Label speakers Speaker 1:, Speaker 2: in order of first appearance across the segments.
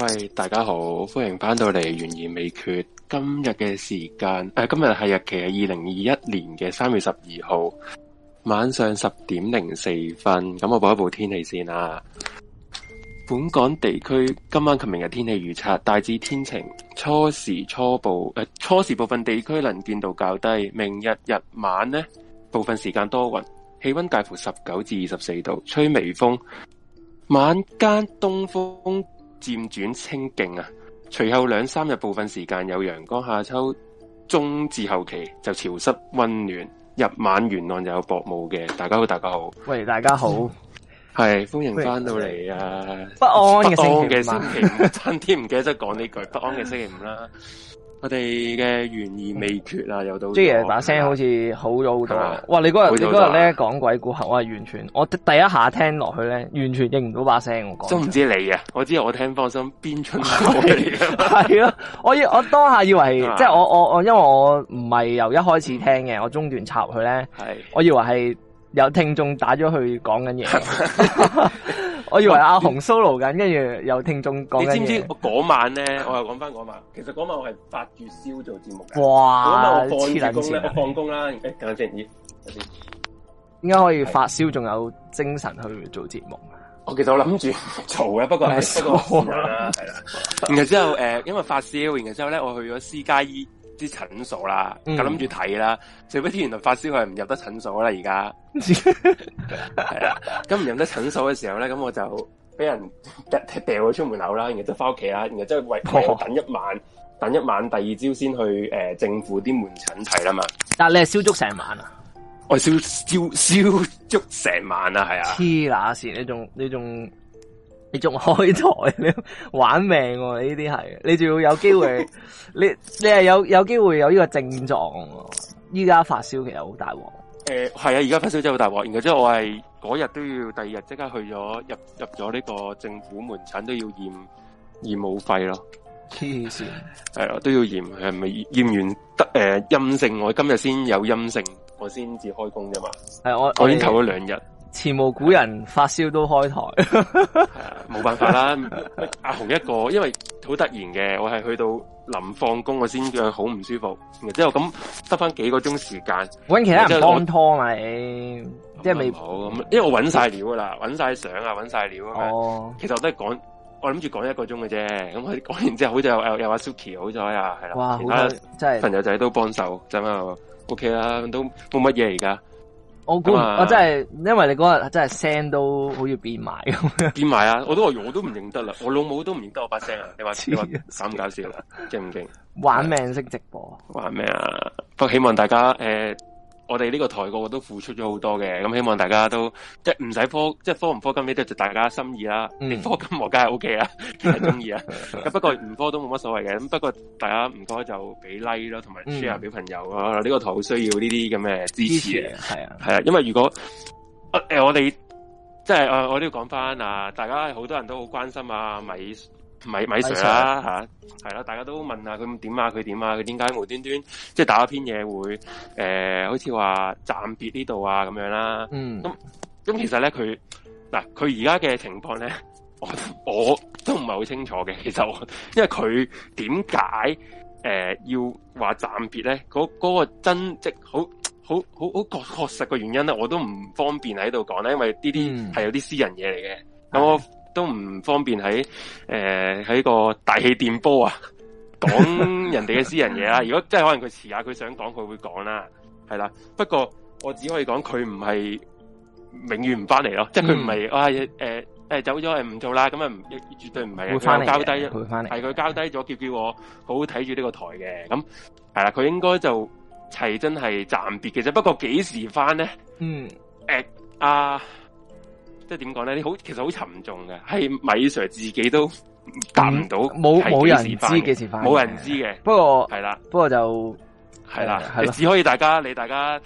Speaker 1: 喂，大家好，歡迎翻到嚟懸而未決。今日嘅時間，誒、呃，今日係日期係二零二一年嘅三月十二號晚上十點零四分。咁我報一報天氣先啦。本港地區今晚及明日天氣預測大致天晴，初時初步誒、呃，初時部分地區能見度較低。明日日晚呢，部分時間多雲，氣溫介乎十九至二十四度，吹微風，晚間東風。漸轉清勁啊！隨後兩三日部分時間有陽光，夏秋中至後期就潮濕溫暖，日晚沿岸就有薄霧嘅。大家好，大家好，喂，大家好，係、嗯、歡迎翻到嚟啊！不安嘅星，星期五，差啲唔記得講呢句不安嘅星期五啦。 我哋嘅懸疑未決啊，又到。即 e 把聲好
Speaker 2: 似好咗好多。吧哇！你嗰日你日咧講鬼故客，我完全我第一聽下聽落去咧，完全認唔到把聲我講。都唔知
Speaker 1: 你啊！我知道我聽放心編出嚟。
Speaker 2: 係咯，我以 我當下以為，即係 我我我，因為我唔係由一開始聽嘅，嗯、我中段插入去咧，係的，我以為係有聽眾打咗去講緊嘢。
Speaker 1: 我以為阿紅
Speaker 2: solo 緊，跟住有聽眾講。你知唔知道？我
Speaker 1: 嗰晚呢？我又講返嗰晚。其實嗰晚我係發住燒做節目哇！嗰晚我過年放工咧，我放工啦，而家等陣先，咦，
Speaker 2: 點解可以發燒仲有精神去做節目
Speaker 1: 的我其實我諗住做嘅，不過 是不過冇係 的然後之後、呃、因為發燒，然後呢，我去咗私家醫。E, 啲診所啦，就諗住睇啦，最尾天原來發燒係唔入得診所啦，而家係啦，咁唔入得診所嘅時候咧，咁我就俾人掉咗出門口啦，然後就翻屋企啦，然後即係為我等一晚，等一晚第二朝先去誒、呃、政府啲門診睇啦嘛。
Speaker 2: 但係你係燒足成晚啊？
Speaker 1: 我燒燒燒足成晚啊，係啊！黐
Speaker 2: 乸線，你仲你仲？你仲開台，你玩命喎、啊！呢啲係，你仲要有機會， 你你係有有機會有呢個症狀，依家發燒其實好大鑊。
Speaker 1: 誒、呃，係啊，而家發燒真係好大鑊。然後即係我係嗰日都要，第二日即刻去咗入入咗呢個政府門診都要驗驗武肺咯。黐線，係啊，都要驗係咪驗完得誒陰性？我今日先有陰性，我先至開工啫嘛。係我我已經唞咗兩日。前無
Speaker 2: 古人發燒都開台，
Speaker 1: 冇辦法啦。阿紅一個，因為好突然嘅，我係去到臨放工我先嘅好唔舒服，之後咁得翻幾個鐘時間，搵其他人幫湯啊，即係未好，因為我搵晒料啦，搵晒相啊，搵晒料啊。哦，其實我都係講，我諗住講一個鐘嘅啫，咁佢講完之後好似又又阿 Suki 好在啊，係啦，即係朋友仔都幫手，真係 OK 啦，都冇乜嘢嚟㗎。我
Speaker 2: 估，啊、我真係，因為你嗰日真係聲都好似變埋
Speaker 1: 咁，變埋啊！我都話我都唔認得啦，我老母都唔認得我把聲瘋了 啊！你話慘三搞笑啦，勁唔勁？
Speaker 2: 玩命式
Speaker 1: 直播，玩命啊？不過希望大家誒。呃我哋呢個台個個都付出咗好多嘅，咁希望大家都即係唔使科，即係科唔科金呢都就大家心意啦、啊。嗯、你科金我梗係 O K 啦，其實中意啊。咁、啊、 不過唔科都冇乜所謂嘅。咁不過大家唔該就俾 like 咯，同埋 share 俾朋友啊。呢個台好需要呢啲咁嘅支持嘅，係啊，係啊。因為如果誒、啊呃、我哋即係、啊、誒我都要講翻啊，大家好多人都好關心啊米。咪咪 Sir 啦吓，係啦，啊、大家都問下佢點啊，佢點啊，佢點解無端端即係打一篇嘢會誒、呃，好似話暫別呢度啊咁樣啦。嗯，咁咁其實咧佢嗱，佢而家嘅情況咧，我我都唔係好清楚嘅。其實我，因為佢點解誒要話暫別咧？嗰個、嗰個真即好好好好好確確實嘅原因咧，我都唔方便喺度講咧，因為呢啲係有啲私人嘢嚟嘅。咁我。嗯都唔方便喺誒喺個大氣電波啊，講人哋嘅私人嘢啦、啊。如果真係可能佢遲下佢想講佢會講啦，係啦。不過我只可以講佢唔係永遠唔翻嚟咯,即係佢唔係啊誒誒走咗係唔做啦，咁啊絕對唔係、啊、會翻嚟。交低，佢翻嚟係佢交低咗，叫叫我好好睇住呢個台嘅。咁係啦，佢應該就係真係暫別嘅啫。不過幾時翻呢？嗯、
Speaker 3: 欸，
Speaker 1: 誒、啊、阿。即係點講咧？你好，其實好沉重嘅，係米 sir 自己都答唔到，冇冇、嗯、人知幾時翻冇人知嘅。的不過係啦，的不過就係啦，你只可以大家，你大家，誒、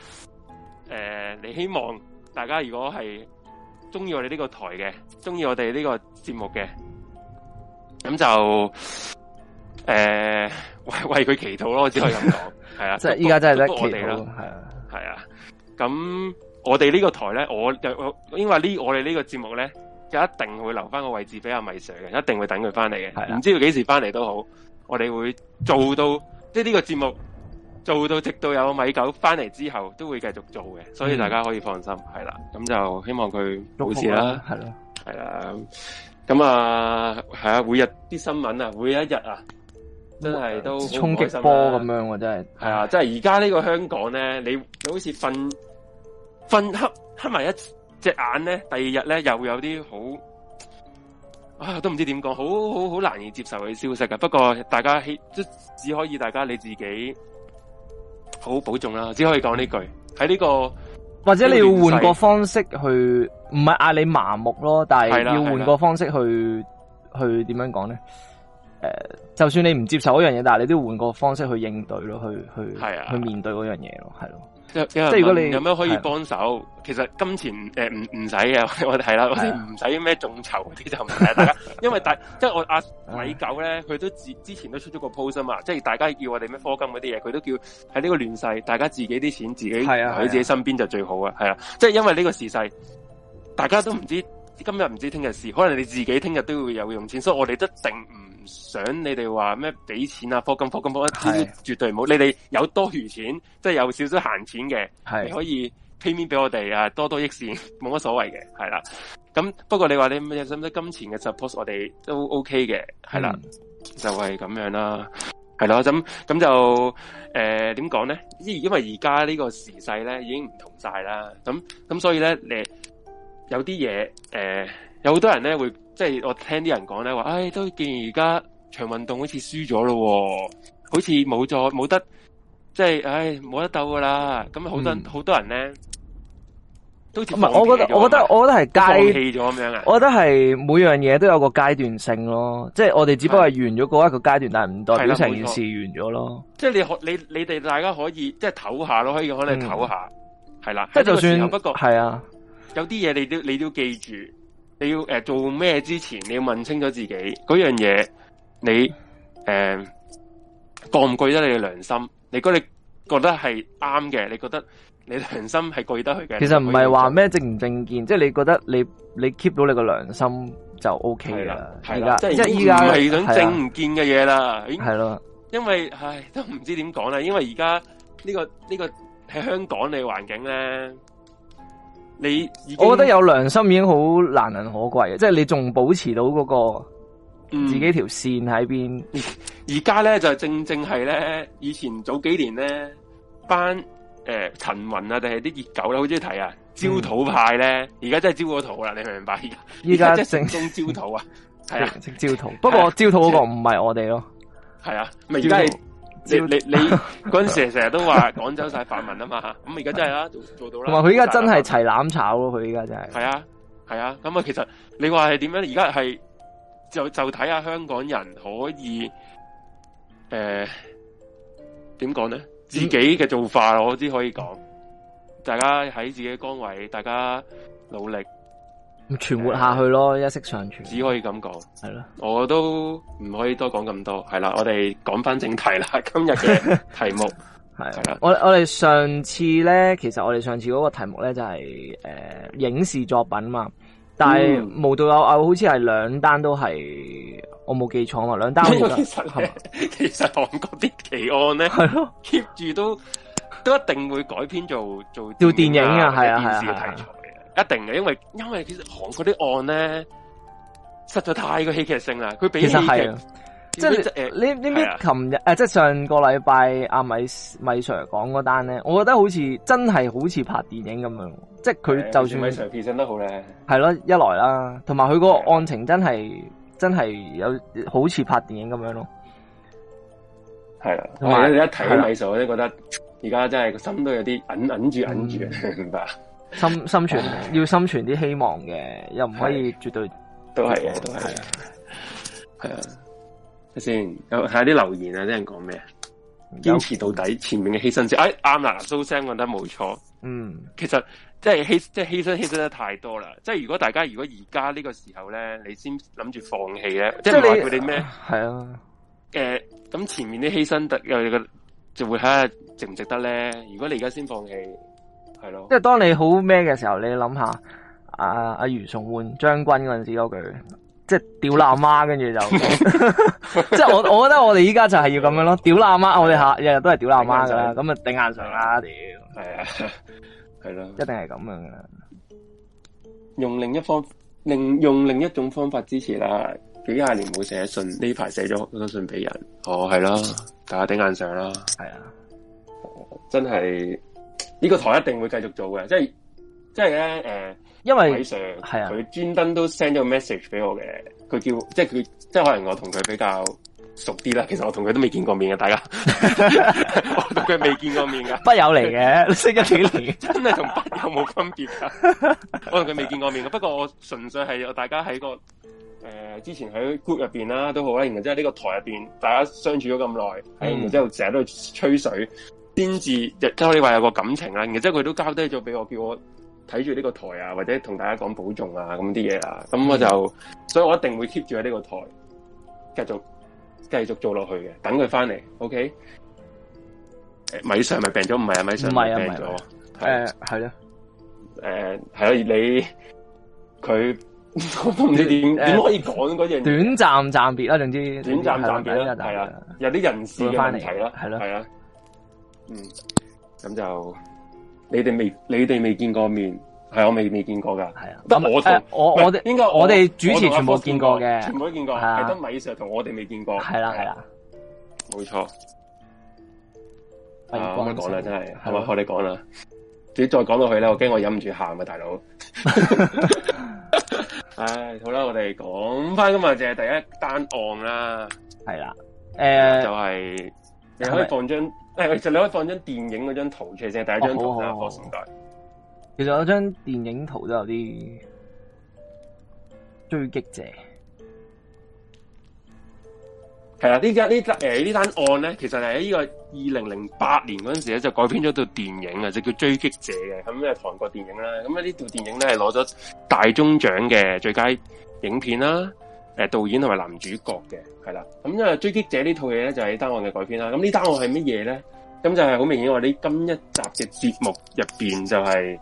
Speaker 1: 呃，你希望大家如果係中意我哋呢個台嘅，中意我哋呢個節目嘅，咁就誒、呃、為為佢祈禱咯，我只可以咁講。係啊 的，即係依家真係得祈禱係啊，係啊的，咁。我哋呢個台咧，我我因為呢我哋呢個節目咧，就一定會留翻個位置俾阿米 Sir 嘅，一定會等佢翻嚟嘅。唔係啊，知佢幾時翻嚟都好，我哋會做到，嗯、即係呢個節目做到，直到有米九翻嚟之後，都會繼續做嘅。所以大家可以放心，係啦、嗯。咁就希望佢冇事啦。係啦，係啦。咁啊，係啊，每日啲新聞啊，每一日啊，真係都、啊、衝擊波
Speaker 2: 咁樣喎、啊，真係。
Speaker 1: 係啊，即係而家呢個香港咧，你你好似瞓瞓黑黑埋一隻眼咧，第二日咧又會有啲好啊，都唔知點講，好好好難以接受佢消息噶。不過大家即只可以大家你自己好好保重啦，只可以講呢句喺呢、呢個或者你要換個
Speaker 2: 方式去，唔係嗌你麻木咯，但係要換個方式去去點樣講咧？誒、uh,，就算你唔接受嗰樣嘢，但係你都要換個方式去應對咯，去去係啊，是的 去面對嗰樣嘢咯，係咯。
Speaker 1: 即係如果你有咩可以幫手，啊、其實金錢誒唔唔使嘅，我哋係啦，唔使咩眾籌嗰啲就唔使 大家，因為大即係我阿禮九咧，佢、啊啊、都之之前都出咗個 post 啊嘛，即係大家叫我哋咩科金嗰啲嘢，佢都叫喺呢個亂世，大家自己啲錢自己喺、啊啊、自己身邊就最好啊，係呀、啊，即係因為呢個時勢，大家都唔知今日唔知聽日事，可能你自己聽日都會有用錢，所以我哋一定唔。想你哋話咩？俾錢啊？課金課金課金，絕對冇。是的 你哋有多餘錢，即係有少少閒錢嘅，係是的 可以 pay 面俾我哋啊！多多益善，冇乜所謂嘅，係啦。咁不過你話你有冇得金錢嘅 support，我哋都 OK 嘅，係啦，就係咁樣啦，係咯。咁咁就誒點講咧？因因為而家呢個時勢咧已經唔同晒啦。咁咁所以咧，你有啲嘢誒，有好、呃、多人咧會。即係我聽啲人講咧，話、哎、唉，都見而家長運動好似輸咗咯，好似冇咗冇得，即係唉冇得鬥噶啦。咁好多好、嗯、多人咧都唔係，我覺得我覺得都樣我覺得係階棄咗咁樣。
Speaker 2: 我覺得係每樣嘢都有個階段性咯，即係我哋只不過係完咗嗰一個階段，的但係唔代表成件事完咗咯
Speaker 1: 即。即係你可你你哋大家可以即係唞下咯，可以可能唞下係啦。即係、嗯、就算不過係啊，有啲嘢你都你都記住。你要誒、呃、做咩之前，你要問清楚自己嗰樣嘢，你誒過唔過得你嘅良心？你覺得你覺得係啱嘅？你覺得你嘅良心係過得去嘅？其實唔係話
Speaker 2: 咩正唔正見，即係你覺得你你 keep 到你個良心就 OK 啦。係啦，在即係依家唔係想正唔
Speaker 1: 見嘅嘢啦。係咯，因為唉都唔知點講啦。因為而家呢個呢個喺香港嘅環境咧。你，我覺得有
Speaker 2: 良心已經好難能可貴啊！即係你仲保持到嗰個自己條線喺邊。
Speaker 1: 而家咧就正正係咧，以前早幾年咧班誒陳雲啊，定係啲熱狗啦、啊，好中意睇啊！焦土派咧，而家、嗯、真係焦咗土啦、啊，你明唔明白嗎？而家依家即係正宗焦土啊！係啊，啊，
Speaker 2: 正焦土。不過焦土嗰個唔係我哋咯，
Speaker 1: 係啊，咪而家係。你你你嗰陣時成日都話廣州晒泛民啊嘛，咁而家真係啦，做做到啦。同埋佢依家真係
Speaker 2: 齊攬炒咯，佢依家真係。係
Speaker 1: 啊係啊，咁啊其實你話係點樣？而家係就就睇下香港人可以誒點講咧？自己嘅做法我知可以講，大家喺自己崗位，大家努力。
Speaker 2: 存活下去咯，一息尚存。只可
Speaker 1: 以咁講，係咯，我都唔可以多講咁多。係啦，我哋講翻正題啦。今日嘅題目係，
Speaker 2: 我我哋上次咧，其實我哋上次嗰個題目咧就係誒影視作品嘛，但係無獨有偶，好似係兩單都係我冇記錯嘛，兩單。其實是吧
Speaker 1: 其實韓國啲奇案咧，係咯 keep 住都都一定會改編做做做電影，做電影啊，係啊，係啊一定嘅，因為因為其實韓國啲案咧，實在太過戲劇性啦。佢比其實係，即係誒，你你
Speaker 2: 琴日誒，即係上個禮拜阿米米 Sir 講嗰單咧，我覺得好似真係好似拍電影咁樣。即係佢就算、啊、米 Sir
Speaker 1: 表現得好咧，
Speaker 2: 係咯一來啦，同埋佢個案情真係真係有好似拍電影咁樣咯。
Speaker 1: 係啊，同埋你一睇米 Sir，我都、啊、覺得而家真係個心都有啲揞揞住揞住明白。
Speaker 2: 心生存唉要心存啲希望嘅，又唔可以絕對都、啊，都係嘅，都係。係啊，
Speaker 1: 睇先、 啊，有睇下啲留言啊，啲人講咩？堅持到底，前面嘅犧牲者，哎啱啦，蘇、啊、生講得冇錯。嗯，其實即係犧即係犧牲，犧牲得太多啦。即係如果大家如果而家呢個時候咧，你先諗住放棄咧，即係話佢哋咩？係啊，誒、呃，咁前面啲犧牲得又就會睇下值唔值得咧。如果你而家先放棄。
Speaker 2: 即係當你好咩嘅時候，你諗下阿阿余崇煥將軍嗰陣時嗰句，即係屌喇媽，跟住就即係我我覺得我哋依家就係要咁樣咯，屌喇媽，我哋下日
Speaker 1: 日 都係屌喇媽噶啦，咁
Speaker 2: 啊頂硬上啦屌，係啊，
Speaker 1: 係咯、啊，一定係咁樣嘅。用另一方，另用另一種方法支持啦。幾廿年冇寫信，呢排寫咗封信俾人。哦，係啦、啊，大家頂硬上啦。係啊，真係。呢個台一定會繼續做嘅，即係即係咧，誒、呃，因為偉係 Guy Sir, 啊，佢專登都 send 咗個 message 俾我嘅，佢叫即係佢，即係可能我同佢比較熟啲啦。其實我同佢都未見過面嘅，大家 我同佢未見過面噶，不友嚟嘅，識咗幾年， 真係同不友冇分別噶。可能佢未見過面嘅，不過我純粹係大家喺個誒、呃，之前喺 group 入邊啦，都好啦，然之後即係呢個台入邊，大家相處咗咁耐，是嗯、然之後成日都吹水。先至，即係你話有個感情啦。然之後佢都交低咗俾我，叫我睇住呢個台啊，或者同大家講保重啊，咁啲嘢啊。咁我就，所以我一定會 keep 住喺呢個台，繼續繼續做落去嘅。等佢翻嚟，OK？米上咪病咗？唔係啊，米上咪病咗。誒，係啦誒，係咯，你佢我都唔知點點可以講嗰隻。短
Speaker 2: 暫暫別啦，總之。短暫暫別啦，係
Speaker 1: 啊。有啲人事嘅問題啦，係係嗯，咁就你哋未，你哋未見過面，係我未未見過噶，係啊，得我我我哋應該我哋主持全部見過嘅，全部都見過，係得米 Sir 同我哋未見過，係啦係啦，冇錯。
Speaker 2: 啊，咁樣講啦，真係，係咪我哋
Speaker 1: 講啦？自己再講落去呢，我驚我忍唔住喊啊，大佬。唉，好啦，我哋講翻今日就係第一單案啦，係啦，誒，就係你可以放張。誒、哎，其實你可以放張電影嗰張圖出先，是第一張圖啦，oh 是《福星大》。
Speaker 2: 其實有張
Speaker 1: 電影圖都有啲追擊者。係啦，呃、案呢單呢誒呢單案咧，其實係喺呢個二零零八年嗰陣時咧，就改編咗套電影啊，就叫《追擊者》嘅，咁咩韓國電影啦，咁啊呢套電影咧係攞咗大鐘獎嘅最佳影片啦。誒，導演同埋男主角嘅係啦，咁因為《追擊者》呢套嘢咧，就係《單案》嘅改編啦。咁呢單案係乜嘢咧？咁就係好明顯話，你今一集嘅節目入邊就係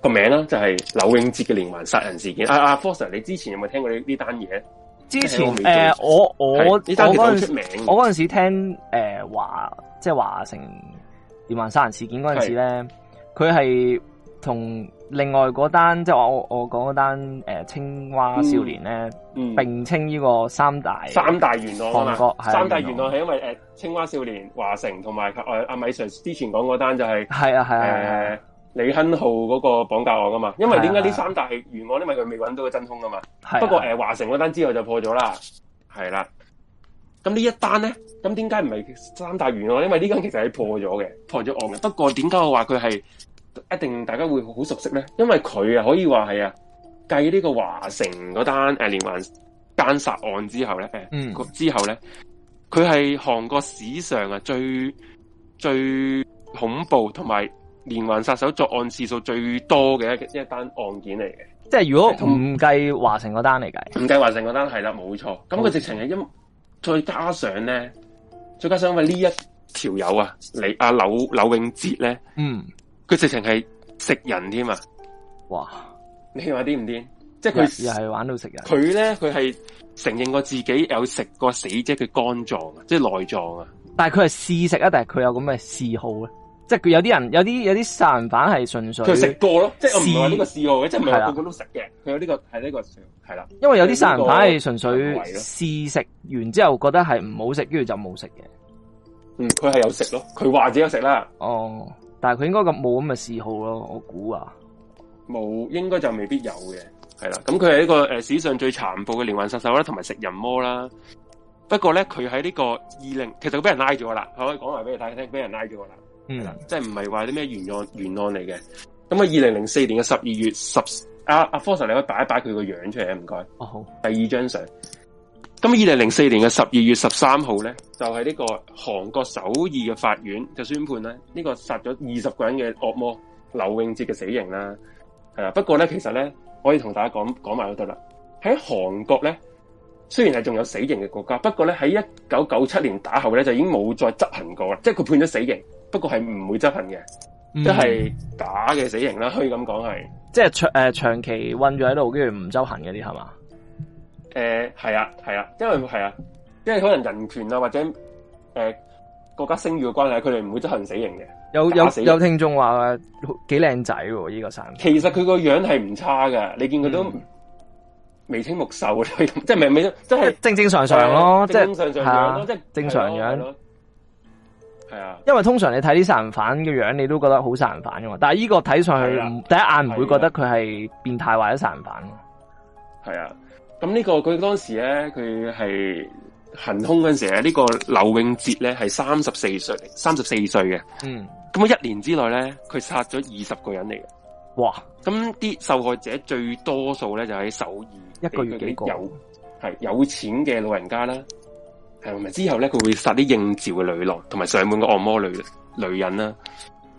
Speaker 1: 個名啦，就係柳永哲嘅連環殺人事件。阿阿 Foster，你之前有冇聽過呢呢單嘢？之前誒、呃，我我我嗰陣我
Speaker 2: 嗰陣時聽誒華、呃，即係華城連環殺人事件嗰陣時咧，佢係同。另外嗰單即係我我講嗰單誒青蛙少年咧，嗯嗯、並稱呢個三大三大懸案啊，三大懸
Speaker 1: 案係因為誒、呃、青蛙少年華城同埋阿阿米 sir 之前講嗰單就係，係啊係啊，啊呃、李亨浩嗰個綁架案啊嘛，啊，因為點解呢三大係懸案，因為佢未揾到個真凶啊嘛。啊不過誒華城嗰單之後就破咗啦，係啦，啊。咁呢一單咧，咁點解唔係三大懸案？因為呢間其實係破咗嘅，破咗案嘅。不過點解我話佢係？一定大家會好熟悉咧，因為佢啊可以話係啊繼呢個華城嗰單誒連環姦殺案之後咧，嗯，之後咧佢係韓國史上啊最最恐怖同埋連環殺手作案次數最多嘅一,一單案件嚟嘅。即係如果同唔計華城嗰單嚟計，唔計華城嗰單係啦，冇錯。咁佢直情係因、嗯、再加上咧，再加上因為呢一條友啊，李阿、啊、柳柳永哲咧，嗯。佢直情係食人添啊！哇，你話癲唔癲？即係佢係玩到食人。佢咧，佢係承認過自己有食過死者嘅肝臟啊，即係內臟啊。
Speaker 2: 但係佢係試食啊，但係佢有咁嘅嗜好咧。即係佢有啲人有啲有啲殺人犯係純粹佢食過咯試，即係我唔係話呢個
Speaker 1: 嗜好嘅，即係唔係個個都食嘅。佢的有呢個係呢個係啦。的因為有啲殺人犯係純
Speaker 2: 粹試食完之後覺得係唔好食，跟住就冇食嘅。嗯，
Speaker 1: 佢係有食咯，佢話自己有食啦。
Speaker 2: 哦。Oh. 但係佢應該咁冇咁嘅嗜好咯，我估啊，
Speaker 1: 冇，應該就未必有嘅，係啦。咁佢係一個誒、呃、史上最殘暴嘅連環殺手啦，同埋食人魔啦。不過咧，佢喺呢個二零，其實佢俾人拉咗啦。佢可以講嚟俾你聽，俾人拉咗啦。嗯，即係唔係話啲咩原案原案嚟嘅。咁啊，二零零四年嘅十二月十，阿、啊、阿、啊、科 Sir 你可以擺一擺佢個樣出嚟，唔該。哦好，oh. 第二張相。咁二零零四年嘅十二月十三號咧，就係、是、呢個韓國首爾嘅法院就宣判咧呢、這個殺咗二十個人嘅惡魔柳永哲嘅死刑啦，係啦。不過咧，其實咧，可以同大家講講埋都得啦。喺韓國咧，雖然係仲有死刑嘅國家，不過咧喺一九九七年打後咧就已經冇再執行過啦。即係佢判咗死刑，不過係唔會執行嘅，即係假嘅死刑啦。可以咁講係，
Speaker 2: 即係長誒、呃、長期韫咗喺度，跟住唔周行嗰啲係嘛？是吧？
Speaker 1: 誒，係啊，係啊，因為係啊，因為可能人權啊，或者誒國家聲譽嘅關係，佢哋唔會執行死刑嘅。
Speaker 2: 有有有聽眾話幾靚仔喎，呢個
Speaker 1: 殺人犯。其實佢個樣係唔差噶，你見佢都眉清目秀，即係未未，即係正正常常咯，即係係啊，即係正常樣。
Speaker 4: 係
Speaker 2: 啊，因為通常你睇啲殺人犯嘅樣，你都覺得好殺人犯噶嘛。但係呢個睇上去，第一眼唔會覺得佢係變態或者殺人犯。
Speaker 1: 係啊。咁呢、這個佢當時咧，佢係行兇嗰陣時咧，這個、劉呢個劉永哲咧係三十四歲，三十四歲嘅。34歲，
Speaker 3: 嗯，
Speaker 1: 咁啊一年之內咧，佢殺咗二十個人嚟嘅。哇！咁啲受害者最多數咧就喺、是、首爾，一個月幾個？有係有錢嘅老人家啦，係咪之後咧，佢會殺啲應召嘅女郎，同埋上門嘅按摩女女人啦。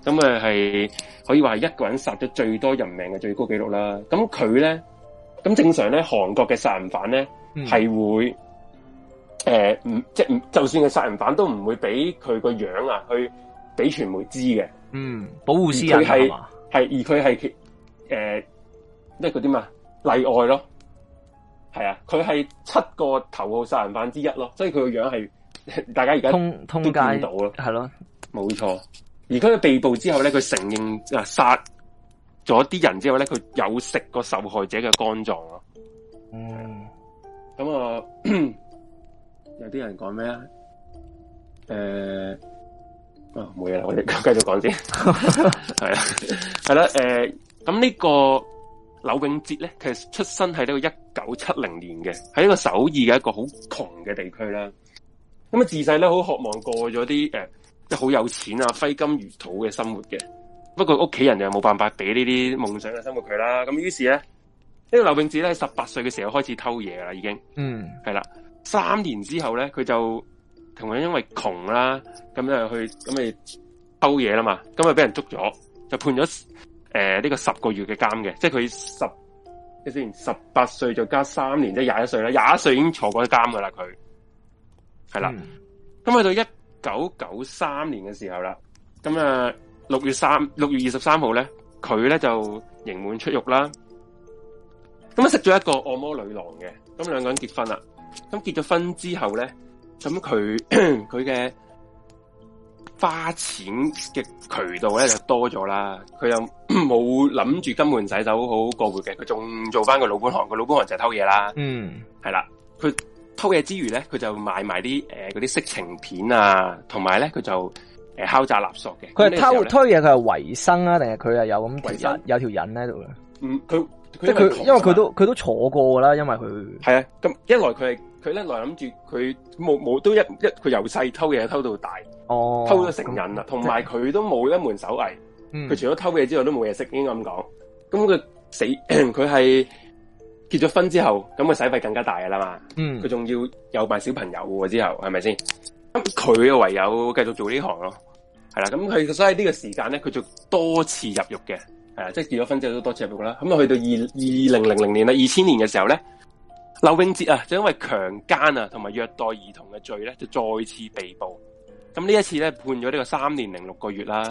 Speaker 1: 咁啊係可以話係一個人殺咗最多人命嘅最高紀錄啦。咁佢咧。咁正常呢，韓國嘅殺人犯呢，係、嗯、會、呃、就算係殺人犯都唔會畀佢個樣啊，去畀傳媒知嘅。嗯，
Speaker 3: 保護私隱係
Speaker 1: 係，而佢係誒即係嗰啲嘛例外囉，係呀、啊，佢係七個頭號殺人犯之一囉。所以佢個樣係大家而家通通見到囉，係囉的，冇錯。而佢被捕之後呢，佢承認啊殺。咗啲人之後咧，佢有食過受害者嘅肝臟咯、嗯。嗯，咁我有啲人講咩啊？誒、呃，啊冇嘢啦，我哋繼續講先。係啊， 係啦。誒、呃，咁呢個柳永哲咧，其實出生喺呢個一九七零年嘅，喺呢個首爾嘅一個好窮嘅地區啦。咁、嗯、啊，自細咧好渴望過咗啲誒，即係好有錢啊，揮金如土嘅生活嘅。不過屋企人又冇辦法俾呢啲夢想去生活佢啦，咁於是咧，劉呢個劉穎子咧十八歲嘅時候開始偷嘢啦，已經、嗯，嗯，係啦，三年之後咧，佢就同樣因為窮啦，咁就去咁咪偷嘢啦嘛，咁啊，俾人捉咗，就判咗誒呢個十個月嘅監嘅，即係佢十，啲先十八歲就加三年，即係廿一歲啦，廿一歲已經坐過一監噶啦，佢係啦，咁去、嗯、到一九九三年嘅時候啦，咁啊。六月三六月二十三號咧，佢咧就刑滿出獄啦。咁啊，識咗一個按摩女郎嘅，咁兩個人結婚啦。咁結咗婚之後咧，咁佢佢嘅花錢嘅渠道咧就多咗啦。佢又冇諗住金盆洗手，好好過活嘅。佢仲做翻個老本行，個老本行就係偷嘢啦。嗯，係啦。佢偷嘢之餘咧，佢就買埋啲誒嗰啲色情片啊，同埋咧佢就。誒，敲詐勒索嘅，佢係偷
Speaker 2: 嘢，佢係維生啦，定係佢係有咁，維生有條癮喺度嘅。嗯，
Speaker 1: 佢即係佢，因為佢都
Speaker 2: 佢都坐過啦，因為佢
Speaker 1: 係啊，咁一來佢係佢一來諗住佢冇冇都一一，佢由細偷嘢偷到大，
Speaker 2: 哦，
Speaker 3: 偷咗成
Speaker 1: 癮啦，同埋佢都冇一門手藝，佢除咗偷嘢之外都冇嘢識應該咁講。咁佢死，佢係結咗婚之後，咁佢使費更加大噶啦嘛。嗯，佢仲要有埋小朋友之後，係咪先？咁佢唯有繼續做呢行咯，係啦。咁佢所以呢個時間咧，佢就多次入獄嘅，係啊，即係結咗婚之後都多次入獄啦。咁啊，去到二二零零零年啦，二千年嘅時候咧，劉永哲啊，就因為強姦啊同埋虐待兒童嘅罪咧，就再次被捕。咁呢一次咧，判咗呢個三年零六個月啦。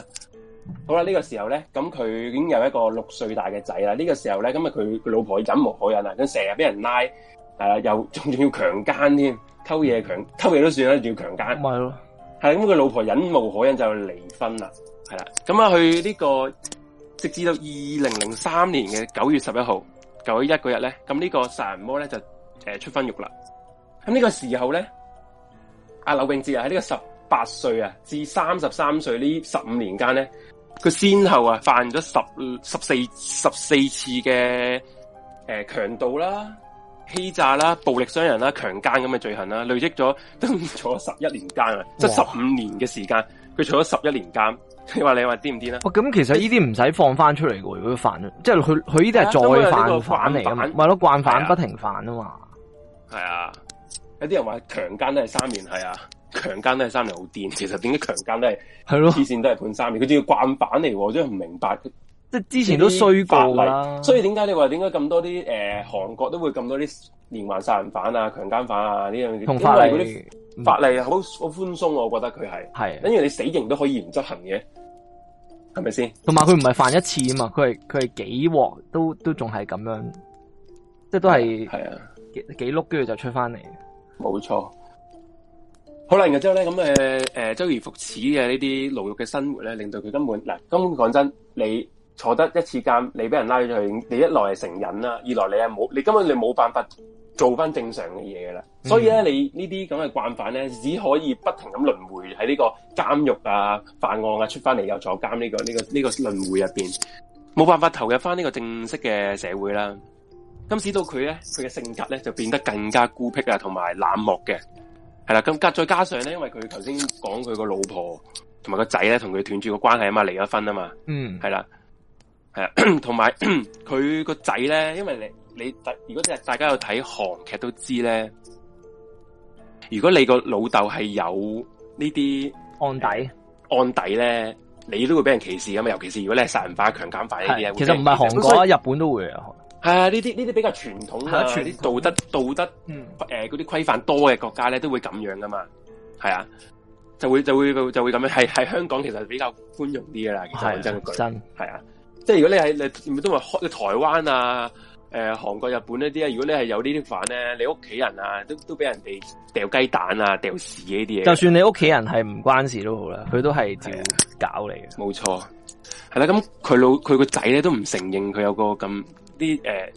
Speaker 1: 好啦，呢個時候咧，咁佢已經有一個六歲大嘅仔啦。呢個時候咧，咁啊，佢佢老婆忍無可忍啦，咁成日俾人拉，係啊，又仲要強姦添。偷嘢強偷嘢都算啦，仲要強姦，唔係咯？係咁，佢老婆忍無可忍就離婚啦，係啦。咁啊，去呢個直至到二零零三年嘅九月十一號九一嗰日咧，咁呢個殺人魔咧就誒、呃、出翻獄啦。咁呢個時候咧，阿劉炳志啊喺呢個十八歲啊至三十三歲呢十五年間咧，佢先後啊犯咗十十四十四次嘅誒強盜啦、欺詐啦、啊、暴力傷人啦、啊、強姦咁嘅罪行啦、啊，累積咗都坐十一年監啊，哇即係十五年嘅時間，佢坐咗十一年監。你話你話癲唔癲啊？
Speaker 2: 咁、哦、其實呢啲唔使放翻出嚟嘅如果犯即係佢佢呢啲係再犯犯嚟嘅嘛，咪咯、啊慣，啊、慣犯不停
Speaker 1: 犯啊嘛。係啊，有啲人話強姦都係三年，係啊，強姦都係三年好癲。其實點解強姦都係係咯黐線都係判三年？佢仲要慣犯嚟，我真係唔明白。即係之前都衰過法例，所以點解你話點解咁多啲誒韓國都會咁多啲連環殺人犯啊、強姦犯啊呢樣嘢，同法例嗰啲法例好好寬鬆，我覺得佢係係，等於、啊、你死刑都可以唔執行嘅，係咪先？同埋佢
Speaker 2: 唔係犯一次啊嘛，佢係佢係幾鑊都都仲係咁樣，即係都
Speaker 1: 係係啊，啊幾幾碌，跟住就出翻嚟。冇錯。好啦，然後之後咧咁誒誒周而復始嘅呢啲牢獄嘅生活咧，令到佢根本嗱根本講真你。坐得一次監，你俾人拉咗去，你一來係成癮啦，二來你係冇，你根本你冇辦法做翻正常嘅嘢啦。嗯、所以咧，你這這呢啲咁嘅慣犯咧，只可以不停咁輪回喺呢個監獄啊、犯案啊、出翻嚟又坐監呢個呢個呢個輪回入邊，冇辦法投入翻呢個正式嘅社會啦。咁使到佢咧，佢嘅性格咧就變得更加孤僻啊，同埋冷漠嘅，係啦。咁再加上咧，因為佢頭先講佢個老婆同埋個仔咧，同佢斷絕個關係啊嘛，離咗婚啊嘛，嗯，係啦。係同埋佢個仔咧，因為你你，如果即係大家有睇韓劇都知咧，如果你個老豆係有呢啲案底，呃、案底咧，你都會俾人歧視噶嘛。尤其是如果你係殺人犯、強姦犯呢啲，係其實唔係韓國啊，以
Speaker 2: 日本都會啊。
Speaker 1: 係啊，呢啲呢啲比較傳統啊，啲道德道德，誒，嗰啲規範多嘅國家咧都會咁樣噶嘛。係啊，就會就會就會咁樣。係香港其實比較寬容啲噶啦，講的真句真係啊。即係如果你係，你都話開台灣啊、誒、呃、韓國、日本呢啲啊，如果你係有呢啲犯咧，你屋企人啊都都俾人哋掉雞蛋啊、掉屎呢啲嘢。就算你屋
Speaker 2: 企人係唔關事都好啦，
Speaker 1: 佢都係照搞你嘅。冇錯、啊，係啦。咁佢、啊、老佢個仔咧都唔承認佢有個咁啲誒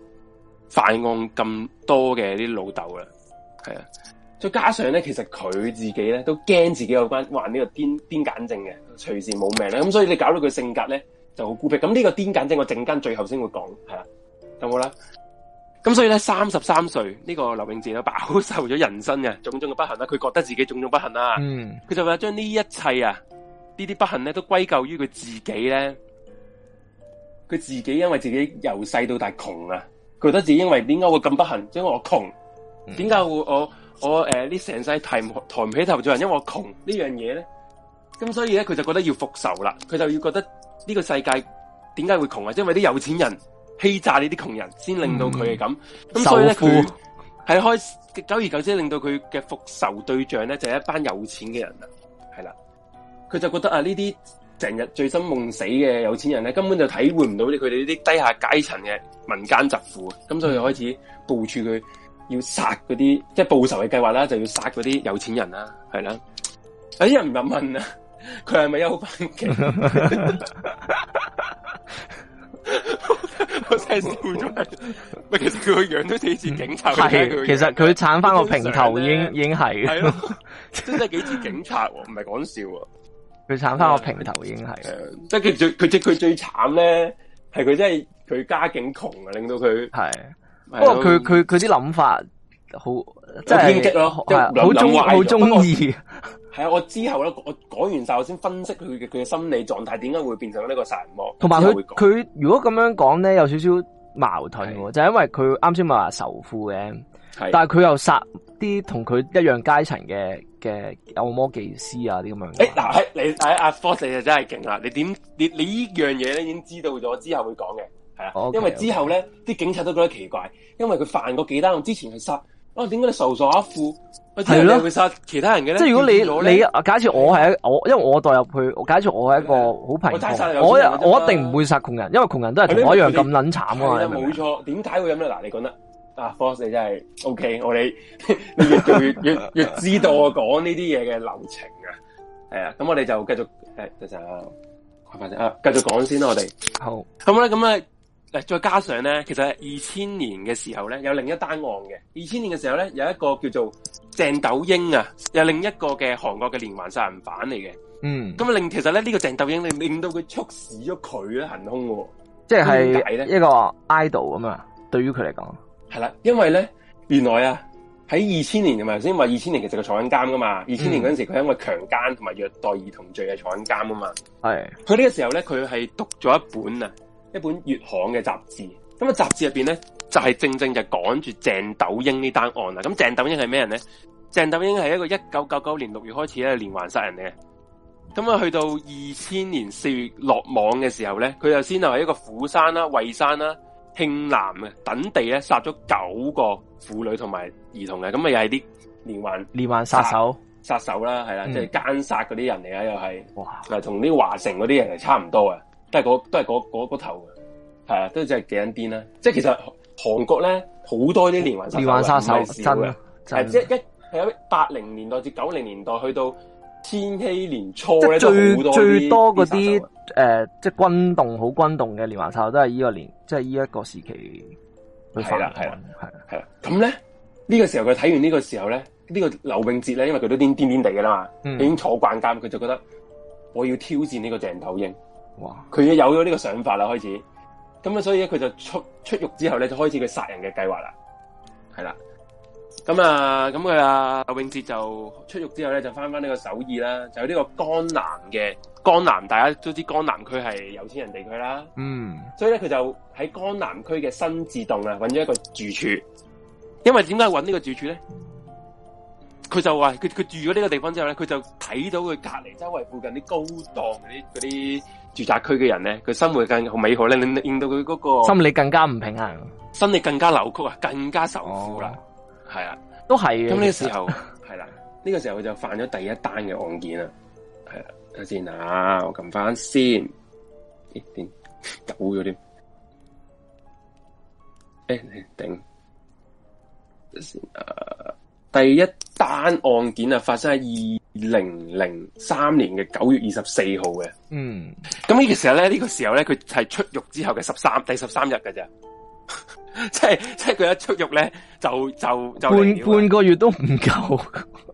Speaker 1: 犯案咁多嘅啲老豆啦。係啊，再加上咧，其實佢自己咧都驚自己有關患呢個癲癲癇症嘅，隨時冇命啦。咁所以你搞到佢性格咧。就好孤僻，咁呢個癲，反正我陣間最後先會講，係啦，咁冇啦。咁所以咧，三十三歲呢個劉永志咧，飽受咗人生嘅、啊、種種嘅不幸啦、啊，佢覺得自己種種不幸啦、啊，嗯，佢就話將呢一切啊，呢啲不幸咧，都歸咎於佢自己咧，佢自己因為自己由細到大窮啊，佢覺得自己因為點解會咁不幸，因為我窮，點解會我我誒呢成世抬唔抬唔起頭做人，因為我窮呢樣嘢咧，咁所以咧，佢就覺得要復仇啦，佢就要覺得。呢個世界點解會窮啊？因為啲有錢人欺詐呢啲窮人，先令到佢係咁。咁、嗯嗯、所以咧，佢係富開，久而久之，令到佢嘅復仇對象咧就係、是、一班有錢嘅人啦。係啦，佢就覺得啊，呢啲成日醉生夢死嘅有錢人咧，根本就體會唔到佢哋呢啲低下階層嘅民間疾苦。咁、嗯嗯、所以開始部署佢要殺嗰啲，即係報仇嘅計劃啦、啊，就要殺嗰啲有錢人啦、啊，係啦。哎呀，問啊！佢係咪有好勁？ 我真係笑咗，唔 係其實佢個樣都似似警察。是其實佢鏟翻個平頭已經已經係，真係幾似警察喎，唔係講笑啊！佢鏟翻個平頭已經係，即係佢最佢即係佢最慘咧，係佢真係佢家境窮啊，令到佢係。是了不過佢佢佢啲
Speaker 2: 諗法好
Speaker 1: 即係偏激咯，好中好中意。 係啊，我之後咧，我講完曬，我先分析佢嘅佢嘅心理狀態，點解會變成呢個殺人魔。同埋佢
Speaker 2: 佢如果咁樣講咧，有少少矛盾喎，是的 就係因為佢啱先咪話仇富嘅，是的 但係佢又殺啲同佢一樣階層嘅嘅按摩技師啊啲咁、欸啊、樣。嗱，
Speaker 1: 係你睇阿 Force 就真係勁啦！你點你你呢樣嘢咧已經知道咗之後會講嘅，係啊，okay, 因為之後咧啲 okay. 警察都覺得奇怪，因為佢犯過幾個幾單，之前係殺。哦，點解你仇殺一富，佢點解會殺其他人嘅咧？即係如果你你，
Speaker 2: 假設我係的我，因為我代入去，假設我係一個好朋友，我我，我一定唔會殺窮人，因為窮人都係同我一樣咁撚慘啊。冇
Speaker 1: 錯，點解會咁咧？嗱，你講得啊 f o 你真係 OK，我你越越越越知道我講呢啲嘢嘅流程、 哎、啊。係啊，咁我哋就繼續誒，就啊，繼續講先啦，我哋好。咁咧，咁誒，再加上咧，其實二千年嘅時候咧，有另一單案嘅。二千年嘅時候咧，有一個叫做鄭斗英啊，有另一個嘅韓國嘅連環殺人犯嚟嘅。嗯，咁令，其實咧呢、這個鄭斗英，令令到佢促使咗佢咧行凶嘅、啊。即係點解咧？一
Speaker 2: 個 idol 啊嘛，對於佢嚟講，
Speaker 1: 係啦，因為咧，原來啊，喺二千年啊嘛，頭先話二千年其實佢坐緊監噶嘛。二千年嗰陣時佢係因為強姦同埋虐待兒童罪嘅坐緊監啊嘛。係，佢呢個時候咧，佢係讀咗一本啊。一本粵行嘅雜誌，咁、嗯、啊，雜誌入邊咧就係、是、正正就講住鄭斗英呢單案啦。咁、嗯、鄭斗英係咩人咧？鄭斗英係一個一九九九年六月開始咧連環殺人嘅。咁、嗯、啊，去到二千年四月落網嘅時候咧，佢就先後係一個釜山啦、蔚山啦、慶南嘅等地咧殺咗九個婦女同埋兒童嘅。咁啊又係啲連環
Speaker 2: 連環殺手
Speaker 1: 殺手啦，係、嗯、啦，即係姦殺嗰啲人嚟啊，又係哇，同啲華城嗰啲人係差唔多嘅。都係嗰都係嗰頭嘅，係啊，都真係人癲啦！即係其實韓國咧好多啲連環連環殺手真嘅，係一一係喺八零年代至九零年代去到千禧年初最多最多嗰啲
Speaker 2: 誒，即係轟動好轟動嘅連環殺手，都係呢個年即係呢一個時期去發生，係係係啦。
Speaker 1: 咁咧呢、這個時候佢睇完呢個時候咧，呢、這個劉永哲咧，因為佢都癲癲癲地嘅啦嘛，嗯、已經坐慣監，佢就覺得我要挑戰呢個鄭頭英。哇，佢已經有咗呢個想法啦，開始咁啊，所以咧佢就出出獄之後咧，就開始佢殺人嘅計劃啦，係啦。咁啊，咁啊，劉永哲就出獄之後咧，就翻翻呢個首爾啦，就喺呢個江南嘅江南，大家都知江南區係有錢人地區啦。
Speaker 3: 嗯，
Speaker 1: 所以咧佢就喺江南區嘅新智洞啊，揾咗一個住處。因為點解揾呢個住處咧？佢就話佢佢住咗呢個地方之後咧，佢就睇到佢隔籬周圍附近啲高檔嗰啲嗰啲。住宅區嘅人咧，佢生活更好美好咧，令令到佢嗰、那個心理
Speaker 2: 更加唔平衡，
Speaker 1: 心理更加扭曲啊，更加仇富啦，係啊、哦，的都係咁呢個時候係啦，呢、 這個時候佢就犯咗第一單嘅案件啦，係啦，等先啊，我撳翻先一，點、欸？狗咗添？誒， 你、欸、等先啊。等等等等等等第一單案件啊，發生喺二零零三年嘅九月二十四號嘅。
Speaker 3: 嗯，
Speaker 1: 咁呢個時候咧，呢、這個時候咧，佢係出獄之後嘅十三第十三日嘅啫。即係即係佢一出獄咧，就就，就半半
Speaker 2: 個月都唔夠。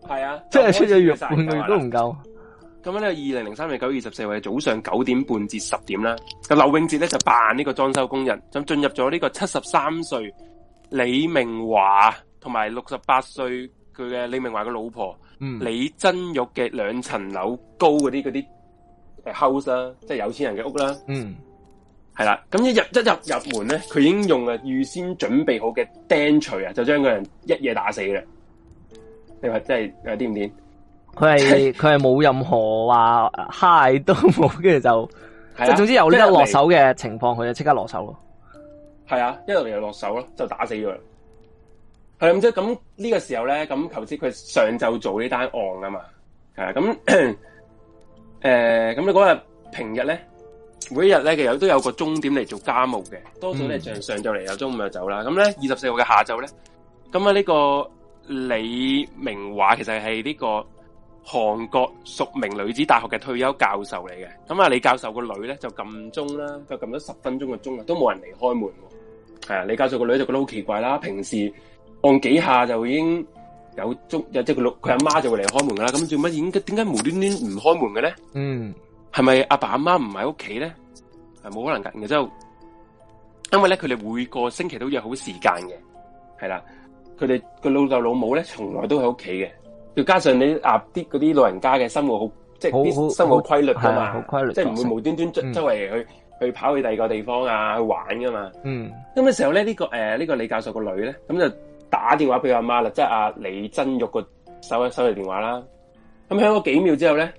Speaker 2: 係啊，即
Speaker 1: 係出咗月半個月都唔夠。咁樣咧，二零零三年九月二十四號嘅早上九點半至十點啦。咁劉永健咧就扮呢個裝修工人，就進入咗呢個七十三歲李明華。同埋六十八歲佢嘅李明華嘅老婆、嗯、李珍玉嘅兩層樓高嗰啲嗰啲 house 啦，即係有錢人嘅屋啦。嗯，係啦。咁一入一入入門咧，佢已經用啊預先準備好嘅釘錘啊，就將嗰人一嘢打死嘅。你話真係誒癲唔癲？佢係
Speaker 2: 佢係冇任何話嗨都冇嘅，就
Speaker 1: 即係的總之有呢一落手
Speaker 2: 嘅情況，佢就即刻落手咯。
Speaker 1: 係啊，一落嚟就落手咯，就打死佢。咁即咁呢個時候咧，咁頭先佢上晝做呢單案啊嘛，係啊咁，誒咁、呃、你嗰日平日咧，每一日咧其實都有個鐘點嚟做家務嘅，嗯、多數咧上晝嚟，有中午就走啦。咁咧二十四號嘅下晝咧，咁啊呢個李明華其實係呢個韓國著名女子大學嘅退休教授嚟嘅。咁啊李教授個女咧就撳鐘啦，佢撳咗十分鐘嘅鐘啊，都冇人嚟開門，係啊，李教授個女就覺得好奇怪啦，平時。按幾下就已經有中有即係佢佢阿媽就會嚟開門噶啦，咁做乜？點點解無端端唔開門嘅咧？嗯，係咪阿爸阿媽唔喺屋企咧？係冇可能噶，然之後因為咧佢哋每個星期都約好時間嘅，係啦，佢哋個老豆老母咧從來都喺屋企嘅，再加上你阿啲嗰啲老人家嘅生活好，即係生活好規律噶嘛，好規律，即係唔會無端端周周圍去去跑去第二個地方啊去玩噶嘛。嗯，咁嘅時候咧呢、這個誒呢、呃這個李教授個女咧咁就。打電話俾阿媽啦，即係阿李真玉個手手提電話啦。咁響咗幾秒之後咧，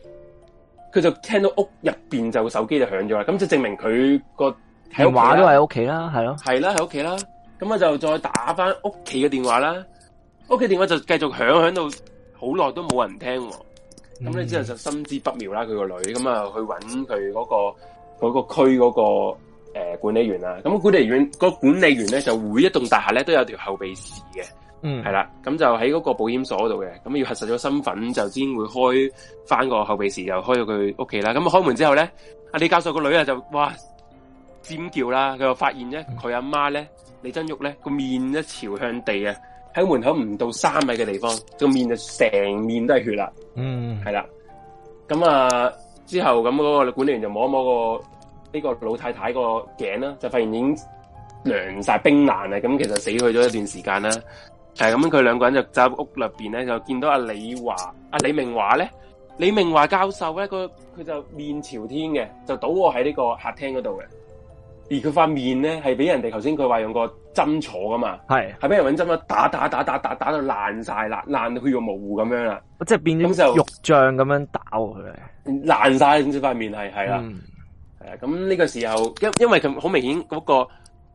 Speaker 1: 佢就聽到屋入邊就手機就響咗，咁就證明佢個電話都
Speaker 2: 喺屋企啦，係咯，
Speaker 1: 係啦喺屋企啦。咁啊就再打翻屋企嘅電話啦，屋企電話就繼續響響到好耐都冇人聽，
Speaker 2: 咁咧之
Speaker 1: 後就心知不妙啦。佢個女咁啊去搵佢嗰個嗰個區嗰個。那個誒、呃，管理員啦、啊，咁、嗯、管理員、那個管理員咧，就每一棟大廈咧都有條後備匙嘅、嗯，嗯，係啦，咁就喺嗰個保險鎖度嘅，咁要核實咗身份就先會開翻個後備匙，就開到佢屋企啦。咁、嗯、開門之後咧，阿李教授個女啊就哇尖叫啦，佢發現咧佢阿媽咧李珍玉咧個面咧朝向地啊，喺門口唔到三米嘅地方，個面就成面都係血啦、嗯，嗯，係、嗯、啦，咁啊、嗯、之後咁嗰、那個管理員就摸一摸個。呢個老太太個頸啦，就發現已經涼晒冰冷啦。咁其實死去咗一段時間啦。係咁，佢兩個人就走屋入邊咧，就見到阿李華、阿李明華咧。李明華教授咧，佢佢就面朝天嘅，就倒喺呢個客廳嗰度嘅。而佢塊面咧，係俾人哋頭先佢話用個針坐噶嘛，係係俾人搵針啦，打打打打打打到爛晒，爛爛到血肉模糊咁樣啦，即係變咗肉
Speaker 2: 醬咁樣打佢。
Speaker 1: 爛晒咁，只塊面係係啦。是的嗯咁呢個時候，因因為佢好明顯嗰個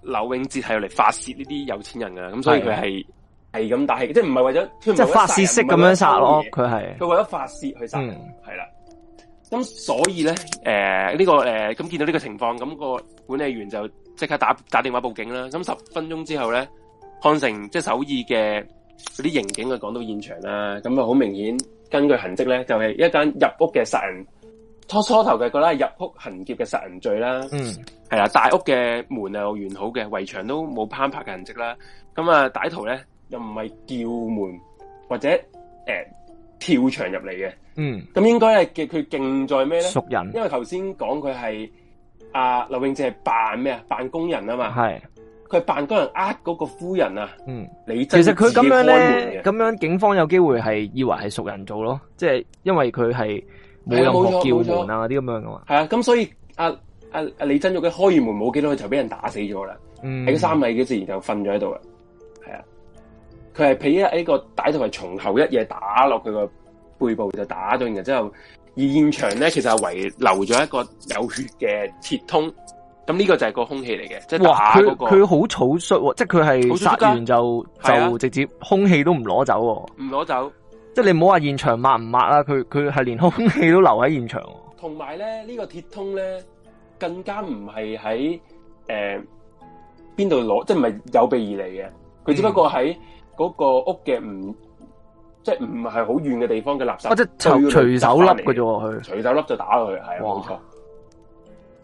Speaker 1: 劉永哲係嚟發洩呢啲有錢人噶，咁所以佢係係咁打氣，即係唔係為咗即係發洩式咁樣殺咯，佢係佢為咗發洩去殺人，係、呃、啦。咁所以咧，誒呢個誒，咁見到呢個情況，咁、那個管理員就即刻打打電話報警啦。咁十分鐘之後咧，漢城即係首爾嘅嗰啲刑警就趕到現場啦。咁啊，好明顯根據痕跡咧，就係、是、一間入屋嘅殺人。初初頭嘅覺得係入屋行劫嘅殺人罪啦，係啦、嗯，大屋嘅門又完好嘅，圍牆都冇攀爬嘅痕迹啦。咁啊，歹徒咧又唔係叫門或者誒、欸、跳牆入嚟嘅，嗯，咁應該係嘅佢勁在咩？咧熟人，因為頭先講佢係阿劉永姐係扮咩啊？扮工人啊嘛，係佢係扮工人呃嗰個夫人啊，嗯，你真其實佢咁樣咁
Speaker 2: 樣，警方有機會係以為係熟人做咯，即係因為佢係。係沒錯啊，冇叫冇錯啊！啲咁樣噶嘛，
Speaker 1: 係啊，咁所以阿阿阿李振玉嘅，開完門冇幾耐，就俾人打死咗啦。喺、嗯、三米位嘅自然就瞓咗喺度啦。係啊，佢係被一個誒個歹徒係從後一嘢打落佢個背部，就打咗然之後。而現場咧，其實係遺留咗一個有血嘅鐵通。咁呢個就係個凶器嚟嘅、啊，即係佢佢
Speaker 2: 好草率、啊，即係佢係殺完就就直接凶器都唔攞走、啊、走，唔攞走。即係你唔好話現場抹唔抹啦，佢佢係連空氣都留喺現場。
Speaker 1: 同埋咧，這個、鐵呢個鐵通咧更加唔係喺誒邊度攞，即係唔係有備而嚟嘅。佢只不過喺嗰個屋嘅唔、嗯、即係唔係好遠嘅地方嘅垃圾，啊、即係隨隨手笠㗎啫，佢隨手笠就打佢，係冇錯。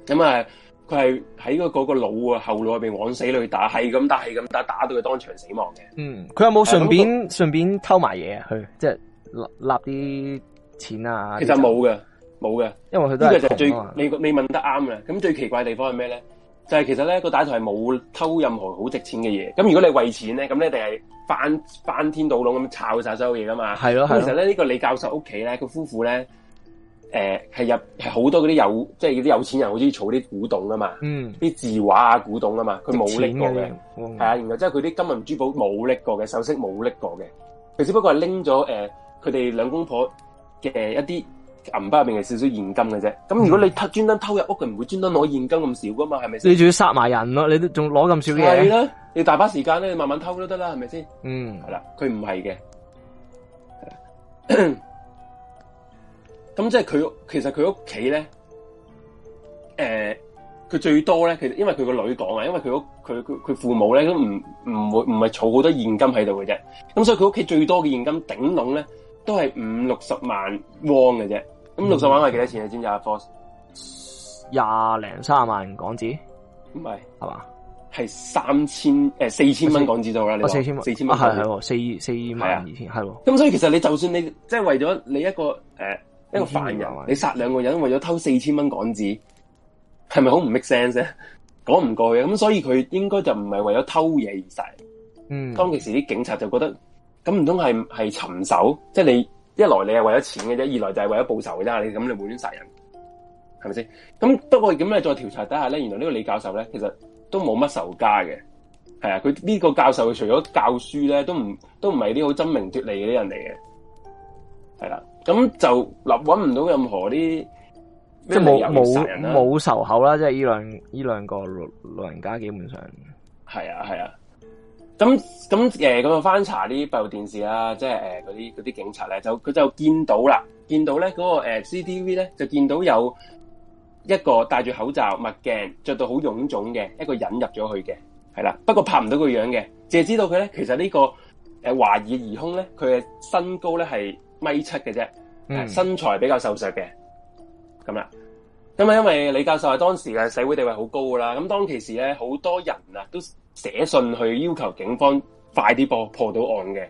Speaker 1: 咁啊。佢係喺個嗰個腦啊後腦入面往死裏去打，係咁打，係咁打，打，打，打到佢當場死亡嘅。嗯，
Speaker 2: 佢有冇順便順、那個、便偷埋嘢啊？是即係立攞啲錢啊？其實冇嘅，
Speaker 1: 冇嘅，因為佢都呢個就最、啊、你你問得啱嘅。咁最奇怪嘅地方係咩咧？就係、是、其實咧、嗰個歹徒係冇偷任何好值錢嘅嘢。咁如果你為錢咧，咁你哋定係翻翻天倒籠，咁抄晒所有嘢噶嘛。係咯，係咯。其實咧呢、呢個李教授屋企咧，佢夫婦咧。誒，係、呃、入係好多嗰啲有，即係啲有錢人好中意儲啲古董噶嘛，啲、嗯、字畫啊古董噶嘛，佢冇拎過嘅，係、嗯、啊，然後即係佢啲金銀珠寶冇拎過嘅，首飾冇拎過嘅，佢只不過係拎咗誒，佢哋兩公婆嘅一啲銀包入面嘅少少現金嘅啫。咁如果你偷專登偷入屋，佢唔會專登攞現金咁少噶嘛，係咪先？你仲
Speaker 2: 要殺埋人咯，你都仲攞咁少嘢？係啦，
Speaker 1: 你大把時間咧，你慢慢偷都得啦，係咪先？嗯，係啦、啊，佢唔係嘅。 咁即係佢，其實佢屋企咧，誒、呃，佢最多咧，其實因為佢個女講啊，因為佢佢佢佢父母咧都唔
Speaker 3: 唔
Speaker 4: 會
Speaker 1: 唔係儲好多現金喺度嘅啫，咁所以佢屋企最多嘅現金頂籠咧都係五六十萬汪嘅啫，咁六十萬係幾多錢啊？知唔知啊 f o r
Speaker 2: 廿零卅萬港紙，唔係，係嘛？係
Speaker 1: 三千誒四千蚊港紙到啦，四千蚊元你、哦、四千
Speaker 2: 蚊係係四四萬二千，係、
Speaker 1: 啊。咁了所以其實你就算你即係為咗你一個誒。呃一個犯人，啊，你殺兩個人為咗偷四千蚊港紙，係咪好唔 make sense 咧？講唔過嘅，咁，所以佢應該就唔係為咗偷嘢而殺。嗯，當其時啲警察就覺得，咁唔通係係尋仇？即係你一來你係為咗錢嘅啫，二來就係為咗報仇嘅啫。你咁你冇亂殺人，係咪先？咁不過咁咧，再調查底下咧，原來呢個李教授咧，其實都冇乜仇家嘅。係啊，佢呢個教授佢除咗教書咧，都唔都唔係啲好爭名奪利嘅啲人嚟嘅。係啦。咁就嗱，揾唔到任何啲、啊，即係冇冇冇
Speaker 2: 仇口啦，即係呢兩呢兩個老老人家，基本上
Speaker 1: 係啊係啊。咁咁誒，佢、呃、翻查啲閉路電視啦、啊，即係誒嗰啲啲警察咧，就佢就見到啦，見到咧嗰、那個誒 C T V 咧，就見到有一個戴住口罩墨鏡，着到好臃腫嘅一個引入咗去嘅，係啦。不過拍唔到個樣嘅，淨係知道佢咧，其實、這個呃、華爾而空呢個誒懷疑疑凶咧，佢嘅身高咧係米七嘅啫，身材比較瘦削嘅咁啦。咁啊、嗯，因為李教授係當時嘅社會地位好高噶啦，咁當其時咧，好多人啊都寫信去要求警方快啲破破到案嘅。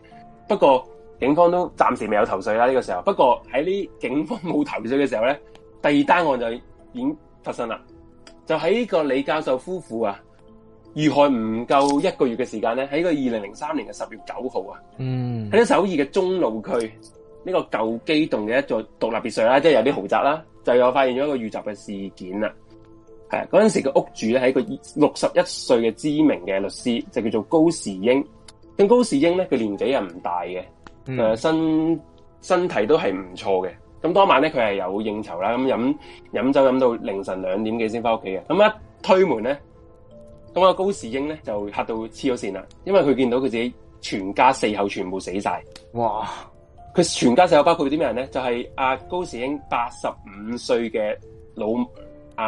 Speaker 1: 不過警方都暫時未有頭緒啦，呢個時候。不過喺呢警方冇頭緒嘅時候咧，第二單案就已經發生啦。就喺呢個李教授夫婦啊遇害唔夠一個月嘅時間咧，喺個二零零三年嘅十月九號啊，喺啲、嗯、首爾嘅中路區。呢個舊機動嘅一座獨立別墅啦，即係有啲豪宅啦，就有發現咗一個遇襲嘅事件啦。係嗰陣時個屋主咧係一個六十一歲嘅知名嘅律師，就叫做高士英。咁高士英咧，佢年紀又唔大嘅，誒、呃、身身體都係唔錯嘅。咁當晚咧，佢係有應酬啦，咁飲飲酒飲到凌晨兩點幾先翻屋企嘅。咁一推門咧，咁阿高士英咧就嚇到黐咗線啦，因為佢見到佢自己全家四口全部死晒。哇！佢全家四口包括啲咩人咧？就係、是、阿高士英八十五歲嘅老阿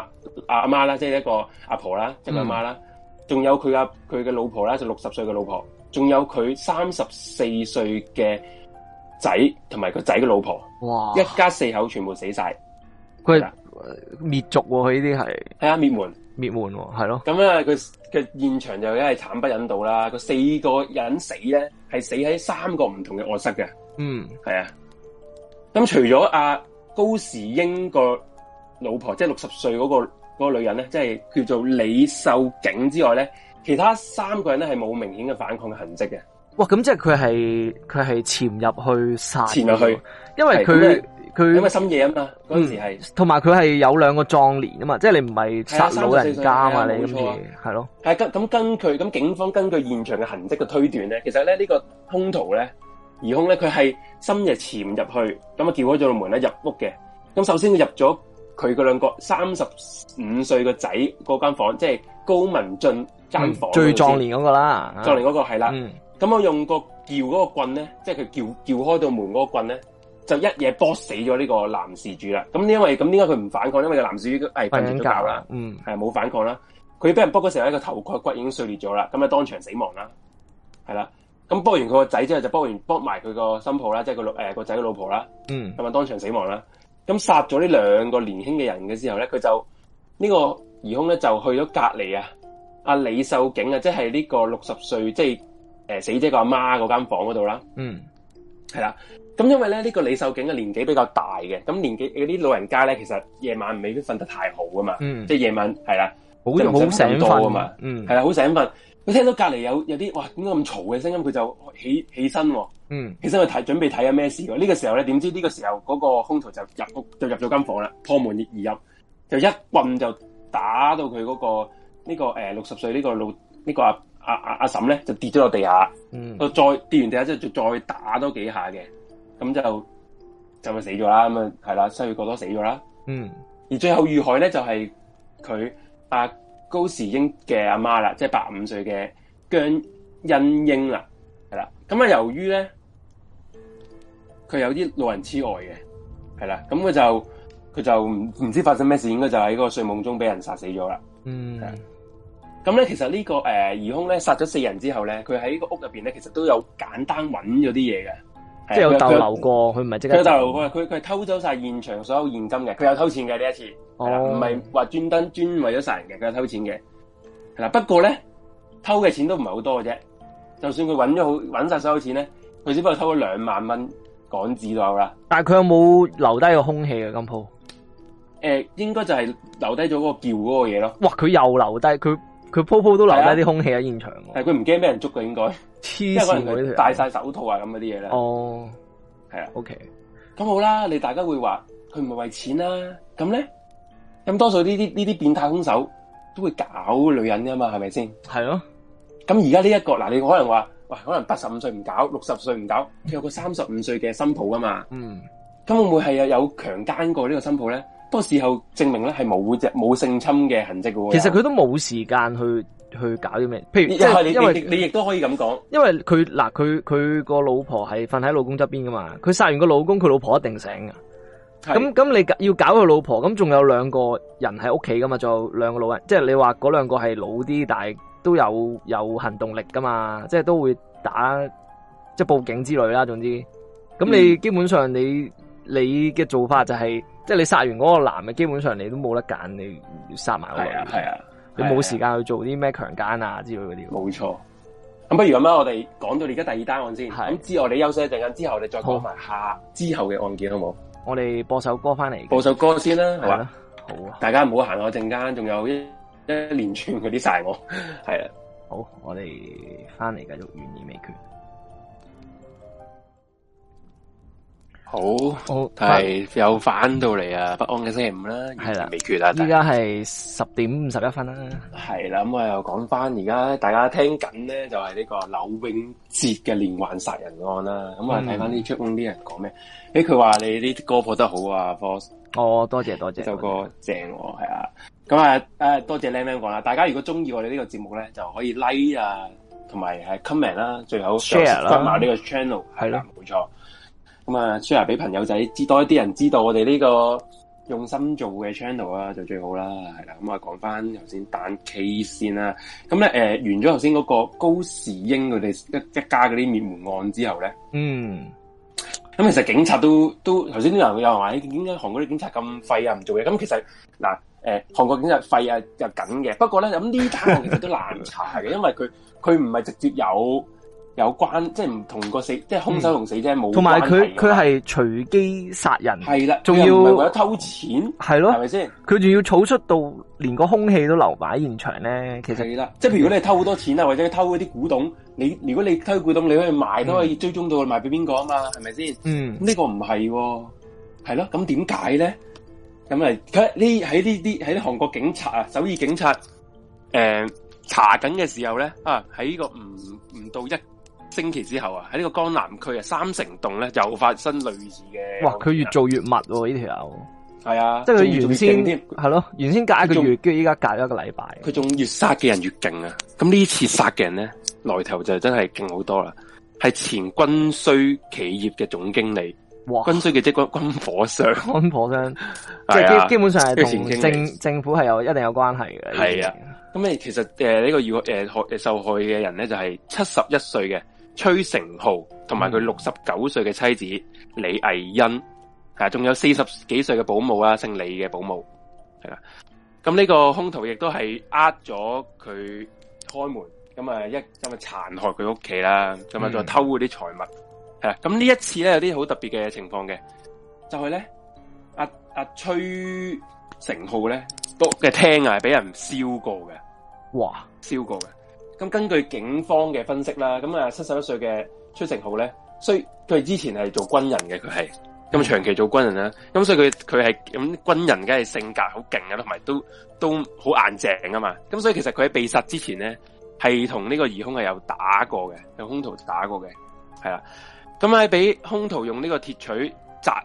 Speaker 1: 阿媽啦，即係一個阿婆啦，一個阿媽啦，仲有佢阿佢嘅老婆啦，就六十歲嘅老婆，仲有佢三十四歲嘅仔同埋個仔嘅老婆。哇！一家四口全部死晒，
Speaker 2: 佢滅族喎！佢呢啲係係啊，滅門滅門係咯。
Speaker 1: 咁樣，佢嘅、啊、現場就真係慘不忍睹啦。佢四個人死咧，係死喺三個唔同嘅臥室嘅。嗯，係啊。咁除咗阿、啊、高時英個老婆，即係六十歲嗰個、嗰個女人咧，即係叫做李秀景之外咧，其他三個人咧係冇明顯嘅反抗嘅痕跡嘅。
Speaker 2: 哇，咁即係佢係佢係潛入去殺，潛入去，
Speaker 1: 因為佢佢、就是、他因為深夜啊嘛，嗰、嗯、時係，
Speaker 2: 同埋佢係有兩個壯年啊嘛，即係你唔係殺老人家嘛，哎、你咁住係咯。
Speaker 1: 係根咁根據咁警方根據現場嘅痕跡嘅推斷咧，其實咧呢、呢個兇徒咧。疑兇咧，佢係深夜潛入去，咁啊撬開咗個門咧，入屋嘅。咁首先佢入咗佢個兩個三十五歲個仔嗰間房，即係高文俊間房、嗯。最壯年嗰個
Speaker 2: 啦，壯年嗰、嗰個係啦。
Speaker 1: 咁、嗯、我用個撬嗰個棍咧，即係佢撬撬開到門嗰個棍咧，就一嘢波死咗呢個男事主啦。咁因為咁點解佢唔反抗？因為個男事主係瞓住覺啦，嗯，係冇反抗啦。佢俾人剝嗰時候一個頭蓋骨已經碎裂咗啦，咁啊當場死亡啦，係啦。咁幫完佢個仔之後，就幫完幫埋佢個新抱啦，即係個仔嘅老婆啦，咁啊、嗯、當場死亡啦。咁殺咗呢兩個年輕嘅人嘅時候咧，佢就呢、呢個疑兇咧就去咗隔籬啊，阿李秀景啊，即係呢個六十歲，即、就、係、係、死者個阿媽嗰間房嗰度啦。
Speaker 3: 嗯，
Speaker 1: 係啦。咁因為咧呢個李秀景嘅年紀比較大嘅，咁年紀嗰啲老人家咧，其實夜晚未必瞓得太好㗎嘛。嗯，即係夜晚係啦，好容易醒啊嘛。嗯，係啦，好醒瞓。佢聽到隔離有有啲哇，點解咁嘈嘅聲音？佢就起起身，起身、哦嗯、起身去睇準備睇下咩事、啊。呢、這個時候咧，點知呢個時候嗰個兇徒就入屋，就入咗間房啦，破門而入，就一棍就打到佢嗰、那個呢個誒六十歲呢個老呢個阿阿阿阿嬸咧，就跌咗落地下。嗯、再跌完地下之後就再打多幾下嘅，咁就就咪死咗啦。咁啊係啦，失去過多死咗啦。嗯，而最後遇害咧就係、是、佢高時英嘅阿媽啦，即係八五歲嘅姜恩英啦，係啦。咁啊，由於咧佢有啲老人痴呆嘅，係啦，咁佢就佢就唔唔知發生咩事，應該就喺嗰個睡夢中俾人殺死咗啦。嗯、嗯，咁咧其實、呢個、空呢個誒疑兇咧殺咗四人之後咧，佢喺呢個屋入邊咧其實都有簡單揾咗啲嘢嘅。即係有逗留過，佢唔係即刻。佢逗留過佢佢係偷走晒現場所有現金嘅，佢有偷錢嘅呢一次。啦唔係話專登專為咗殺人嘅，佢有偷錢嘅。嗱，不過咧偷嘅錢都唔係好多嘅啫。就算佢揾咗好揾晒所有錢咧，佢只不過偷咗兩萬蚊港紙都有啦。
Speaker 2: 但係佢有冇留低個空氣啊？金鋪
Speaker 1: 誒，應該就係留低咗嗰個叫嗰個嘢咯。
Speaker 2: 哇，佢又留低佢。佢鋪鋪都留低啲空氣喺現場，
Speaker 1: 啊，係佢唔驚俾人捉佢應該，黐線，因為佢戴晒手套啊，咁嗰啲嘢咧。哦，係啊的，OK，咁好啦，你大家會話佢唔係為錢啦，啊，咁咧，咁多數呢啲呢啲變態兇手都會搞女人噶嘛，係咪先？係咯，啊，咁而家呢一個嗱，你可能話喂，可能八十五歲唔搞，六十歲唔搞，佢有個三十五歲嘅新抱噶嘛，嗯，咁會唔會係有強姦過個呢個新抱咧？多時候證明咧，係冇只冇性侵嘅痕跡嘅。其實
Speaker 2: 佢都冇時間去去搞啲咩，譬如即係因為你亦
Speaker 1: 都可以咁講，
Speaker 2: 因為佢嗱佢佢個老婆係瞓喺老公側邊噶嘛，佢殺完個老公，佢老婆一定醒噶。咁咁係你要搞佢老婆，咁仲有兩個人喺屋企噶嘛，仲有兩個老人，即係你話嗰兩個係老啲，但係都有有行動力噶嘛，即係都會打，即係報警之類啦。總之，咁你基本上你、嗯、你嘅做法就係。即係你殺完嗰個男嘅，基本上你都冇得揀，你殺埋我係啊，啊啊你冇時間去做啲咩強姦啊之類嗰
Speaker 1: 啲。冇錯。咁不如咁樣，我哋講到你而家第二單案先。咁之的我你休息一陣間之後，你再講埋下之後嘅案件好唔好？好
Speaker 2: 嗎我哋播首歌翻嚟。播首歌先啦，係
Speaker 1: 的說好啊。大家唔好行我陣間，仲有一一連串嗰啲晒我。係
Speaker 2: 啊。好，我哋翻嚟繼續懸疑未決。好，係、
Speaker 1: 哦、又返到嚟啊！不安嘅星期五啦，未決
Speaker 2: 啊！依家係十點五十一分
Speaker 1: 啦，係啦。咁我又講翻，而家大家聽緊咧，就係、是、呢個柳永哲嘅連環殺人案啦。咁啊，睇翻啲出公啲人講咩？誒、欸，佢話你呢啲歌譜得好啊 f o s s 哦，多謝多謝，周哥，謝正，係啊。咁啊，誒，多謝靚靚講啦。大家如果中意我哋呢個節目咧，就可以 like 啊，同埋係 comment 啦、啊。最後 share 翻埋呢個 channel，係啦，冇錯。咁啊，share 俾朋友仔知多一啲人知道我哋呢個用心做嘅 channel 就最好啦，係啦。咁、嗯、啊，講翻頭先彈棋線啦咁咧誒，完咗頭先嗰個高時英佢哋一一家嗰啲滅門案之後咧，嗯，咁、嗯、其實警察都都頭先有人又話，點解韓國啲警察咁廢啊，唔做嘢？咁其實嗱，誒，韓、呃、國警察廢啊又緊嘅，不過咧咁呢單案其實都難查嘅， 因為佢佢唔係直接有。有關即係唔同個死，即係兇手同死啫，冇。同埋佢佢係
Speaker 2: 隨機殺人，係啦，仲要係係為咗偷錢？係咯，係咪先？佢仲要儲出到連個空氣都留擺喺現場咧。其實而家，即係如果你係偷好多
Speaker 1: 錢啊，或者偷嗰啲古董，你如果你偷古董，你可以賣，都可以追蹤到佢賣俾邊個啊嘛，係咪先？嗯，呢個唔係，係咯，咁點解咧？咁嚟睇呢？喺呢啲喺啲韓國警察啊、首爾警察誒查緊嘅時候咧啊，喺呢個唔唔到一。星期之後啊，喺呢個江南區啊，三成洞咧又發生類似嘅。哇！佢越做越密呢條友，係啊，係啊，即係佢原先
Speaker 2: 係咯、啊，原先隔一個月，跟住依家隔一個禮拜、
Speaker 1: 啊，佢仲越殺嘅人越勁啊！咁呢次殺嘅人咧，來頭就真係勁好多啦，係前軍需企業嘅總經理。哇軍需嘅即軍火商，軍火商，即係基本上係同政
Speaker 2: 政府係有一定有關係嘅。係啊，
Speaker 1: 咁誒、嗯，其實誒呢、呃呢個誒、呃、受害嘅人咧就係七十一歲嘅。崔成浩同埋佢六十九歲嘅妻子李毅欣，仲有四十幾歲嘅保姆啊，姓李嘅保姆係啦。咁呢個凶徒亦都係呃咗佢開門，咁啊一咁啊殘害佢屋企啦，咁啊再偷嗰啲財物係啦。咁呢、嗯、一次咧有啲好特別嘅情況嘅，就係咧阿阿崔成浩咧屋嘅廳係俾人燒過嘅，哇，燒過嘅。咁根據警方嘅分析啦，咁啊七十一歲嘅崔成浩咧，所以佢之前係做軍人嘅，佢係咁長期做軍人啦。咁所以佢佢係咁軍人，梗係性格好勁呀，同埋都都好硬淨啊嘛。咁所以其實佢喺被殺之前咧，係同呢個疑兇係有打過嘅，有兇徒打過嘅，係啦。咁喺俾兇徒用呢個鐵錘砸，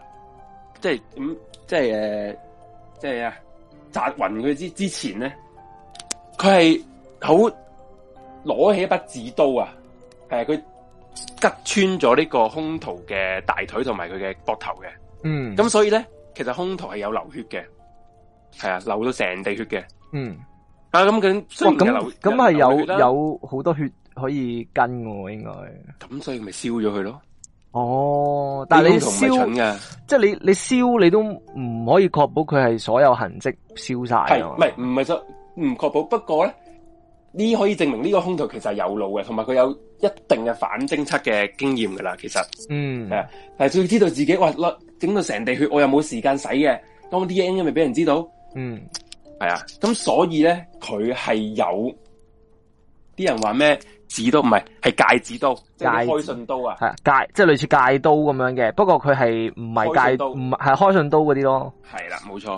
Speaker 1: 即係咁，即係、呃、即係啊砸暈佢之之前咧，佢係好，攞起一把紙刀啊！誒、呃，佢拮穿咗呢個兇徒嘅大腿同埋佢嘅膊頭嘅。嗯。咁所以咧，其實兇徒係有流血嘅，係啊，流到成地血嘅。嗯。啊，咁咁，咁咁係有有
Speaker 2: 好多血可以跟喎，應該。咁所以咪燒咗佢咯？哦，
Speaker 1: 但係你燒，即
Speaker 2: 係你你燒，你，燒你都唔可以確保佢係所有痕跡燒晒。係，唔係
Speaker 1: 唔係就唔確保，不過咧。呢可以證明呢個兇徒其實係有腦嘅，同埋佢有一定嘅反偵測嘅經驗噶啦，其實嗯，係，但係最要知道自己，哇，整到成地血，我又冇時間使嘅，當 DNA 咪俾人知道，
Speaker 2: 嗯，
Speaker 1: 係啊，咁所以咧，佢係有啲人話咩紙刀唔係，係戒指刀，即係開信刀啊，係
Speaker 2: 戒即係類似戒刀咁樣嘅，不過佢係唔係戒，唔係開信刀嗰啲咯，
Speaker 1: 係啦，冇錯。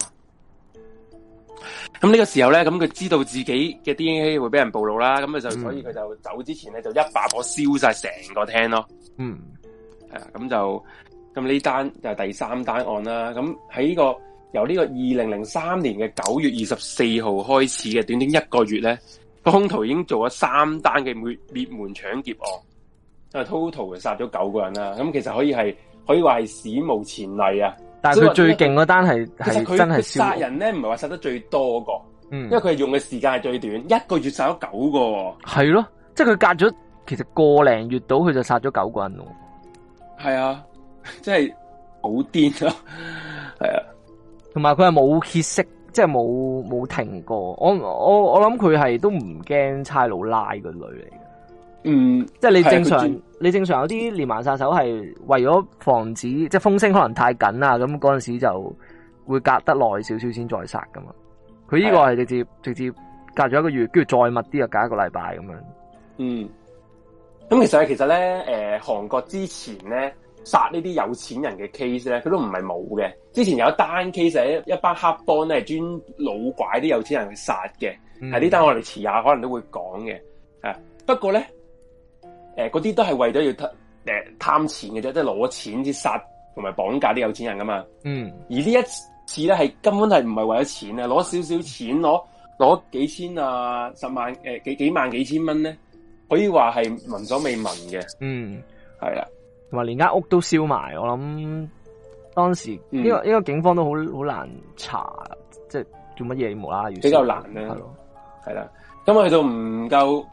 Speaker 1: 咁呢個時候咧，咁佢知道自己嘅 DNA 會俾人暴露啦，咁佢就所以佢就走之前咧，就一把火燒晒成個廳咯。
Speaker 3: 嗯，
Speaker 1: 係啊，咁就咁呢單就第三單案啦。咁喺呢個由呢個二零零三年嘅九月二十四號開始嘅短短一個月咧，個凶徒已經做咗三單嘅滅門搶劫案，因為 total 殺咗九個人啦。咁其實可以係可以話係史無前例啊。但係佢最
Speaker 2: 勁嗰單係，其實佢殺
Speaker 1: 人咧唔係話殺得最多個。嗯、因為佢係用嘅時間係最短，一個月殺咗九個。
Speaker 2: 係咯，即係佢隔咗其實個零月度，佢就殺咗九個人咯。
Speaker 1: 係啊，即係好癲啊！
Speaker 2: 係啊，同埋佢係冇歇息，即係冇冇停過。我我我諗佢係都唔驚差佬拉個女嚟嘅。嗯，即係你正常。你正常有啲連環殺手係為咗防止即係風聲可能太緊啊，咁嗰陣時就會隔得耐少少先再殺噶嘛。佢呢個係直接是的 直接隔咗一個月，跟住再密啲又隔一個禮拜咁樣。
Speaker 1: 嗯，咁其實其實咧，誒、呃，韓國之前咧殺呢啲有錢人嘅 case 咧，佢都唔係冇嘅。之前有一單 case 一班黑幫咧專老拐啲有錢人去殺嘅，係呢、嗯、單我哋遲下可能都會講嘅。不過咧。誒，嗰啲、呃、都係為咗要貪誒貪錢嘅啫，即係攞錢先殺同埋綁架啲有錢人噶嘛。嗯。而呢一次咧，係根本係唔係為咗錢啊，攞少少錢，攞攞幾千啊、十萬誒、呃、幾幾萬幾千蚊咧，可以話係聞所未聞嘅。嗯，
Speaker 2: 係啊的，同埋連間屋都燒埋，我諗當時呢、呢個嗯、呢個警方都好好難查，即係
Speaker 1: 做乜嘢冇啦啦，比較難呢。
Speaker 2: 係
Speaker 1: 咯的，係啦，因為佢就唔夠。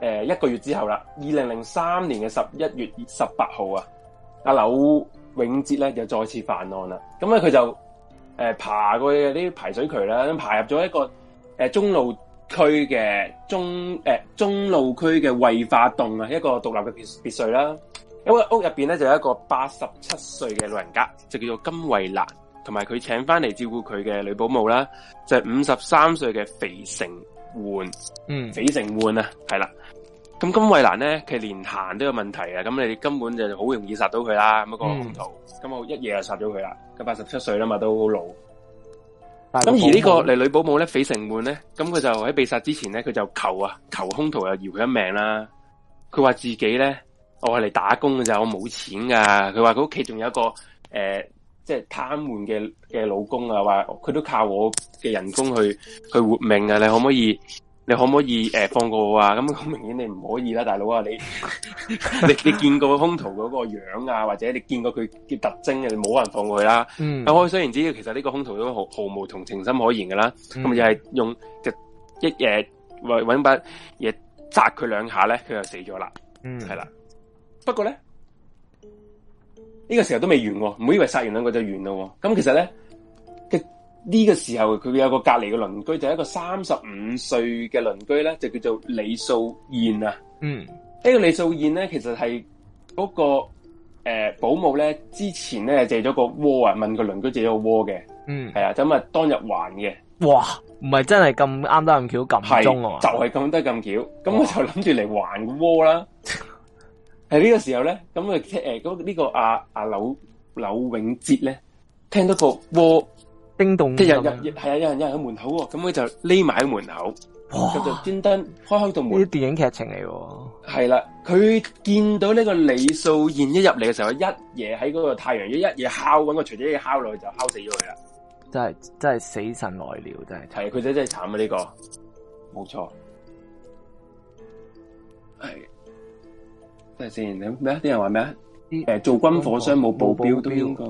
Speaker 1: 誒，一個月之後啦，二零零三年嘅十一月十八號啊，阿柳永哲咧又再次犯案啦。咁咧佢就誒爬過去啲排水渠啦，咁爬入咗一個誒中路區嘅中誒、呃、中路區嘅惠化洞啊，一個獨立嘅別別墅啦。因為屋入邊咧就有一個八十七歲嘅老人家，就叫做金惠蘭，同埋佢請翻嚟照顧佢嘅女保姆啦，就係五十三歲嘅肥成。換，嗯，
Speaker 3: 匪城
Speaker 1: 換啊，係啦。咁金衛蘭咧，其實連彈都有問題啊。咁你哋根本就好容易殺到佢啦。咁、個凶徒，咁、嗯、我一嘢就殺咗佢啦。佢八十七歲啦嘛，都好老。咁而呢個嚟女保姆咧，匪城換咧，咁佢就喺被殺之前咧，佢就求啊，求凶徒又饒佢一命啦。佢話自己咧，我係嚟打工嘅就，我冇錢噶。佢話佢屋企仲有一個誒。呃即係癱瘓嘅嘅老公啊，話佢都靠我嘅人工去去活命啊！你可唔可以？你可唔可以？誒、呃，放過我啊！咁好明顯你唔可以啦，大佬啊！你 你你見過兇徒嗰個樣啊？或者你見過佢嘅特徵你冇人放過佢啦、啊。咁雖然知，其實呢個兇徒都毫毫無同情心可言噶啦。咁又係用就一、呃、一誒，搵把嘢砸佢兩下咧，佢就死咗啦。係係、嗯、啦。不過咧。呢個時候都未完喎，唔好以為殺完兩個就完咯。咁其實咧嘅呢、呢個時候，佢有個隔籬嘅鄰居就係、一個三十五歲嘅鄰居咧，就叫做李素燕啊。嗯，呢個李素燕咧，其實係嗰、嗰個誒、呃、保姆咧，之前咧借咗個鍋啊，問個鄰居借咗個鍋嘅。嗯，係啊，咁啊當日還嘅。
Speaker 2: 哇，唔係真係咁啱得咁巧咁鐘啊嘛，就係
Speaker 1: 咁得咁巧，咁哇我就諗住嚟還個鍋啦。哇 係呢個時候咧，咁佢誒，呢個阿阿柳柳永哲咧，聽到個嘩，叮咚，即係有人，係啊，有人有人喺門口，咁佢哇就匿埋喺門口，咁就專登開開道門。呢啲電影劇情嚟，係啦，佢見到呢個李素賢一入嚟嘅時候，一嘢喺嗰個太陽一嘢敲，搵個槌一敲落去就敲死咗佢啦。
Speaker 2: 真係真係死神
Speaker 1: 來了，真係。係，佢真真係慘啊！呢、這個冇錯，係。即係四年零咩？啲人話咩？啲誒、欸、做軍火商冇報表都應該。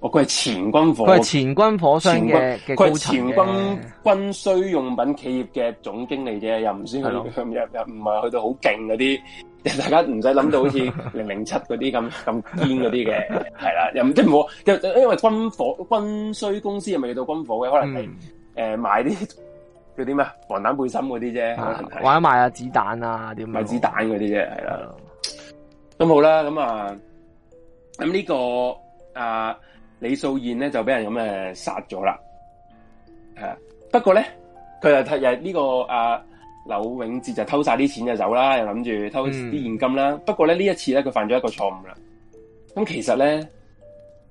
Speaker 1: 哦佢係前軍火，佢係前
Speaker 2: 軍火商嘅佢前,前軍
Speaker 1: 軍需用品企業嘅總經理啫，又唔算去，又又唔係去到好勁嗰啲。大家唔使諗到好似零零七嗰啲咁咁堅嗰啲嘅，係啦， 又即係冇，因為軍火軍需公司又未到軍火嘅？可能係誒、嗯、買啲叫啲咩防彈背心嗰啲啫，或者
Speaker 2: 賣下子彈啊啲咩，點樣買子彈嗰啲啫，係啦、啊。了
Speaker 1: 咁好啦，咁啊，咁呢、呢個啊李素燕咧就俾人咁誒殺咗啦，係啊。不過咧，佢睇日呢個啊柳永哲就偷晒啲錢就走啦，又諗住偷啲現金啦。嗯、不過咧呢一次咧，佢犯咗一個錯誤啦。咁其實咧，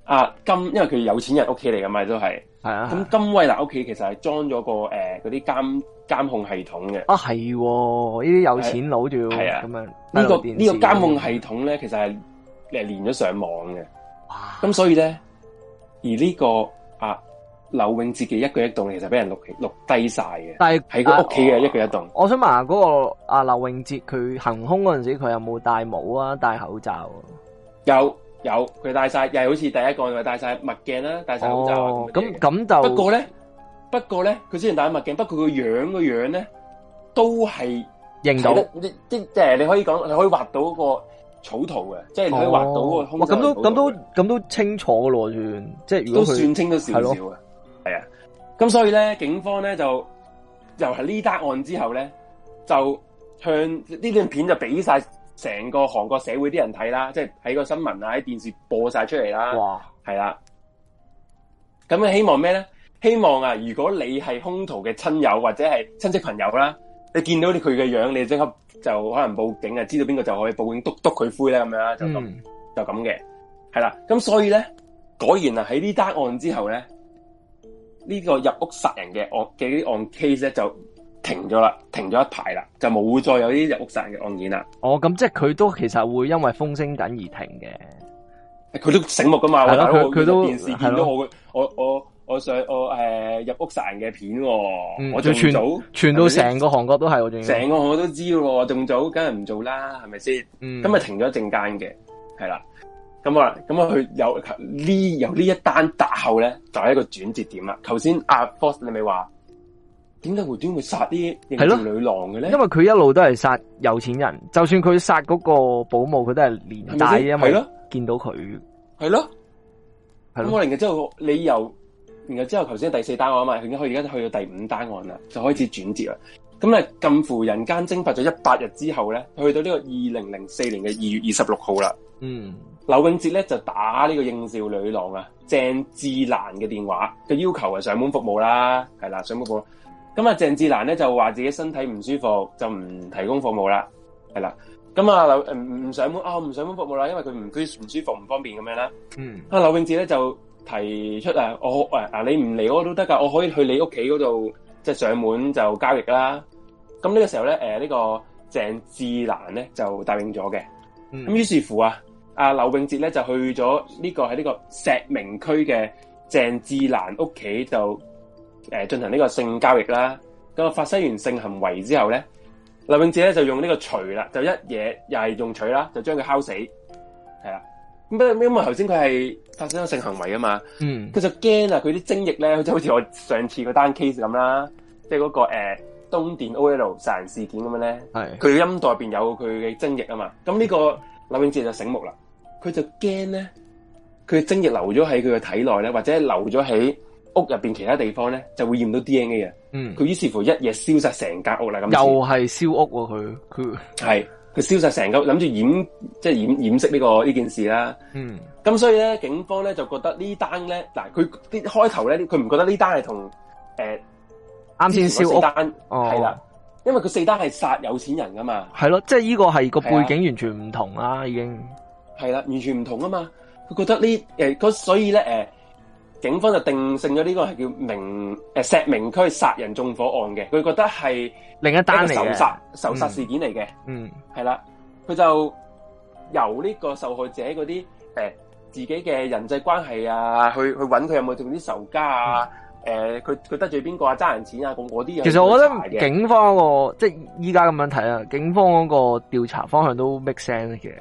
Speaker 1: 阿、啊、金因為佢有錢人屋企嚟噶嘛，都係。係啊，咁金威達屋企其實係裝咗個誒嗰啲監監控系統嘅哇、
Speaker 2: 這個。啊係，呢啲有錢佬要係啊，咁樣呢個呢個監控系
Speaker 1: 統咧，其實係誒連咗上網嘅。咁所以咧，而呢個啊劉永哲嘅一舉一動，其實俾人錄錄低晒嘅。但係喺屋企嘅一舉一動，
Speaker 2: 我想問下嗰、那個劉劉永哲，佢行兇嗰陣時，佢有冇戴帽啊？戴口罩、啊？
Speaker 1: 有。有，佢戴晒，又係好似第一個咪戴晒墨鏡啦，戴晒口罩。
Speaker 2: 咁咁、哦、就不過咧，
Speaker 1: 不過咧，佢之前戴咗墨鏡，不過個樣個樣咧都係認到，即即係你可以講，你可以畫到個草圖嘅，哦、即係你可以畫到個。空咁、哦、都咁都
Speaker 2: 咁都清楚嘅咯，算即係如果都算清咗少少嘅
Speaker 1: 係啊，咁了所以咧，警方咧就又係呢單案之後咧，就向呢段片就俾晒。成個韓國社會啲人睇啦，即係喺個新聞啊，喺電視播晒出嚟啦，係啦哇。咁啊，希望咩咧？希望啊，如果你係兇徒嘅親友或者係親戚朋友啦，你見到佢嘅樣，你即刻就可能報警啊，知道邊個就可以報警，督督佢灰啦。咁樣就咁就咁嘅，係啦、嗯。咁所以咧，果然啊，喺呢單案之後咧，呢、這個入屋殺人嘅案嘅呢案 case 咧就。停咗啦，停咗一排啦，就冇再有啲入屋殺人嘅案件啦。
Speaker 2: 哦，咁即係佢都其實會因為風聲緊而停嘅。佢都醒目噶嘛？係佢都電視見到我，
Speaker 1: 我我我上我誒、呃、入屋殺人嘅片、哦。嗯，我仲全到
Speaker 2: 傳到成個韓國都係我仲，成
Speaker 1: 個我都知。仲早梗係唔做啦，係咪先？嗯，咁咪停咗一陣間嘅，係、就、啦、是。咁啊，咁啊，佢有呢，由呢一單打後咧，就係一個轉折點啦。頭先阿 boss，你咪話。點解佢點會殺啲應召女郎
Speaker 2: 嘅咧？因為佢一路都係殺有錢人，就算佢殺嗰個保姆，佢都係連帶啊。嘛，見到佢
Speaker 1: 係咯咁。然後之後你由，然之後，頭先第四單案啊嘛，佢而家去到第五單案啦，就開始轉折啦。咁咧，近乎人間蒸發咗一百日之後咧，去到呢個二零零四年嘅二月二十六號啦。
Speaker 3: 嗯，
Speaker 1: 劉永哲咧就打呢個應召女郎啊鄭志蘭嘅電話，佢要求係上門服務啦，係啦，上門服務。咁啊，鄭志蘭咧就話自己身體唔舒服，就唔提供服務啦，係啦。咁啊劉唔唔上門啊，唔、哦、上門服務啦，因為佢唔唔舒服，唔方便咁樣啦。嗯，啊劉永哲咧就提出誒，我、哦、誒你唔嚟，我都得噶，我可以去你屋企嗰度即係上門就交易啦。咁呢個時候咧，誒、呃這個、呢個鄭志蘭咧就答應咗嘅。咁於、嗯、是乎啊，阿劉永哲咧就去咗呢、這個喺呢個石明區嘅鄭志蘭屋企度誒，進行呢個性交易啦，咁啊，發生完性行為之後咧，劉永志咧就用呢個錘啦，就一嘢又係用錘啦，就將佢敲死，係啦，咁因為因為頭先佢係發生咗性行為啊嘛，
Speaker 3: 嗯，佢
Speaker 1: 就驚啊，佢啲精液咧，就好似我上次個單 case 咁啦，即係嗰個誒東電 OL 殺人事件咁樣咧，係的，佢嘅陰道入邊有佢嘅精液啊嘛，咁呢個劉永志就醒目啦，佢就驚咧，佢嘅精液流咗喺佢嘅體內咧，或者流咗喺。屋入邊其他地方咧，就會驗到 DNA 嘅。嗯，佢於是乎一夜燒晒成間屋啦，咁。又係燒屋，
Speaker 2: 佢佢
Speaker 1: 係佢燒晒成間，諗住掩，即係掩掩飾呢個呢件事啦。嗯，咁所以咧，警方咧就覺得呢單咧嗱，佢啲開頭咧，佢唔覺得呢單係同誒啱先燒屋哦，係啦，因為佢四單係殺有錢人噶嘛。
Speaker 2: 係咯，即係呢個係個背景完全唔同啦，已經
Speaker 1: 係啦，完全唔同啊嘛。佢覺得呢誒，所以咧誒。呃警方就定性咗呢個係叫明，誒，石明區殺人縱火案嘅，佢覺得係另一單嚟嘅，仇殺，仇殺事件嚟嘅。
Speaker 3: 嗯。
Speaker 1: 嗯，係啦，佢就由呢個受害者嗰啲誒，自己嘅人際關係啊，去去揾佢有冇做啲仇家啊，誒、嗯，佢佢、呃、得罪邊個啊，揸人錢啊，咁嗰啲。其實我覺得警
Speaker 2: 方嗰、嗰個，即係依家咁樣睇啊，警方嗰個調查方向都 make sense 嘅。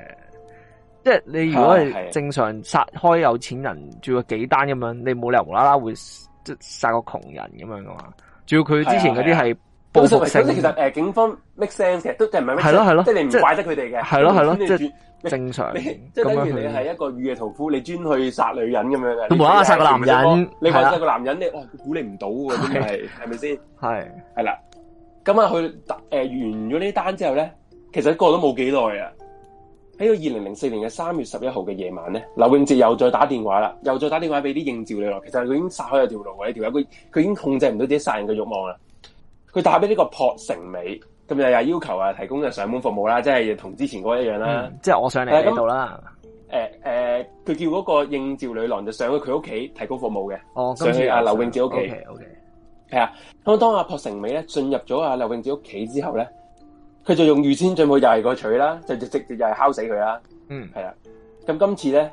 Speaker 1: 即係你如果係
Speaker 2: 正常殺開有錢人住個幾單咁樣，你冇理由無啦啦會即係殺個窮人咁樣噶嘛？仲要佢之前嗰啲係報復。嗰啲其實
Speaker 1: 誒，警方 make sense 嘅，都即係唔係 make sense。即係你唔怪得佢哋嘅。係咯係咯，即係
Speaker 2: 正常。即係等於你係
Speaker 1: 一個雨夜屠夫，你專去殺女人咁樣嘅。咁無啦啦殺個男人，你話殺個男人，你哦，佢估你唔到嘅，真係係咪先？係係啦，咁啊，佢誒完咗呢單之後咧，其實過都冇幾耐啊。喺個二零零四年嘅三月十一號嘅夜晚咧，劉永哲又再打電話啦，又再打電話俾啲應召女郎。其實佢已經殺開有條路嘅，條友佢佢已經控制唔到自己殺人嘅欲望啦。佢打俾呢個朴成美，咁又又要求啊提供嘅上門服務啦、就是嗯，即係同之前嗰一樣啦。即係
Speaker 2: 我上嚟呢度啦。誒
Speaker 1: 誒以，佢、嗯呃呃、叫嗰個應召女郎就上去佢屋企提供服務嘅。哦，上去上次阿劉永哲屋企。O K O K 係啊，咁、okay, okay、當阿朴成美咧進入咗阿劉永哲屋企之後咧。佢就用預先準備又係個錘啦，就就直接就係敲死佢啦。嗯是，係啦。咁今次咧，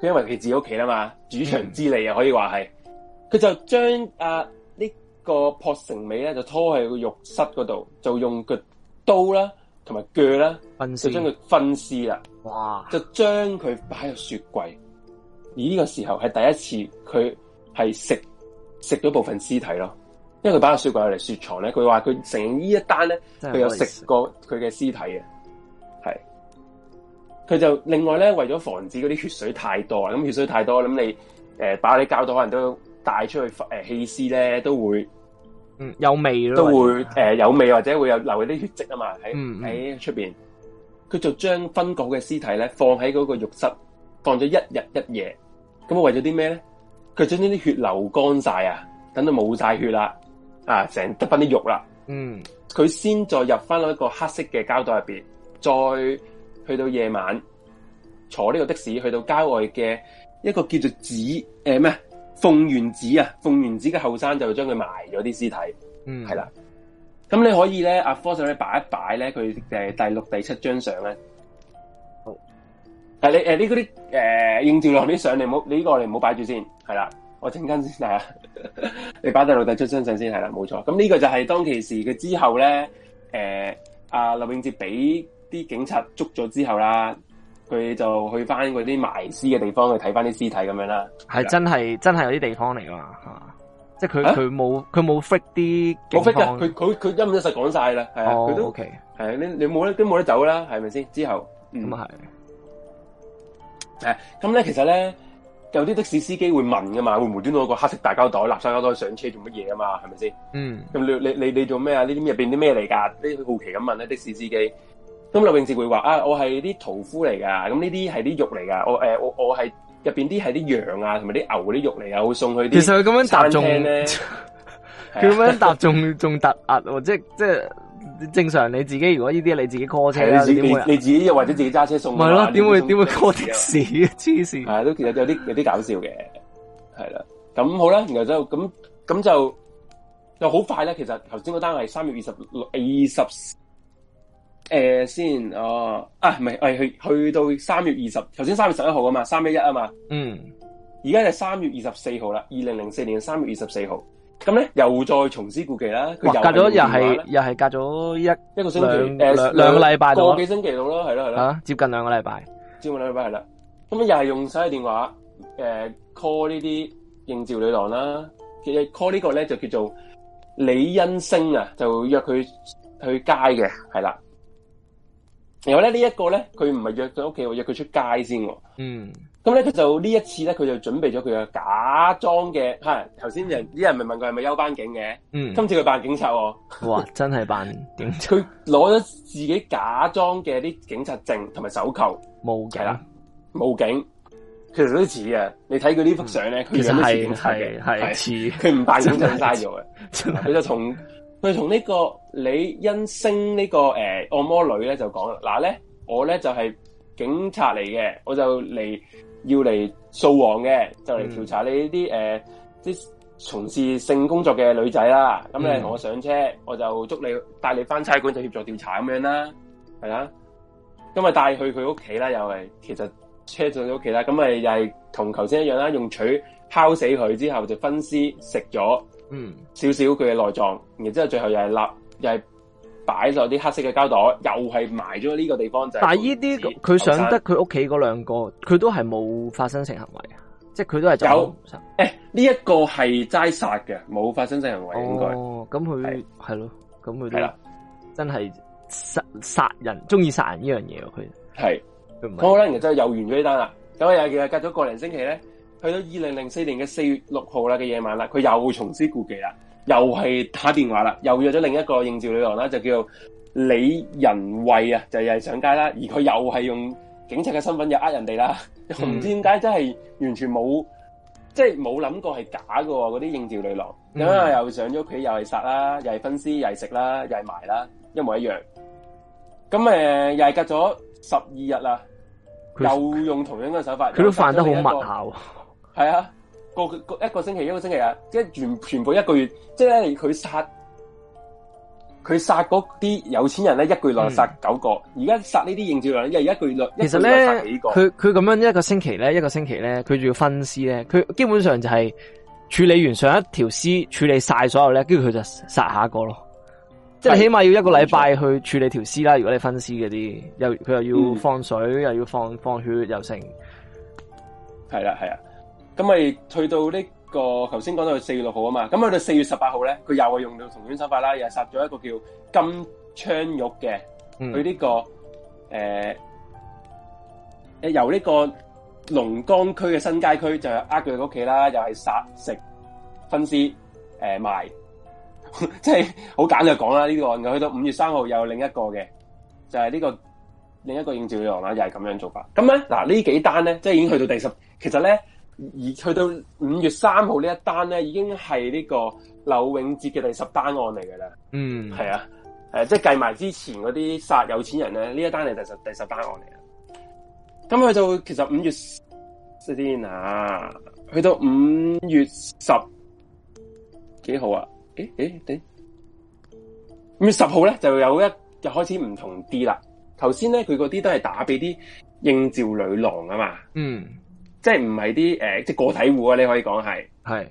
Speaker 1: 佢因為佢自己屋企啦嘛，主場之利、嗯、啊，可以話係佢就將啊呢個破成尾咧，就拖喺個浴室嗰度，就用個刀啦，同埋鋸啦，分屍 就將佢分屍啦。哇！就將佢擺喺雪櫃。而呢個時候係第一次，佢係食食咗部分屍體咯。因為佢把個雪櫃嚟雪藏咧，佢話佢承認呢一單咧，佢有食過佢嘅屍體嘅，係。佢就另外咧，為咗防止嗰啲血水太多，咁血水太多，咁你誒把啲膠袋可能都帶出去誒棄屍咧，都會，
Speaker 2: 嗯，
Speaker 1: 有味咯，都會誒有味或者會有流啲血跡啊嘛，喺喺出邊。佢、嗯嗯、就將分割嘅屍體咧放喺嗰個浴室，放咗一日一夜。咁啊為咗啲咩咧？佢將呢啲血流乾晒啊，等到冇晒血啦。啊！成得翻啲肉啦，嗯，佢先再入翻到一個黑色嘅膠袋入邊，再去到夜晚坐呢個的士去到郊外嘅一個叫做寺誒咩？鳳、呃、原寺啊，鳳原寺嘅後生就將佢埋咗啲屍體，嗯，係啦。咁你可以咧，阿科上面擺一擺咧，佢誒第六第七張相咧，好。但你誒呢嗰啲誒應照郎啲相你唔好你呢個你唔好擺住先，係啦。我陣間先睇下， 你擺低老弟出真相先係啦，冇錯。咁呢個就係當其時嘅之後咧。誒、呃，阿劉永捷俾啲警察捉咗之後啦，佢就去翻嗰啲埋屍嘅地方去睇翻啲屍體咁樣啦。係真係
Speaker 2: 真係有啲地方嚟噶，吓！即係佢佢冇佢冇 fit 啲。冇 fit 噶，佢
Speaker 1: 佢佢一五一十講晒啦，係啊，佢、哦、都 OK。係你你冇得都冇得走啦，係咪先？之後咁係。係、嗯。誒是，咁咧、啊、其實咧。有啲的士司機會問㗎嘛，會唔會端到個黑色大膠袋、垃圾膠袋上車做乜嘢啊嘛，係咪先？
Speaker 3: 嗯。
Speaker 1: 咁你你你你做咩啊？呢啲入面啲咩嚟㗎？啲好奇咁問咧，的士司機。咁劉永志會話啊，我係啲屠夫嚟㗎。咁呢啲係啲肉嚟㗎。我、呃、我我係入面啲係啲羊啊，同埋啲牛啲肉嚟啊，我會送啲。其實佢咁樣搭中，佢咁樣
Speaker 2: 搭中，重搭 壓喎， 即即。正常你自己如果呢啲你自己 call 車，點會你自己
Speaker 1: 又、嗯、或者自己揸車送，咪咯吧？點會 點會 call 的士啊？黐線！係都其實有啲有啲搞笑嘅，係啦。咁好啦，然後就咁咁就就好快啦。其實頭先個單係三月二十六、二十，誒，先哦啊，唔係，係、啊、去去到三月二十。頭先三月十一號啊嘛，三一一啊嘛，嗯，而家就三月二十四號啦，二零零四年三月二十四號。咁咧又再重施故技啦，佢又隔咗又係
Speaker 2: 又係隔咗一一個星期兩,兩兩個禮拜到，過幾星
Speaker 1: 期到啦，係啦係啦，
Speaker 2: 接近兩個禮拜，
Speaker 1: 接近兩個禮拜係啦。咁又係用手機電話誒、呃、call 呢啲應召女郎啦，其實 call 個呢個咧就叫做李恩星啊，就約佢去街嘅係啦。然後咧呢一、這個咧，佢唔係約咗屋企，我約佢出街先喎、哦。嗯。咁咧，佢就呢一次咧，佢就準備咗佢嘅假裝嘅，吓頭先人啲人咪問佢係咪休班警嘅，嗯，今次佢扮警察喎，哇，真係扮警察，佢攞咗自己假裝嘅啲警察證同埋手扣，冇計啦，冇警，其實都似啊，你睇佢呢幅相咧，嗯、其實係係係似，佢唔扮警察嘥咗嘅，佢就同，佢同呢個李恩星呢個誒按摩女咧就講啦，嗱咧，我咧就係、是、警察嚟嘅，我就嚟。要嚟掃黃嘅，就嚟調查你呢啲誒，啲從、嗯呃、事性工作嘅女仔啦。咁你同我上車，我就捉你帶你返差館做協助調查咁樣啦，係啦。咁咪帶去佢屋企啦，又係其實車到佢屋企啦。咁咪又係同頭先一樣啦，用錘敲死佢之後就分屍食咗，嗯，少少佢嘅內臟，然之後最後又係立又係。擺咗啲黑色嘅膠袋，又係埋咗呢個地方就。但係呢啲佢想得
Speaker 2: 佢屋企嗰兩個，佢都係冇發，發生性行為，即係佢都係。有，
Speaker 1: 誒呢一個係齋殺嘅，冇發生性行為應該。
Speaker 2: 哦，咁佢係咯，咁佢係啦，真係殺殺人，中意殺人呢樣嘢佢
Speaker 1: 係。好啦，然之後又完咗呢單啦，咁又其實隔咗個零星期咧，去到二零零四年嘅四月六號啦嘅夜晚啦，佢又重施故技啦。又係打電話啦，又約咗另一個應召女郎啦，就叫李仁慧啊，就又、是、係上街啦，而佢又係用警察嘅身份、嗯、又呃人哋啦，唔知點解真係完全冇，即係冇諗過係假噶喎，嗰啲應召女郎咁啊、嗯，又上咗屋企，又係殺啦，又係分屍，又係食啦，又係埋啦，一模一樣。咁、嗯、誒，又係隔咗十二日啦，他又用同樣嘅手法，佢都犯得好密集，係 啊。個一個星期一個星期啊，即係全全部一個月，即係咧，佢殺佢殺嗰啲有錢人咧，一個月內殺九個。而家殺呢啲應召女，因為而家一個月其實咧，佢
Speaker 2: 佢咁樣一個星期咧，一個星期咧，佢仲要分屍咧，佢基本上就係處理完上一條屍，處理晒所有咧，跟住佢就殺下一個咯。即係起碼要一個禮拜去處理條屍啦。如果你分屍嗰啲，又佢又要放水，嗯、又要放放血又，又成
Speaker 1: 係啦，係啊。咁咪去到呢、這個頭先講到四月六號啊嘛，咁去到四月十八號咧，佢又係用到同款手法啦，又殺咗一個叫金昌玉嘅，佢呢、嗯這個誒、呃、由呢個龍江區嘅新街區就呃佢屋企啦，又係殺食分屍、呃、賣，即係好簡單講啦呢個案去到五月三號又有另一個嘅，就係、是、呢、這個另一個應召嘅。女郎啦，又係咁樣做法。咁咧嗱呢幾單咧，即係已經去到第十，其實咧。而去到五月三號呢一單咧，已經係呢個柳永哲嘅第十單案嚟噶啦。嗯，係啊，誒、啊，即係計埋之前嗰啲殺有錢人咧，呢一單係第十第十單案嚟啊。咁佢就其實五月先啊，去到五月十幾號啊？誒、欸、誒，五、欸、月十號咧，就有一就開始唔同啲啦。頭先咧，佢嗰啲都係打俾啲應召女郎啊嘛。嗯。即係唔係啲誒，即係個體戶啊！你可以講係，係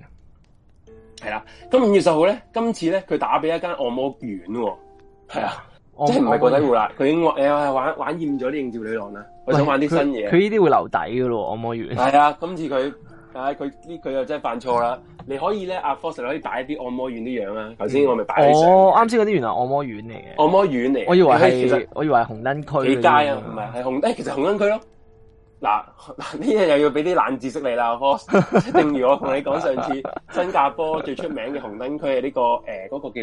Speaker 1: 係啦。咁五月十號咧，今次咧佢打俾一間按摩院喎。係啊，即係唔係個體戶啦？佢已經誒玩玩厭咗啲應召女郎啦，佢想玩啲新嘢。佢呢
Speaker 2: 啲會留底噶咯，按摩院。係啊，
Speaker 1: 今次佢啊佢呢佢又真係犯錯啦。你可以咧，阿 Force 可以擺啲按摩院啲樣啊。頭先我咪擺。
Speaker 2: 哦，啱先嗰啲原來按摩院嚟嘅，
Speaker 1: 按摩院嚟。我以為係我以為係紅燈區。幾街啊？唔係係紅燈，其實紅燈區咯。嗱，呢樣、啊、又要俾啲冷知識你啦， 正如我同你講 上次新加坡最出名嘅紅燈區係呢個誒嗰、呃那個叫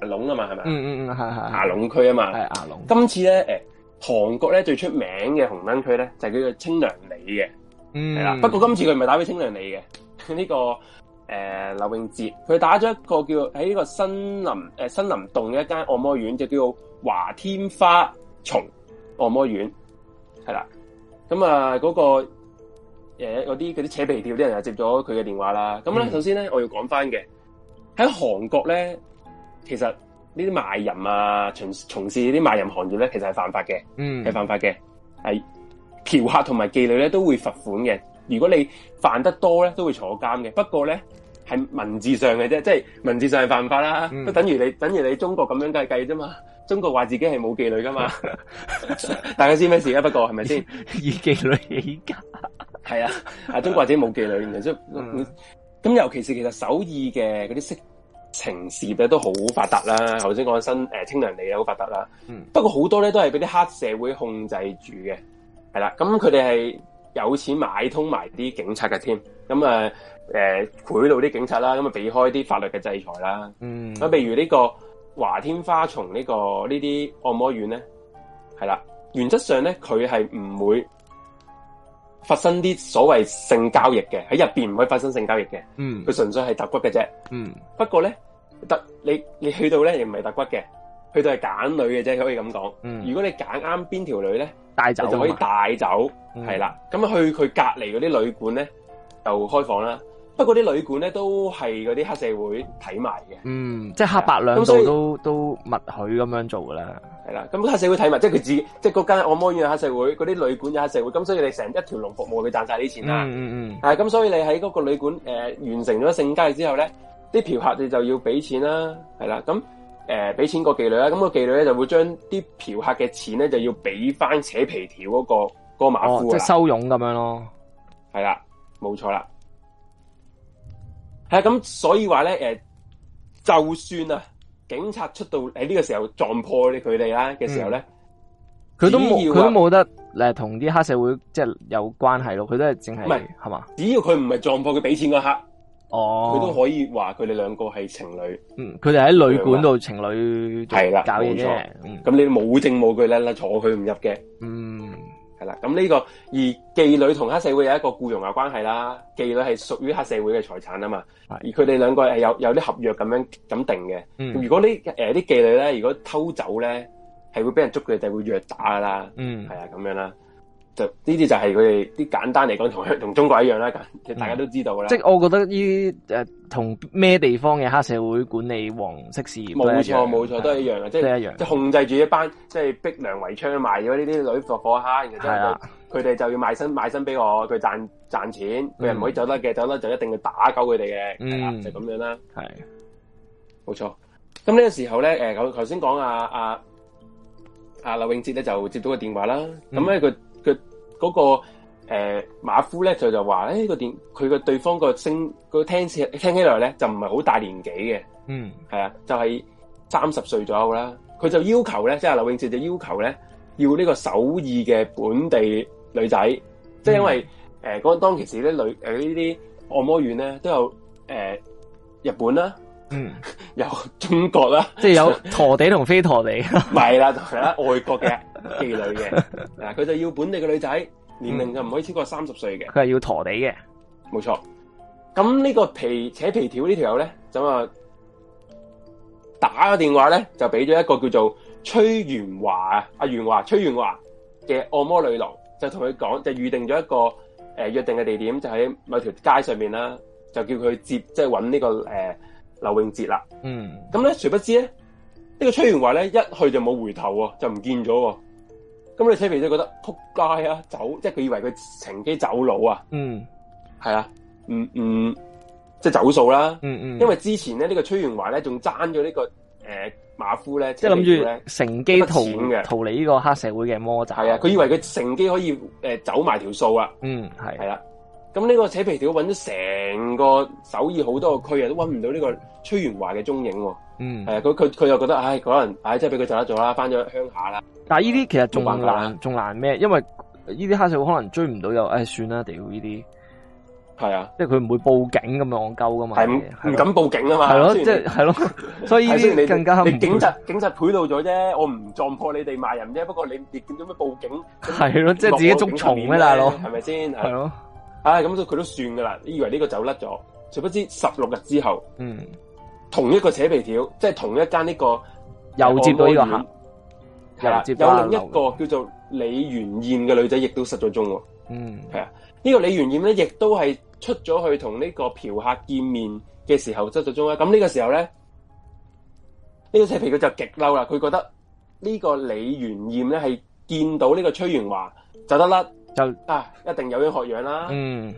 Speaker 1: 亞龍啊、嗯嗯、嘛，係咪？嗯嗯嗯，係係亞龍區啊嘛，係亞龍。今次咧誒，韓國咧最出名嘅紅燈區咧就係叫做清涼里嘅，係、
Speaker 3: 嗯、啦。不過今
Speaker 1: 次佢唔係打俾清涼里嘅，呢、這個誒劉永傑佢打咗一個叫喺呢個新林誒新、呃、林洞嘅一間按摩院，就叫做華天花松按摩院，係啦。咁啊，嗰、嗯，嗰個誒，嗰啲嗰啲扯皮條啲人就接咗佢嘅電話啦。咁咧，嗯、首先咧，我要講翻嘅喺韓國咧，其實呢啲賣淫啊，從從事呢啲賣淫行業咧，其實係犯法嘅，嗯，係犯法嘅，係嫖客同埋妓女咧都會罰款嘅。如果你犯得多咧，都會坐監嘅。不過咧，係文字上嘅啫，即係文字上係犯法啦，都、嗯、等於你等於你中國咁樣計計啫嘛。中國話自己係冇妓女噶嘛，大家知咩事啊？不過係咪先？以妓女起家，係啊，係中國或者冇妓女嘅，所以咁、嗯嗯、尤其是其實首爾嘅嗰啲色情事咧都好發達啦。頭先講新誒清涼里啊好發達啦，嗯、不過好多咧都係嗰啲黑社會控制住嘅，係啦、啊。咁佢哋係有錢買通埋啲警察嘅添，咁、嗯、啊。呃誒，賄賂啲警察啦，咁啊避開啲法律嘅制裁啦。嗯，咁譬如呢個華天花叢呢、這個呢啲按摩院咧，係啦，原則上咧佢係唔會發生啲所謂性交易嘅，喺入邊唔可以發生性交易嘅。嗯，佢純粹係揼骨嘅啫。
Speaker 3: 嗯，
Speaker 1: 不過咧特你你去到咧，又唔係揼骨嘅，去到係揀女嘅啫，可以咁講。嗯，如果你揀啱邊條女咧，帶走你就可以帶走。係啦、嗯，咁去佢隔籬嗰啲旅館咧，就開房啦。嗰啲旅館咧都係嗰啲黑社會睇埋嘅，嗯，
Speaker 2: 即係的黑白兩道都都默許咁樣做噶啦，係啦。
Speaker 1: 咁黑社會睇埋，即係佢自己，即係嗰間按摩院嘅黑社會，嗰啲旅館有黑社會，咁所以你成一條龍服務賺這，佢賺晒啲錢啦。
Speaker 2: 嗯
Speaker 1: 嗯嗯。係咁，所以你喺嗰個旅館誒、呃、完成咗性交之後咧，啲嫖客你就要俾錢啦，係啦。咁誒俾錢給妓那那個妓女啦，咁個妓女咧就會將啲嫖客嘅錢咧就要俾翻扯皮條嗰、那個嗰、那個馬夫、哦、即係收佣咁樣咯，係啦，冇錯啦。咁、嗯，所以話咧，誒，就算啊，警察出到喺呢個時候撞破咧佢哋啦嘅時候咧，佢、嗯、都冇，佢都冇
Speaker 2: 得誒同啲黑社會即係有關係咯，佢都係淨係，係嘛？
Speaker 1: 只要佢唔係撞破佢俾錢嗰刻，哦，佢都可以話佢哋兩個係情侶，嗯，佢哋喺旅館度
Speaker 2: 情侶係啦，搞嘢，
Speaker 1: 咁你冇證冇據咧，咧坐佢唔入嘅，嗯。咁呢個而妓女，同黑社會有一個僱傭嘅關係啦，妓女係屬於黑社會嘅財產啊嘛，是的 而佢哋兩個係有有啲合約咁樣咁定嘅。嗯、如果呢誒啲妓女咧，如果偷走咧，係會俾人捉佢哋，會虐打噶啦，嗯、啊，係啊咁樣啦。就呢啲就係佢哋啲簡單嚟講同同中國一樣啦，其實大家都知道啦。即係、
Speaker 2: 嗯就是、我覺得呢誒同咩地方嘅黑社會管理黃色事業？冇錯冇錯，都係一樣嘅，即係一樣，即係對控
Speaker 1: 制住一班即係逼良為娼賣咗呢啲女做火坑，係啦、啊，佢哋就要賣身賣身俾我，佢賺賺錢，佢又唔可以走得嘅，嗯、走得就一定要打救佢哋嘅，嗯，啊、就咁、是、樣啦，係對，冇錯。咁呢個時候咧，誒頭先講阿阿阿劉永哲咧就接到個電話啦，咁咧佢。那個嗰、那個誒、呃、馬夫咧就就話，呢、哎、個電佢個對方個聲個聽起聽起來咧就唔係好大年紀嘅，嗯，係啊，就係三十歲左右啦。佢就要求咧，即係劉永哲就要求咧，要呢個首爾嘅本地女仔，即係、嗯、因為誒嗰、呃、當其時啲女誒呢啲按摩院咧都有誒、呃、日本啦。嗯， 有中國啦， 即係有陀
Speaker 2: 地同非陀地，咪
Speaker 1: 啦同係啦，外國嘅妓女嘅嗱，佢就要本地嘅女仔，年齡就唔可以超過三十歲嘅，佢
Speaker 2: 係、嗯、要陀地嘅，
Speaker 1: 冇錯。咁呢個皮扯皮條呢條友咧，就啊打個電話咧，就俾咗一個叫做崔元華啊，阿元華，崔元華嘅按摩女郎，就同佢講，就預定咗一個誒、呃、約定嘅地點，就喺某條街上面啦，就叫佢接，即係搵呢個誒。呃劉永杰啦，嗯，咁咧，誰不知咧，呢個崔元華咧一去就冇回頭喎，就唔見咗，咁你車皮仔覺得扑街啊，走，即係佢以為佢乘機走佬啊，嗯，嗯，係啊，唔唔，即係走數啦，嗯，嗯嗯，因為之前咧呢個崔元華咧仲爭咗呢個誒馬夫咧，呢即係諗住咧
Speaker 2: 乘機逃嘅逃離呢個黑社會嘅
Speaker 1: 魔爪，係啊，佢以為佢乘機可以誒走埋條數啊，嗯，係係啦。咁呢個扯皮條揾咗成個首爾好多個區啊，都揾唔到呢個崔元華嘅蹤影。嗯，係佢佢佢又覺得，唉，可能唉，即係俾佢走咗做啦，翻咗鄉下啦。
Speaker 2: 但係呢啲其實仲難，仲難咩？因為呢啲黑社會可能追唔到又，唉，算啦，屌呢啲。係啊，即係佢唔會報警咁樣戇鳩噶嘛，係唔敢報警啊嘛，係咯，即係係咯，所以呢啲更加你警察
Speaker 1: 警察賄到咗啫，我唔撞破你哋賣人啫。不過你你見到咩報警？係咯，即係自己捉蟲咩大佬？係咪先？係咯。唉，咁都佢都算噶啦，以為呢個走甩咗，殊不知十六日之後，
Speaker 3: 嗯，
Speaker 1: 同一個扯皮條，即係同一間呢個又接到呢個客，係啦吧，又接到有另一個叫做李元燕嘅女仔，亦都失咗蹤喎。嗯，係啊，呢個李元燕咧，亦都係出咗去同呢個嫖客見面嘅時候失咗蹤啦。咁呢個時候咧，呢個扯皮佢就極嬲啦，佢覺得呢個李元燕咧係見到呢個崔元華就得甩。就啊，一定有樣學樣啦。嗯，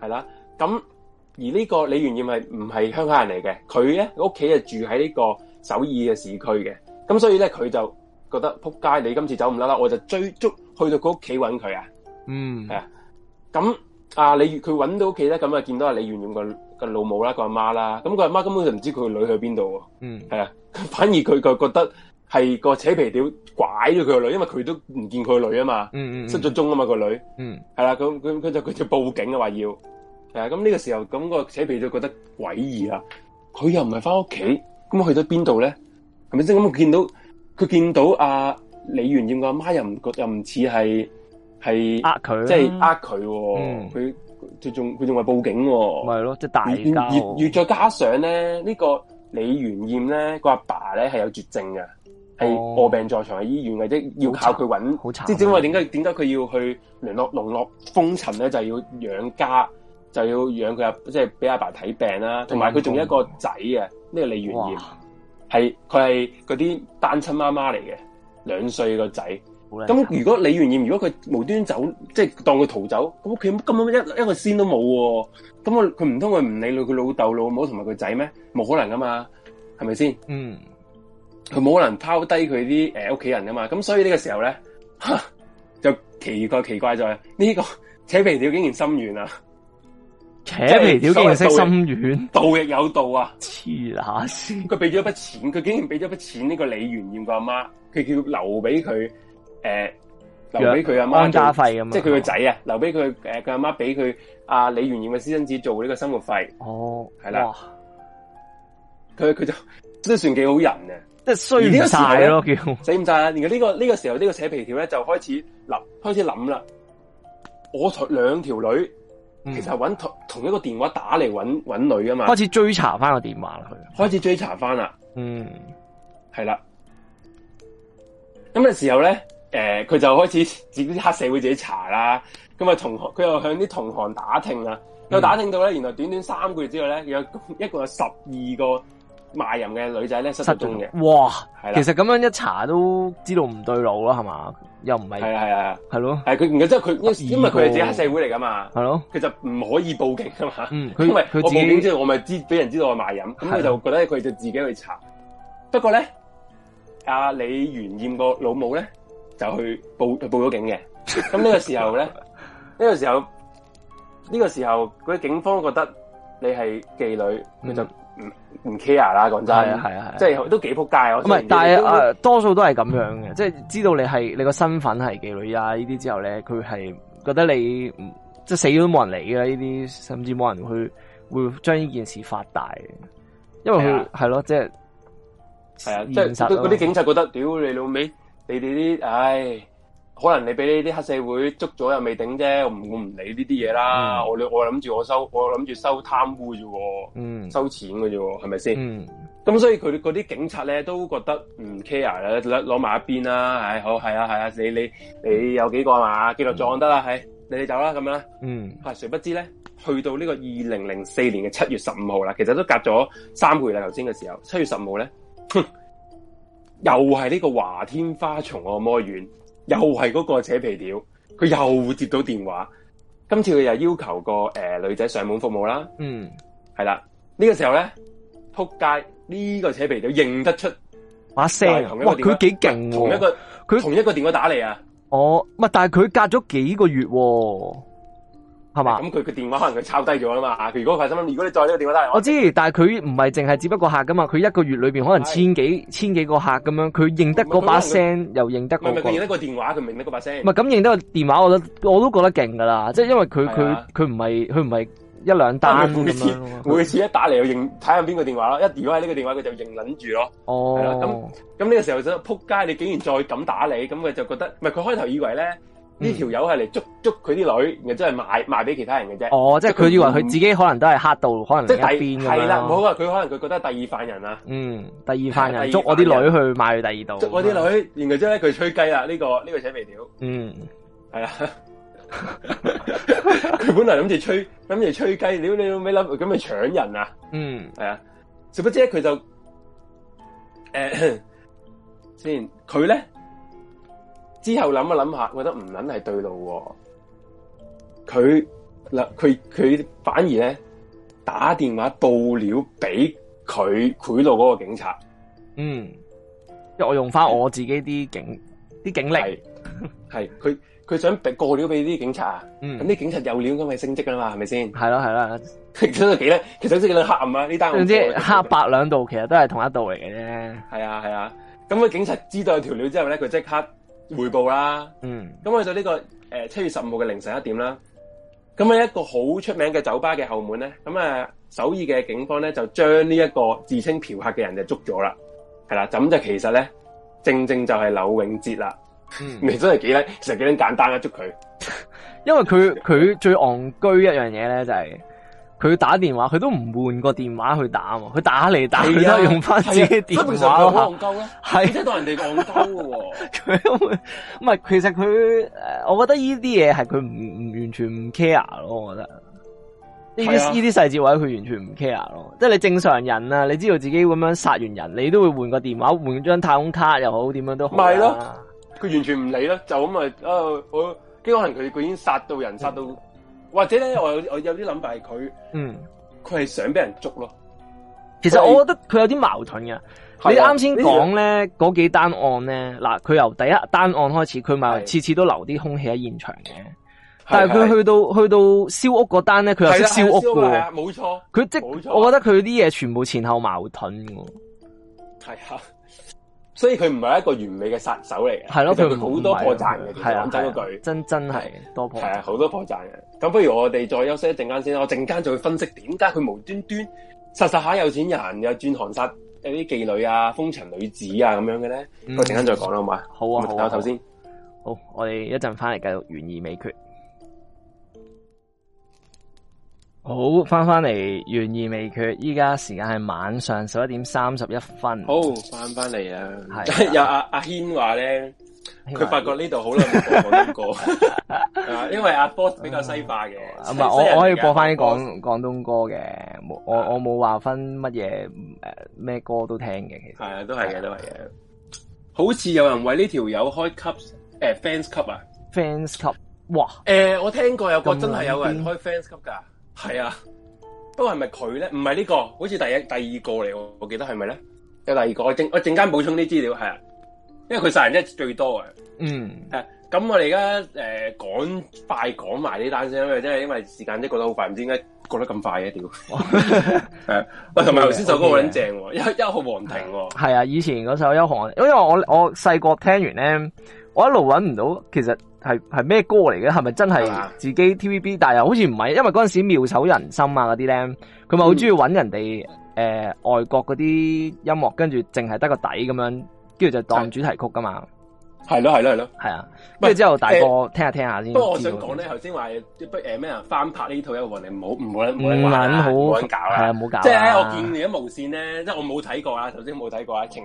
Speaker 1: 係啦。咁而呢個李元艷係唔係鄉下人嚟嘅？佢咧屋企係住喺呢個首爾嘅市區嘅。咁所以咧佢就覺得扑街，你今次走唔甩啦，我就追蹤去到佢屋企揾佢啊。嗯，係啊。咁阿李，佢揾到屋企咧，咁啊見到阿李元艷個個老母啦，個阿媽啦。咁個阿媽根本就唔知佢個女去邊度，啊。嗯，係啊。反而佢就覺得。係個扯皮條拐咗佢個女，因為佢都唔見佢個女啊嘛，嗯嗯嗯失咗蹤啊嘛個女，嗯係啦咁咁佢就佢就報警啊話要，誒咁呢個時候咁個扯皮條覺得詭異啊，佢又唔係翻屋企，咁去咗邊度咧？係咪先咁？見到佢見到阿李元艷個阿媽又唔又唔似係係呃佢，即係呃佢，佢佢仲佢仲話報警。哦，係咯，哦，即係大交。越越再加上咧呢，這個李元艷咧個阿爸咧係有絕症噶。係臥病在床嘅醫院，或者要靠佢揾，即係點解點解點解佢要去聯絡農樂風塵咧？就要養家，就要養佢呀，即係俾阿爸睇病啦。同埋佢仲有一個仔啊，呢、嗯嗯、個李元艷係佢係嗰啲單親媽媽嚟嘅，兩歲個仔。咁、嗯、如果李元艷如果佢無端走，即係當佢逃走，咁佢根本一一個仙都冇，咁佢佢唔通佢唔理佢佢老豆老母同埋佢仔咩？冇可能噶嘛，係咪先？嗯。佢冇可能拋低佢啲誒屋企人噶嘛，咁所以呢個時候咧，就奇怪奇怪在呢、這個扯皮條竟然心軟啊！
Speaker 2: 扯皮條竟然心軟，啊，道
Speaker 1: 亦有道啊！黐下先，佢俾咗一筆錢，佢竟然俾咗一筆錢呢個李元燕個阿媽，佢叫佢留俾佢誒，留俾佢阿媽安家費咁，即係佢個仔啊，的留俾佢誒個阿媽俾佢阿李元燕嘅私生子做呢個生活費。哦，係啦的，佢佢哇就都算幾好人啊。即係衰晒，咯，叫死唔晒啊！而家呢個呢個時候這個呢個扯皮條咧，就開始諗，開始諗啦。我兩條女其實揾同同一個電話打嚟揾女噶嘛，開始
Speaker 2: 追查翻個電話啦，開
Speaker 1: 始追查翻啦。嗯是，係啦。咁嘅時候咧，誒、呃，佢就開始自己黑社會自己查啦。咁啊，同行佢又向啲同行打聽啦，又打聽到咧。原來短短三個月之後咧，一個有一共一共有十二個。賣淫嘅女仔咧，失蹤嘅，哇！其實
Speaker 2: 咁樣一查都知道唔對路啦，係嘛？又唔係係啊係啊
Speaker 1: 係咯，係佢而家即係佢，因為因為佢係地下社會嚟噶嘛，係咯，佢就唔可以報警噶嘛，因為我報警之後我咪知俾人知道我賣淫，咁佢就覺得佢就自己去查。
Speaker 2: 不過咧，
Speaker 1: 阿李元艷個老母咧就去報報咗警嘅，咁呢個時候咧，呢個時候呢個時候，嗰啲警方覺得你係妓女，佢就。唔 care 啦，講真，係啊係啊，啊啊即係都幾仆街咯。唔係，但係係、都、啊、
Speaker 2: 多數都係咁樣嘅，嗯、即係知道你係你個身份係妓女啊呢啲之後咧，佢係覺得你即係死都冇人理啦呢啲，甚至冇人去會將呢件事發大，
Speaker 1: 因為佢
Speaker 2: 係咯，即係係啊，即係嗰啲警察
Speaker 1: 覺得屌你老味，你哋啲唉。可能你俾呢啲黑社會捉咗又未頂啫，我唔我唔理呢啲嘢啦。嗯、我我諗住我收，我諗住收貪污啫，嗯、收錢嘅啫，係咪先？咁、嗯、所以佢嗰啲警察咧都覺得唔 care 啦，攞埋一邊啦，係、哎，好係啊係啊，啊，你你你有幾個啊嘛？記續撞得啦，唉、嗯啊，你你走啦咁樣啦。嚇、嗯，誰不知咧？去到呢個二零零四年嘅七月十五號啦，其實都隔咗三個月啦。頭先嘅時候，七月十五號咧，哼，又係呢個華天花叢按摩院。又係嗰個扯皮條，佢又會接到電話，今次佢又要求個誒、呃、女仔上門服務啦。嗯，係啦，呢、這個時候咧扑街，呢、這個扯皮條認得出，
Speaker 2: 啊、把聲，哇佢幾勁，同一個
Speaker 1: 佢他同一個電話打嚟啊。
Speaker 2: 我、哦，乜但係佢隔咗幾個月、啊。係嘛？咁
Speaker 1: 佢個電話可能佢抄低咗啊嘛！佢如果係心如果你再呢個電話打嚟，我
Speaker 2: 知，但係佢唔係淨係只不過客噶嘛，佢一個月裏邊可能千幾的千幾個客咁樣，佢認得嗰把聲，又認得嗰、那個、認得個
Speaker 1: 電話，佢認得嗰把聲。唔係咁
Speaker 2: 認得個電話，我都我都覺得勁噶啦，即係因為佢佢佢唔係佢唔係一兩單嘅每，
Speaker 1: 的每次一打嚟又認睇下邊個電話咯，一電話呢個電話佢就認捻住咯。
Speaker 2: 哦，咁
Speaker 1: 咁呢個時候就撲街，你竟然再咁打你，咁佢就覺得，唔係佢開頭以為咧。呢條友係嚟捉捉佢啲女，然後真係賣賣俾其他人嘅啫。哦，即係佢以為佢自
Speaker 2: 己可能都係黑道，可能即係第係啦，唔
Speaker 1: 好啊！佢可能佢覺得第二犯人啦、
Speaker 2: 啊。嗯，第二犯人捉我啲女去賣去第二度。捉我
Speaker 1: 啲女，然後之後咧佢吹雞啦，呢、這個呢、這個扯尾料。這個、嗯，係啊。佢本來諗住吹諗住吹雞料，你到尾諗咁去搶人啊？嗯，係啊。 殊不知，佢就誒先佢咧。之後諗一諗下，覺得唔捻係對路。佢嗱，佢佢反而咧打電話報料俾佢賄賂嗰個警察。嗯，即係我用翻我自己啲警啲是警力。係，係佢佢想過料俾啲警察啊。咁啲、嗯、警察有料咁咪升職噶嘛？係咪先？係咯係啦，是 其實都幾叻。其實都幾佢黑暗啊，呢單總之
Speaker 2: 黑白兩道其實都係同一道嚟嘅
Speaker 1: 啫。係啊係啊，咁、個警察知道有條料之後咧，佢即刻。匯報啦，咁去到呢個誒七、呃、月十五號嘅凌晨一點啦，咁喺一個好出名嘅酒吧嘅後門咧，咁啊、呃、首爾嘅警方咧就將呢一個自稱嫖客嘅人就捉咗啦，係啦，咁就其實咧正正就係柳永哲啦，未、嗯、真係幾其實幾簡單啊捉佢，
Speaker 2: 因為佢佢最戇居一樣嘢咧就係、是。佢打電話，佢都唔換個電話去打喎。佢打嚟，打去，佢、啊、都用翻自己電話咯。佢平常佢好戇鳩，即係當人
Speaker 4: 哋戇鳩喎。佢
Speaker 2: 咁唔係，其實佢誒，我覺得呢啲嘢係佢唔唔完全唔 care 咯。我覺得呢啲呢啲細節位佢完全唔 care 咯。即係你正常人啊，你知道自己咁樣殺完人，你都會換個電話，換張太空卡又好，點樣都好係咯。
Speaker 1: 佢完全唔理咯，就咁啊、呃，我驚可能佢佢已經殺到人，殺到。嗯或者咧，我有我有啲諗法係佢，嗯，佢係想俾人捉咯。其實我覺得
Speaker 2: 佢有啲矛盾嘅。他你啱先講咧嗰幾單案咧，嗱，佢由第一單案開始，佢咪次次都留啲空氣喺現場嘅。的但係佢去到的去到燒屋嗰單咧，佢又識燒屋嘅，冇
Speaker 1: 錯。佢即，冇錯啊、我覺
Speaker 2: 得佢啲嘢全部前後矛盾。係啊。
Speaker 1: 所以佢唔係一個完美嘅殺手嚟嘅，係咯了，佢好多破綻嘅。講真嗰句，真真係多破，係啊，好多破綻嘅。咁不如我哋再休息一陣間先，我陣間再分析點解佢無端端殺殺下有錢人又轉行殺有啲妓女啊、風塵女子啊咁樣嘅咧，我陣間再講啦，好嘛？好啊，好啊。我頭、啊、先，好，我
Speaker 2: 哋一陣翻嚟繼續懸疑未決。好翻翻嚟，懸而未決。依家時間係晚上十一點三十一分。
Speaker 1: 好翻翻嚟啊。係有阿阿軒話咧，佢發覺呢度好耐冇播廣東歌、 啊、因為阿波比較西化嘅。唔係我我可以播翻啲廣
Speaker 2: 廣東歌嘅，冇我、啊、我冇話分乜嘢誒咩歌都聽嘅，其
Speaker 1: 實係啊，都係嘅，都係嘅。好似有人為呢條友開 club 誒、欸、fans club 啊
Speaker 2: ，fans club 哇！誒、欸，我聽過有個真係有人開
Speaker 1: fans club 噶。係啊，不過係咪佢咧？唔係呢個，好似第一、第二個嚟，我記得係咪咧？有第二個，我正我陣間補充啲資料，係啊，因為佢殺人真係最多嘅，嗯、啊，誒，咁我哋而家誒，趕快講埋呢單先，因為真係因為時間都過得好快，唔知點解過得咁快嘅定誒，
Speaker 2: 喂，同埋頭先首歌好撚正，
Speaker 1: 一一 okay 號皇庭、啊，
Speaker 2: 係啊，以前嗰首一號因為我我細個聽完咧。我一路揾唔到，其實係係咩歌嚟嘅？係咪真係自己 TVB？但係又好似唔係，因為嗰陣時妙手人心啊嗰啲咧，佢咪好中意揾人哋誒、呃、外國嗰啲音樂，跟住淨係得個底咁樣，跟住就當主題曲噶嘛。係咯係咯係咯，係啊。跟住之後大哥聽下聽下先。不過我想講咧，
Speaker 1: 頭先話誒咩人翻拍呢套嘢，我哋唔好唔好唔好唔好搞唔好
Speaker 2: 搞。即係我見而家
Speaker 1: 無線咧，即係我冇睇過,過啊，頭先冇睇過啊，澄清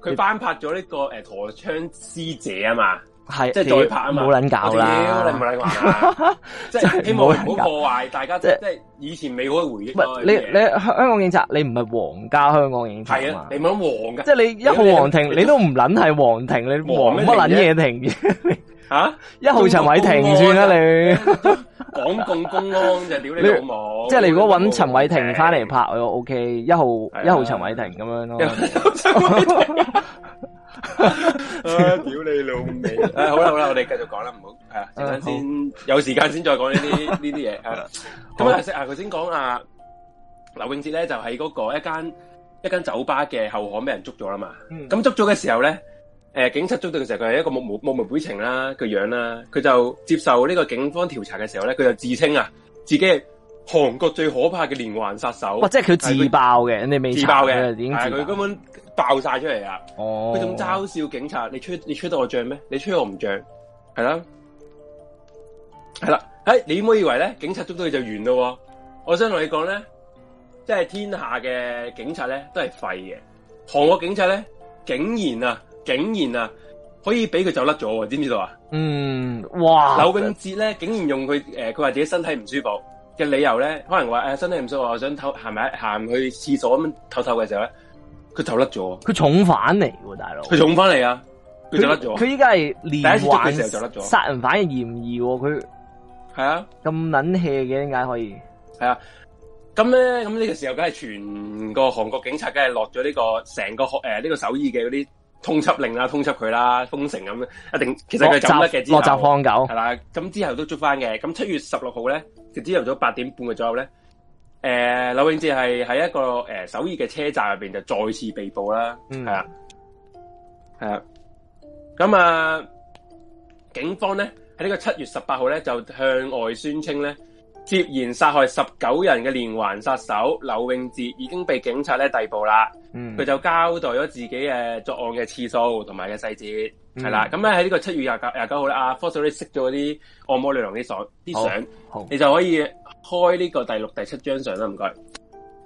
Speaker 1: 佢翻拍咗呢個誒陀槍師姐啊嘛，係即係再拍啊嘛，冇撚搞啦！你唔即係希望唔好破壞大家即係即係以前美好嘅回憶。你你
Speaker 2: 香港警察，你唔係皇家香港警察啊？
Speaker 1: 你冇得皇㗎。即係你一號皇庭，
Speaker 2: 你都唔撚係皇庭，你皇乜撚嘢庭？吓！一號陳偉霆算啦，你
Speaker 1: 港共公安就屌你老母！
Speaker 2: 即係你如果搵陳偉霆翻嚟拍，我就 OK。一號一號陳偉霆咁樣咯。
Speaker 1: 屌你老味！誒，好啦好啦，我哋繼續講啦，唔好係啊，等陣先，有時間先再講呢啲呢啲嘢啊。咁啊，識啊，頭先講啊，劉永哲咧就喺嗰個一間一間酒吧嘅後巷俾人捉咗啦嘛。咁捉咗嘅時候咧，誒，警察捉到嘅時候，佢係一個目無目無表情啦，個樣啦，佢就接受呢個警方調查嘅時候咧，佢就自稱啊，自己係韓國最可怕嘅連環殺手，哦、即係佢自
Speaker 2: 爆嘅，他你未自爆嘅，係佢根
Speaker 1: 本爆晒出嚟啊！哦，佢仲嘲笑警察，你吹你吹得我脹咩？你吹我唔脹，係啦，係啦，誒、哎，你唔好以為為咧，警察捉到你就完咯？我想同你講咧，即係天下嘅警察咧都係廢嘅，韓國警察咧竟然啊！竟然啊，可以俾佢就甩咗，知唔知道啊？
Speaker 3: 嗯，哇！柳永哲
Speaker 1: 咧，竟然用佢誒，佢、呃、話自己身體唔舒服嘅理由咧，可能話誒、啊、身體唔舒服，我想偷行咪行去廁所咁樣透透嘅時候咧，佢就甩咗，
Speaker 2: 佢重返嚟
Speaker 1: 嘅大佬，佢重翻嚟啊！佢就甩咗，佢依家係連第一次嘅時候就甩
Speaker 2: 咗，殺人犯嫌疑，佢係啊，咁捻氣嘅，點解、啊、可以？係
Speaker 1: 啊，咁咧，咁呢個時候，梗係全個韓國警察、這個，梗係落咗呢個成、呃這個學誒呢個首爾嘅嗰啲。通緝令啦，啊，通緝佢啦，封城咁，一定其實佢走得嘅之後，落閘放狗係啦，咁之後都捉翻嘅。咁七月十六號咧，就朝早八點半嘅左右咧，誒、呃，柳永智係喺一個誒、呃、首爾嘅車站入邊就再次被捕啦，係啦，係啦，咁啊，警方咧喺呢個七月十八號咧就向外宣稱咧。涉嫌殺害十九人嘅連環殺手劉永志已經被警察咧逮捕啦，佢、嗯、就交代咗自己誒作案嘅次數同埋嘅細節係啦，咁咧喺呢個七月廿九廿九號咧，阿 f o r c e r y 識咗啲按摩女郎啲相啲相，你就可以開呢個第六第七張相啦，唔該。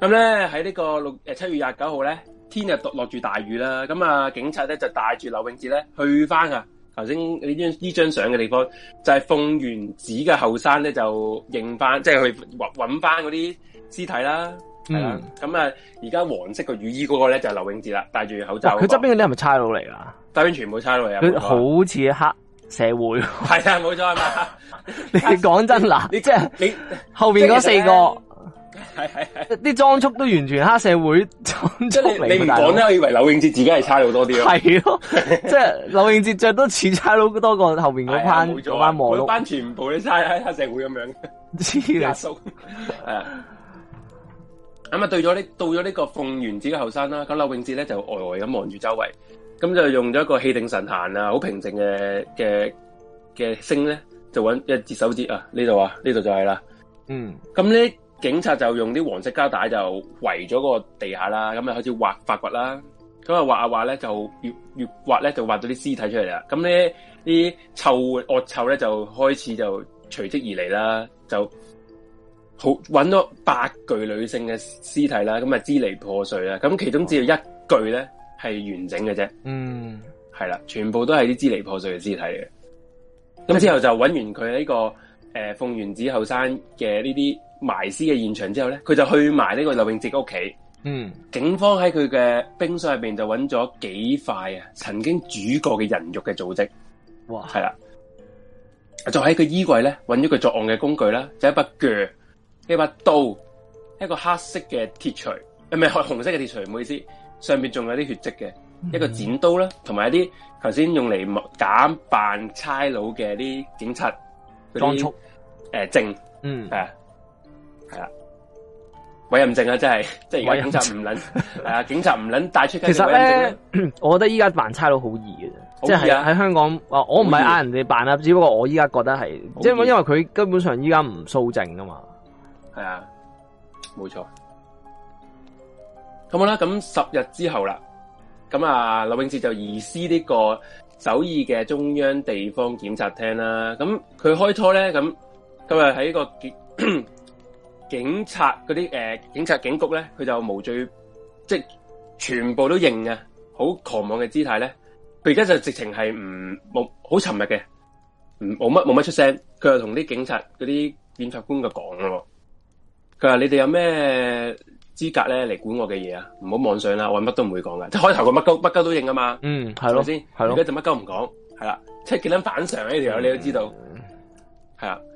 Speaker 1: 咁咧喺呢個六誒七月廿九號咧，天日落住大雨啦，咁啊警察咧就帶住劉永志咧去翻啊。頭先呢張呢張相嘅地方就係、是、奉完紙嘅後山咧就認翻，即係去揾揾翻嗰啲屍體啦，係啦、嗯。咁啊，而家黃色個雨衣嗰個咧就劉永治啦，戴住口罩。佢側
Speaker 2: 邊嗰啲係咪差佬嚟啊？
Speaker 1: 側邊全部差佬嚟啊！佢好
Speaker 2: 似黑社會。
Speaker 1: 係啊， 冇錯嘛。
Speaker 2: 你講真嗱，你即
Speaker 1: 係你後邊嗰四個。係係係，
Speaker 2: 啲裝 束都完全黑社會裝束，你唔講咧，我以
Speaker 1: 為柳永哲自己係差佬多啲咯、 啊。係咯，
Speaker 2: 即係柳永哲着都似差佬多過後面嗰班嗰、 哎、班摩。班
Speaker 1: 全部都差喺黑社會咁樣嘅。黐線叔，係咁啊，對咗呢，到咗呢個奉元寺嘅後山啦。咁柳永哲咧就呆呆咁望住周圍，咁就用咗一個氣定神閒啊，好平靜嘅嘅嘅聲咧，就揾一隻手指啊，呢度啊，呢度就係啦。嗯，咁呢？警察就用啲黃色膠帶就圍咗個地下啦，咁啊開始挖發掘啦，咁啊挖啊挖咧就越越挖咧就挖到啲屍體出嚟啦，咁咧啲臭惡臭咧就開始就隨即而嚟啦，就好搵咗八具女性嘅屍體啦，咁啊支離破碎啦，咁其中只有一具咧係完整嘅啫。嗯，係啦，全部都係啲支離破碎嘅屍體嚟嘅，咁之後就搵完佢呢、這個誒奉元子後生嘅呢啲埋屍嘅現場之後咧，佢就去埋呢個劉永捷嘅屋企。嗯，警方喺佢嘅冰箱入邊就揾咗幾塊啊，曾經煮過嘅人肉嘅組織。哇，係啦、啊，就喺佢衣櫃咧揾咗佢作案嘅工具啦，就一把鋸、一把刀、一個黑色嘅鐵錘誒，唔係紅紅色嘅鐵錘，唔好意思，上面仲有啲血跡嘅、嗯、一個剪刀啦，同埋一啲頭先用嚟假扮差佬嘅啲警察裝束誒、呃、證，嗯，係啊係啊，委任證啊，真係，即係警察唔捻，係任 啊，警察唔捻帶出。其實咧，
Speaker 2: 我覺得依家扮差佬好易嘅、啊、啫，即係喺香港。哦，我唔係嗌人哋扮啦，只不過我依家覺得係，即係因為佢根本上依家唔蘇證噶嘛，
Speaker 1: 係啊，冇錯。咁好啦，咁十日之後啦，咁啊，劉永志就移師呢個首爾嘅中央地方檢察廳啦。咁佢開拖咧，咁今日喺個結。 警察嗰啲誒，警察警局咧，佢就無罪，即係全部都認嘅，好狂妄嘅姿態咧。佢而家就直情係唔冇好沉默嘅，唔冇乜冇乜出聲。佢又同啲警察嗰啲檢察官就講咯。佢話你哋有咩資格咧嚟管我嘅嘢啊？唔好妄想啦，我乜都唔會講㗎。」即係開頭佢乜鳩乜鳩都認啊嘛。嗯，係咪先？係咯才，而家的就乜鳩唔講。係啦，即係幾粒反常呢條友，你都知道。係啊、嗯。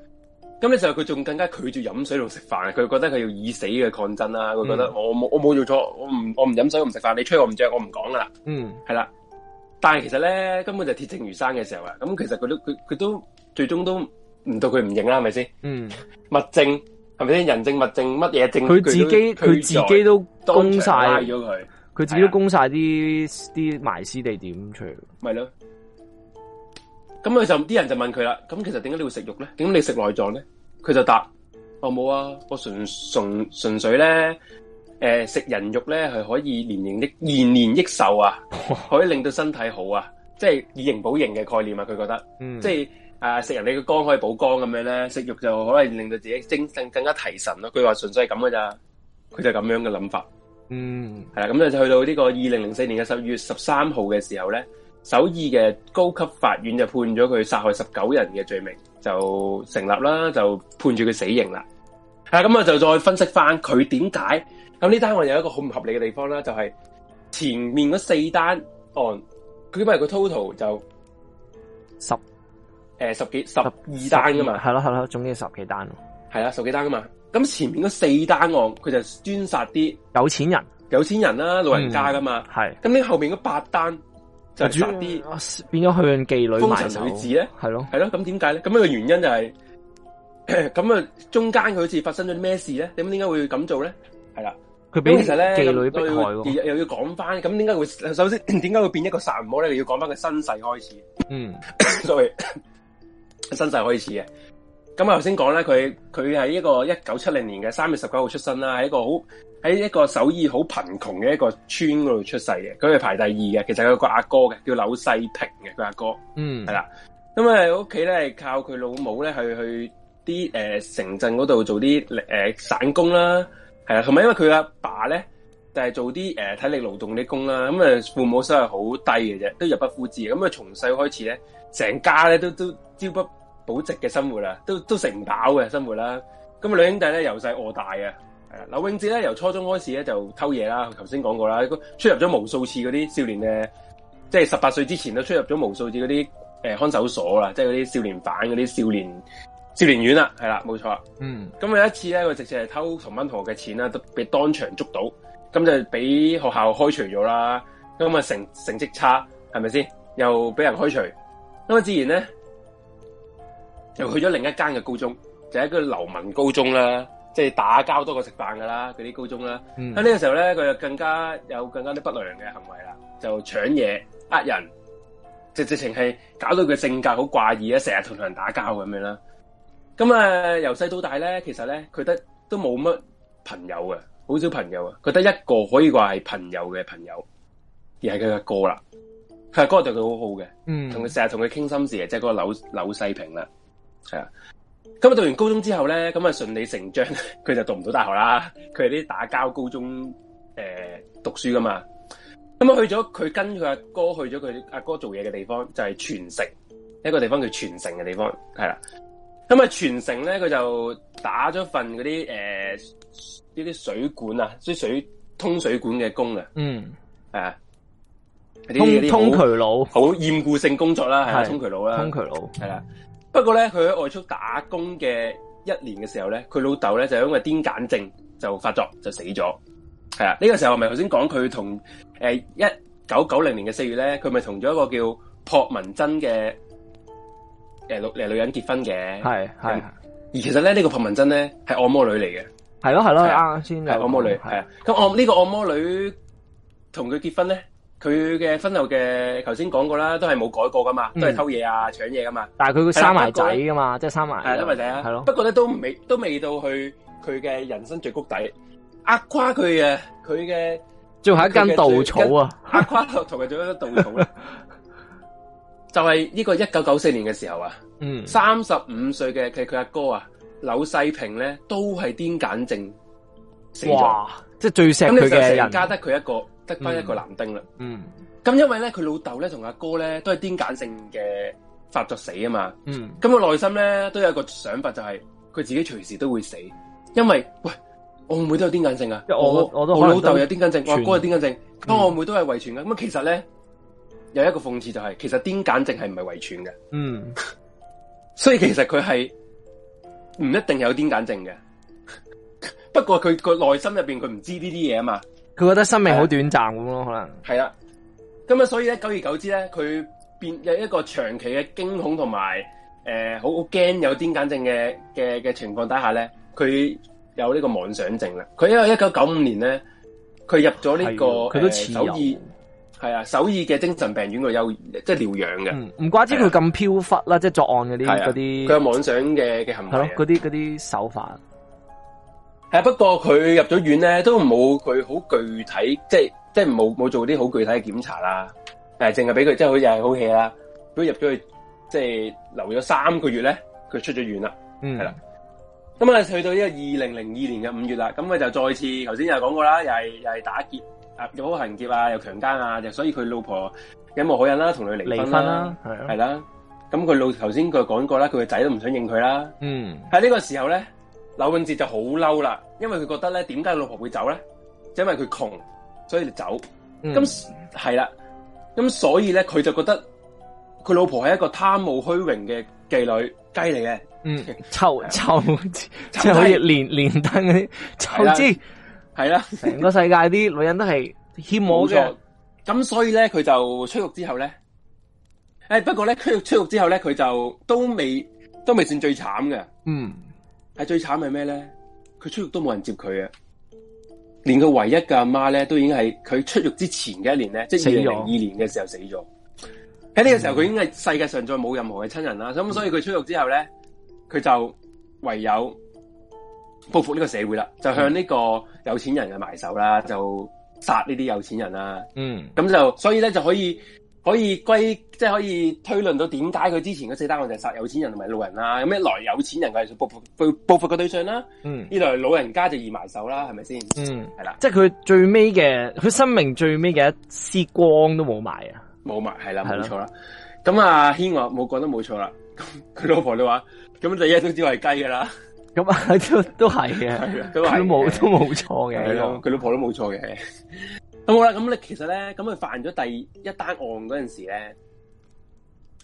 Speaker 1: 咁呢時候佢仲更加拒絕飲水同食飯，佢覺得佢要以死嘅抗爭啦。佢覺得我冇、嗯、我冇做錯，我唔我唔飲水唔食飯，你吹我唔着，我唔講噶啦。嗯，係啦。但係其實咧，根本就係鐵證如山嘅時候啊。咁其實佢都佢佢都最終都唔到佢唔認啦，係咪先？嗯，
Speaker 2: 物，
Speaker 1: 物證係咪先？人證物證乜嘢證？佢自己佢都自、自己都供晒，咗佢。
Speaker 2: 佢自己都供晒啲
Speaker 1: 啲埋屍地點出嚟，咯。咁佢就啲人就問佢啦，咁其實點解你會食肉咧？點解你食內臟咧？佢就答：我、哦、冇啊，我純純純粹咧，誒、呃、食人肉咧係可以延年益延年益壽啊， 可以令到身體好啊，即係以形補形嘅概念啊，佢覺得，嗯、即係誒、呃、食人哋嘅肝可以補肝咁樣咧，食肉就可能令到自己精神更更加提神咯、啊。佢話純粹係咁噶咋，佢就咁樣嘅諗法。嗯，係啦，咁就去到呢個二零零四年嘅十二月十三號嘅時候咧。首爾嘅高級法院，就判咗佢殺害十九人嘅罪名就成立啦，就判住佢死刑啦。係咁啊，就再分析翻佢點解咁呢單案有一個好唔合理嘅地方啦，就係前面嗰四單案，佢因為個 total 就十誒、欸、十幾十,十二,十二單噶嘛，係啦係啦總之十幾單，係啦十幾單噶嘛。咁前面嗰四單案佢就專殺啲有錢人，有錢人啦、啊、老人家噶嘛，係、嗯。咁呢後面嗰八單。就殺啲變咗向妓女埋頭，風塵女子係囉。係咯，咁點解呢？咁樣嘅原因就係咁啊！中間佢好似發生咗啲咩事咧？點解會咁做呢？係喇，
Speaker 4: 佢俾其實咧，妓女被害
Speaker 1: 喎。又要講返，咁點解會？首先點解會變一個殺人魔咧？又要講返佢身世開始，嗯，sorry， 身世開始嘅。咁啊，頭先講咧，佢佢係一個一九七零年嘅三月十九號出生啦，係一個好喺一個首爾好貧窮嘅一個村嗰度出世嘅，佢係排第二嘅，其實有個阿哥嘅，叫柳世平嘅，佢阿哥，哥，
Speaker 3: 嗯，係啦，
Speaker 1: 咁啊，屋企咧係靠佢老母咧係去啲誒、呃、城鎮嗰度做啲誒散工啦，係啦，同埋因為佢阿爸咧就係做啲誒、呃、體力勞動啲工啦，咁啊父母收入好低嘅啫，都入不敷支，咁啊從細開始咧，成家咧都都朝不。保值嘅生，生活啦，都都食唔飽嘅生活啦。咁啊，兩兄弟咧由細餓大啊。劉永志咧由初中開始咧就偷嘢啦，頭先講過啦，出入咗無數次嗰啲少年嘅，即係十八歲之前都出入咗無數次嗰啲誒看守所啦，即係嗰啲少年犯嗰啲少年少年院啦，係啦，冇錯。嗯，咁有一次咧，佢直接係偷同班同學嘅錢啦，都被當場捉到，咁就俾學校開除咗啦。咁啊成成績差係咪先？又俾人開除，咁啊自然咧。又去咗另一間嘅高中，就喺、是、一啲流氓高中啦，即、就、係、是、打交多過食飯噶啦，嗰啲高中啦。喺呢、嗯、個時候咧，佢又更加有更加啲不良嘅行為啦，就搶嘢、呃人，直直情係搞到佢性格好怪異啦，成日同人打交咁樣啦。咁啊，由細到大咧，其實咧佢得都冇乜朋友嘅，好少朋友啊，佢得一個可以話係朋友嘅朋友，而係佢嘅哥啦。佢阿哥對佢好好嘅，同佢成日同佢傾心事嘅，即係嗰個柳柳世平啦。係啊，咁啊讀完高中之後咧，咁啊順理成章，佢就讀唔到大學啦。佢係啲打交高中誒、呃、讀書噶嘛，咁啊去咗佢跟佢阿哥去咗佢阿哥做嘢嘅地方，就係、是、全城一個地方叫全城嘅地方，係啦、啊。咁啊全城咧，佢就打咗份嗰啲誒呢啲水管啊,啲水通水管嘅工嘅，嗯，係啊，通渠佬，好厭故性工作啦，係通渠佬啦，啊、通渠佬係啦。嗯嗯不過咧，佢喺外出打工嘅一年嘅時候咧，佢老豆咧就因為癲癇症就發作就死咗，係啊。呢個時候係咪頭先講佢同誒一九九零年嘅四月咧，佢咪同咗一個叫朴文珍嘅誒女誒女人結婚嘅？係係。而其實咧呢個朴文珍咧係按摩女嚟嘅。係咯係咯，啱先係按摩女，係啊係啊係啊。咁按呢個按摩女同佢結婚咧？佢嘅分流嘅，頭先講過啦，都係冇改過噶嘛，都係偷嘢啊、搶嘢噶嘛。但係佢會生埋仔噶
Speaker 2: 嘛，即係生埋。係生埋仔啊，係咯。不
Speaker 1: 過咧都未都未到去佢嘅人生最谷底，壓垮佢嘅，佢嘅最後一根稻草啊，壓垮同埋最後一根稻草咧。就係呢個一九九四年嘅時候啊，嗯，三十五歲嘅佢佢阿哥啊，柳世平咧都係癲癇症，哇，即係最錫佢嘅人加得佢一個。得翻一個男丁啦，嗯，咁、嗯、因為咧佢老豆咧同阿哥咧都係癲癇性嘅發作死啊嘛，嗯，咁個內心咧都有一個想法，就係佢自己隨時都會死，因為喂，我妹，妹都有癲癇症啊，我我，我都我老豆有癲癇症，我哥，哥有癲癇症，咁、嗯、我妹，妹都係遺傳嘅，咁其實咧有一個諷刺就係、是、其實癲癇症係唔係遺傳嘅，嗯， 所以其實佢係唔一定有癲癇症嘅，不過佢個內心入邊佢唔知呢啲嘢啊嘛。
Speaker 2: 佢覺得生命好短暫咁咯，的可能
Speaker 1: 係啦。咁啊，所以咧，久而久之咧，佢變有一個長期嘅驚恐同埋誒，好驚、呃、有癲癇症嘅嘅嘅情況底下咧，佢有呢個妄想症啦。佢因為一九九五年咧，佢入咗呢、這個，佢都係啊，首爾嘅精神病院度，有即係療養嘅。
Speaker 2: 唔怪之佢咁飄忽啦，即係作案嗰啲嗰啲。佢有妄
Speaker 1: 想嘅嘅行為咯，嗰啲嗰啲手法。係不過佢入咗院咧，都冇佢好具體，即係即係冇冇做啲好具體嘅檢查啦。誒，淨係俾佢即係好似係好氣啦。如果入咗去，即係留咗三個月咧，佢出咗院啦、嗯、啦。嗯，係啦。咁啊，去到呢個二零零二年嘅五月啦，咁佢就再次頭先又講過啦，又係又係打劫啊，又好行劫啊，又強姦啊，就所以佢老婆忍無可忍、啊啊啊、啦，同佢離婚啦，係啦。咁佢老頭先佢講過啦，佢個仔都唔想認佢啦。嗯，喺呢個時候咧。柳永哲就好嬲啦，因為佢覺得咧，點解老婆會走咧？就是、因為佢窮，所以就走。咁係啦，咁、嗯、所以咧，佢就覺得佢老婆係一個貪慕虛榮嘅妓女雞嚟嘅。嗯，臭臭
Speaker 3: 即係 臭好似連連登嗰啲
Speaker 2: 臭字梯，
Speaker 1: 係啦梯，成
Speaker 2: 個世界啲女人都係欠
Speaker 1: 我嘅。咁所以咧，佢就出獄之後咧，誒，不過咧，出獄出獄之後咧，佢就都未都未算最慘嘅。嗯。係最慘係咩咧？佢出獄都冇人接佢啊！連佢唯一嘅阿媽咧，都已經係佢出獄之前嘅一年咧，即係二零零二年嘅時候死咗。喺呢了個時候，佢、嗯、已經係世界上再冇任何嘅親人啦。咁、嗯、所以佢出獄之後咧，佢就唯有報復呢個社會啦，就向呢個有錢人嘅埋手啦，就殺呢啲有錢人啦。嗯，咁就所以咧就可以。可以歸，即係可以推論到點解佢之前嗰四單案就係殺有錢人同埋老人啦，咁一來有錢人佢係報復報復嘅對象啦，嗯，二來老人家就移埋手啦，係咪先？嗯，係啦，
Speaker 2: 即係佢最尾嘅佢生命最尾嘅一絲光
Speaker 1: 都冇埋對了 啊，冇埋係啦，係啦，冇錯啦。咁啊軒我冇講都冇錯啦，佢老婆你話咁就一直都知我係雞噶啦，咁啊都都係嘅，係啊，都冇 都冇錯嘅，佢也 老婆都冇錯嘅。 咁好啦，咁你、嗯、其實咧，咁佢犯咗第一單案嗰陣時咧，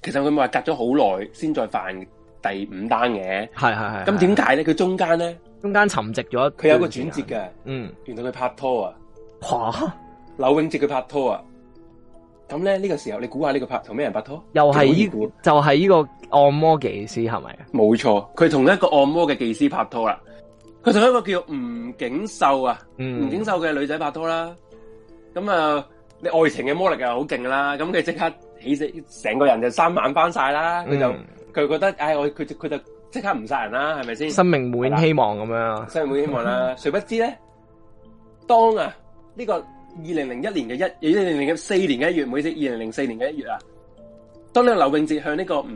Speaker 1: 其實佢咪話隔咗好耐先再犯第五單嘅，係係係。咁點解咧？佢中間咧，中間沉寂咗一段時間，佢有一個轉折嘅，嗯，原來佢拍拖啊，吓蛤，柳永哲佢拍拖啊，咁咧呢、這個時候你估下呢、這個拍同咩人拍拖？又係呢個，就係呢個按摩技師係咪？冇錯，佢同一個按摩嘅技師拍拖啦，佢同一個叫吳景秀啊，吳、嗯、景秀嘅女仔拍拖啦。咁啊，你愛情嘅魔力啊，好勁啦！咁佢即刻起死成個人就生猛翻晒啦，佢就佢覺得唉，我佢就佢就即刻唔殺人啦，係咪先？生命滿希
Speaker 2: 望咁樣，生
Speaker 1: 命滿希望啦！誰不知咧，當啊呢個二零零一年嘅一二零零四年嘅一月，唔好意思二零零四年嘅一月啊，當呢個劉永哲向呢個吳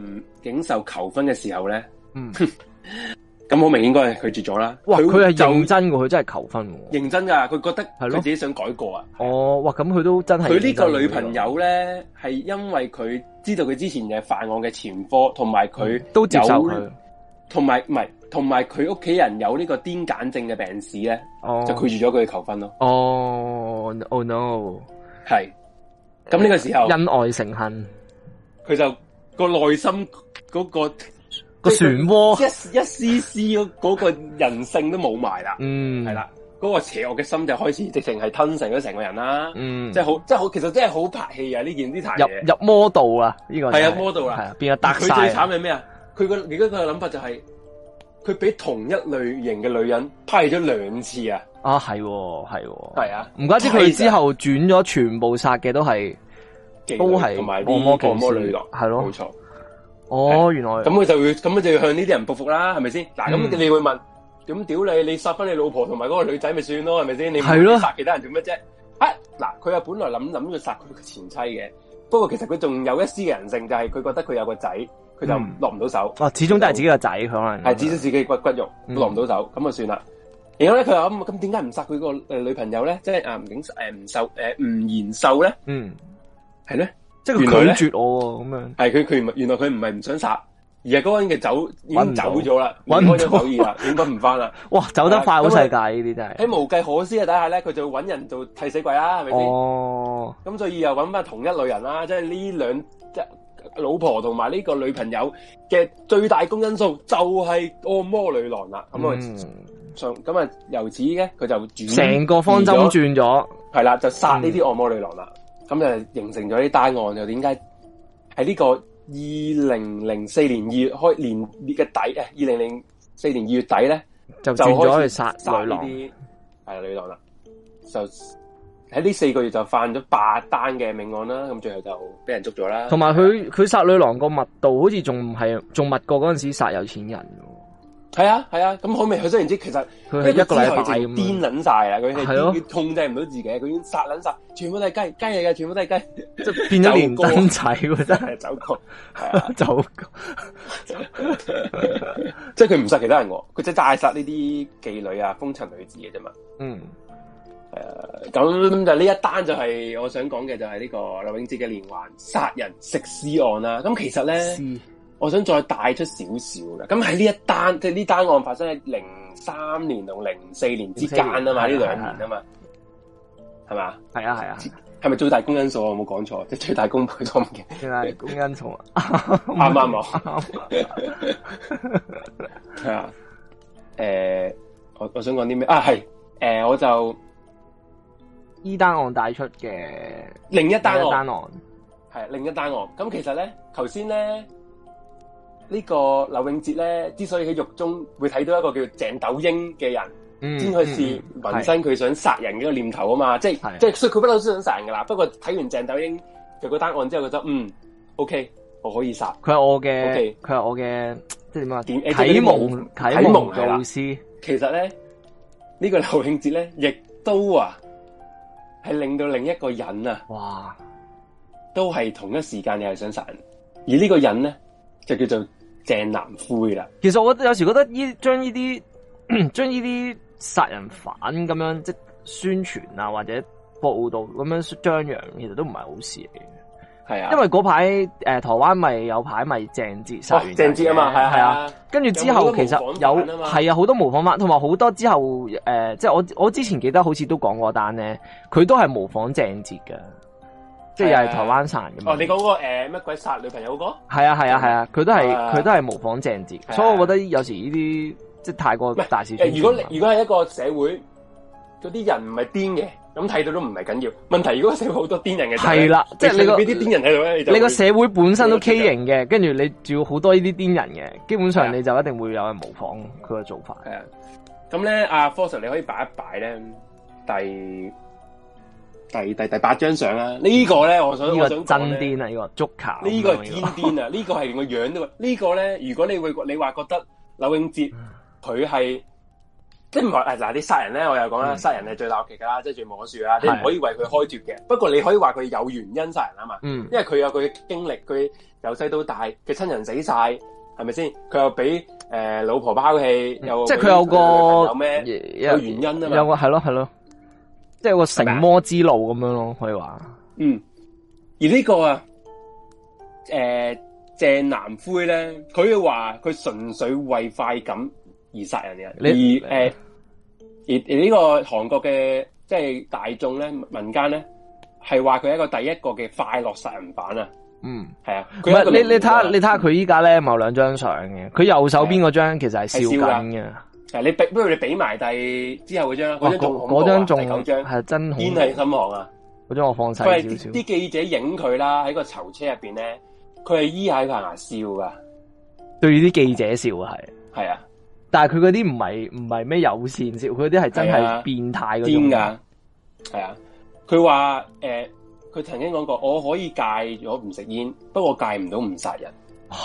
Speaker 1: 景壽求婚嘅時候咧，嗯。咁好明顯，應該拒絕咗啦。哇，佢係認
Speaker 2: 真嘅，佢真係求婚。
Speaker 1: 認真噶，佢覺得係咯，自己想改過啊。
Speaker 2: 哦，哇，咁佢都真係。佢呢個女朋
Speaker 1: 友咧，係因為佢知道佢之前嘅犯案嘅前科，同埋佢都走咗。佢，同埋唔係，同埋佢屋企人有呢個癲癇症嘅病史咧，就拒絕咗佢求婚咯。
Speaker 2: 哦，oh no，係。
Speaker 1: 咁呢個時候恩愛成恨，佢就個內心嗰個。漩渦，一一絲絲嗰個個人性都冇埋啦，
Speaker 2: 嗯，係啦，
Speaker 1: 嗰個邪惡嘅心就開始直情係吞噬咗成個人啦，嗯，即，即係好，即係好，其實真係好拍戲啊！呢件啲壇嘢，入
Speaker 2: 入魔道啊，呢、呢個係、就、入、是、魔道啦，係啊，變咗搭晒。佢最慘
Speaker 1: 係咩啊？佢個而家個諗法就係，佢俾同一類型嘅女人批咗兩次啊！
Speaker 2: 啊係，係，係啊！
Speaker 1: 唔的怪之佢
Speaker 2: 之後轉咗全部殺嘅都係，了都係魔魔鏡魔女郎，係咯的，冇錯。哦，的原
Speaker 1: 來咁佢就要咁佢就要向呢啲人報復啦，係咪先？嗱、嗯，咁你會問，點屌你？你殺翻你老婆同埋嗰個女仔咪算咯，係咪先？你唔殺其他人做乜啫？了啊，嗱，佢又本來諗諗要殺佢嘅前妻嘅，不過其實佢仲有一絲嘅人性，就係、是、佢覺得佢有個仔，佢就落唔到手、嗯。
Speaker 2: 哦，始終都係自己個仔，佢可能係，始終會是自
Speaker 1: 己骨骨肉落唔到手，咁就算啦。然後咧，佢又咁咁點解唔殺佢個誒女朋友咧？即係阿吳景誒秀誒吳賢秀咧？呃呃、呢嗯，係咧。即係拒絕我喎，咁樣係佢佢原來佢唔係唔想殺，而係嗰人嘅走已經走咗啦，搵唔到咗，走完啦，揾唔翻啦。哇，走得快好世界呢啲真係喺無計可施嘅底下咧，佢就搵人做替死鬼啦，係咪
Speaker 2: 先？
Speaker 1: 哦，咁所以又揾翻同一類人啦，即係呢兩即係老婆同埋呢個女朋友嘅最大公因素就係按摩女郎啦。咁啊，上咁啊，由此咧佢就轉成個方針轉咗，係啦，就殺呢啲按摩女郎啦。咁就形成咗啲單案，又點解喺呢個二零零四年二月開年嘅底啊？二零零四年二月底咧，就就咗始殺殺女郎。啲係女郎啦，就喺呢四個月就犯咗八單嘅命案啦，咁最後就俾人捉咗啦。同埋
Speaker 2: 佢佢殺女郎個密度好，好似仲唔係仲密過嗰陣時殺有錢人。
Speaker 1: 係啊，係啊，咁、嗯、好味！佢雖然知其實佢一個禮拜癲捻晒啊，佢係佢控制唔到自己，佢已經殺捻殺，全部都係雞雞嚟嘅，全部都係雞，即係變咗連公仔，真係走光，係啊，走光，即係佢唔殺其他人，我佢只係大殺呢啲妓女啊、風塵女子嘅啫嘛。嗯，誒，咁就呢一單就係、是、我想講嘅、這個，就係呢個劉永志嘅連環殺人食屍案啦。咁、啊嗯、其實咧。我想再帶出少少喇，咁喺呢一單，即係呢單案發生喺零三年同零四年之間啊嘛，呢年兩年啊嘛，係咪係？係啊係啊，係咪最大公因數，我有冇講錯？即、就、係、是、最大公倍數嘅最大公因寓數，啱啱喎。係 啊，誒、呃，我我想講啲咩啊？係誒、呃，我就
Speaker 2: 呢單案帶出嘅另一單案，
Speaker 1: 係另一單案。咁、啊、其實咧，頭先咧。呢個劉永哲咧，之所以喺獄中會睇到一個叫鄭斗英嘅人，先去試紋身佢想殺人嘅個念頭啊嘛，即係即係所以佢不嬲都想殺人噶啦。不過睇完鄭斗英就個單案之後，覺得嗯，O K，我可以殺
Speaker 2: 佢係我嘅，O K，佢係我嘅，
Speaker 1: 即係點啊？啓蒙啓蒙老師。其實咧呢個劉永哲咧，亦都啊係令到另一個人啊，哇，都係同一時間又係想殺人，而呢個人咧就叫做。鄭南灰啦，其實我有時覺得將呢啲將呢啲殺人犯
Speaker 2: 咁樣即係宣傳啊或者報道咁樣張揚，其實都唔係好事嚟嘅。係啊，因為嗰排誒，台灣咪有排咪鄭捷殺，鄭捷啊嘛，係啊係啊，啊跟住之後其實有係啊好多模仿犯，啊，同埋好多之後誒、呃、即係我我之前記得好似都講過單咧，佢都係模仿鄭捷嘅。即係又係台灣神咁啊！你講
Speaker 1: 嗰、那個誒乜、呃、鬼殺女朋友嗰、那
Speaker 2: 個？係啊係啊係啊！佢、啊啊啊、都係佢、啊、都係模仿鄭捷，啊、所以我覺得有時呢啲即係太過大事情。如果
Speaker 1: 如果係一個社會嗰啲人唔係癲嘅，咁睇到都唔係緊要。問題如果社會好多癲人嘅，係啦、啊，即係你俾啲癲人喺度咧，你個社
Speaker 2: 會本身都畸形嘅，跟住你仲要好多呢啲癲人嘅，基本上你就一定會有人模仿佢個做法。
Speaker 1: 係啊，咁咧阿科 Sir 你可以擺一擺咧，第。第第第八張相啦，呢個咧，我想我想真癲啦，呢個足球，呢個係堅癲啊，呢個係個樣都，呢個咧，如果你會你話覺得劉永哲，佢係即係唔係誒嗱啲殺人咧，我又講啦，殺人係最鬧奇噶啦，即係最魔術啦，你唔可以為佢開脫嘅。不過你可以話佢有原因殺人啊嘛，因為佢有佢嘅經歷，佢由細到大嘅親人死晒，係咪先？佢又俾誒老婆拋棄，又即係佢有個有咩有原因啊嘛，有
Speaker 2: 啊，係咯係咯。即係個成魔之路咁樣咯，可以話。嗯，
Speaker 1: 而、這個呃、呢個啊，誒鄭南輝咧，佢話佢純粹為快感而殺人嘅，而誒而而呢個韓國嘅即係大眾咧，民間咧係話佢一個第一個嘅快樂殺人犯，嗯、啊。嗯，係啊。唔係你你睇下，你睇下佢
Speaker 2: 依家咧某兩張相嘅，佢右手邊嗰張其實係笑緊
Speaker 1: 嘅。誒，你俾不如你俾埋第之後嗰張，嗰張仲，嗰張仲係真恐怖，煙心寒啊！
Speaker 2: 嗰張我放細少少。啲
Speaker 1: 記者影佢啦，喺個囚車入邊咧，佢係醫喺棚牙笑噶，
Speaker 2: 對啲記者笑係係啊，但係佢嗰啲唔係唔係咩友善笑，嗰啲係真係變態嗰種。癲
Speaker 1: 噶係啊！佢話誒，佢、啊呃、曾經講過，我可以戒咗唔食煙，不過戒唔到唔殺人。啊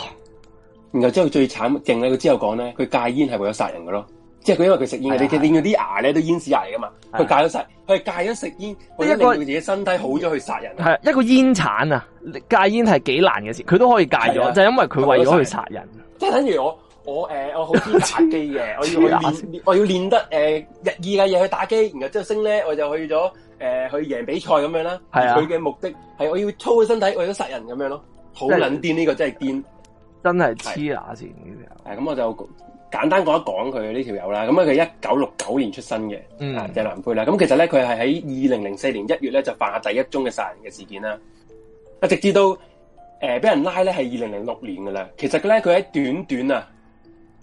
Speaker 1: 然後之後最慘勁咧，佢之後講咧，佢戒煙係為咗殺人噶咯，即係佢因為佢食煙，你見見啲牙咧都煙屎牙嚟噶嘛，佢戒咗食，佢戒咗食煙，一個自己身體好咗去殺人。係一個煙
Speaker 2: 鏟啊，戒煙係幾難嘅事，佢都可以戒咗，就係因為佢為咗去殺人。
Speaker 1: 即係等於我我誒我好中意打機嘅，我要去練，我要練得誒日意嘅嘢，去打機，然後之後升咧我就去咗誒去贏比賽咁樣啦。係佢嘅目的係我要操佢身體為咗殺人咁樣咯，好撚癲，呢個真係癲。真係黐乸線呢條友。誒，咁我就簡單講一講佢呢條友啦。咁啊，佢一九六九年出生嘅，啊，謝良佩啦。咁其實咧，佢係喺二零零四年一月咧就犯下第一宗嘅殺人嘅事件啦。直至到誒俾人拉咧係二零零六年噶啦。其實咧，佢喺短短啊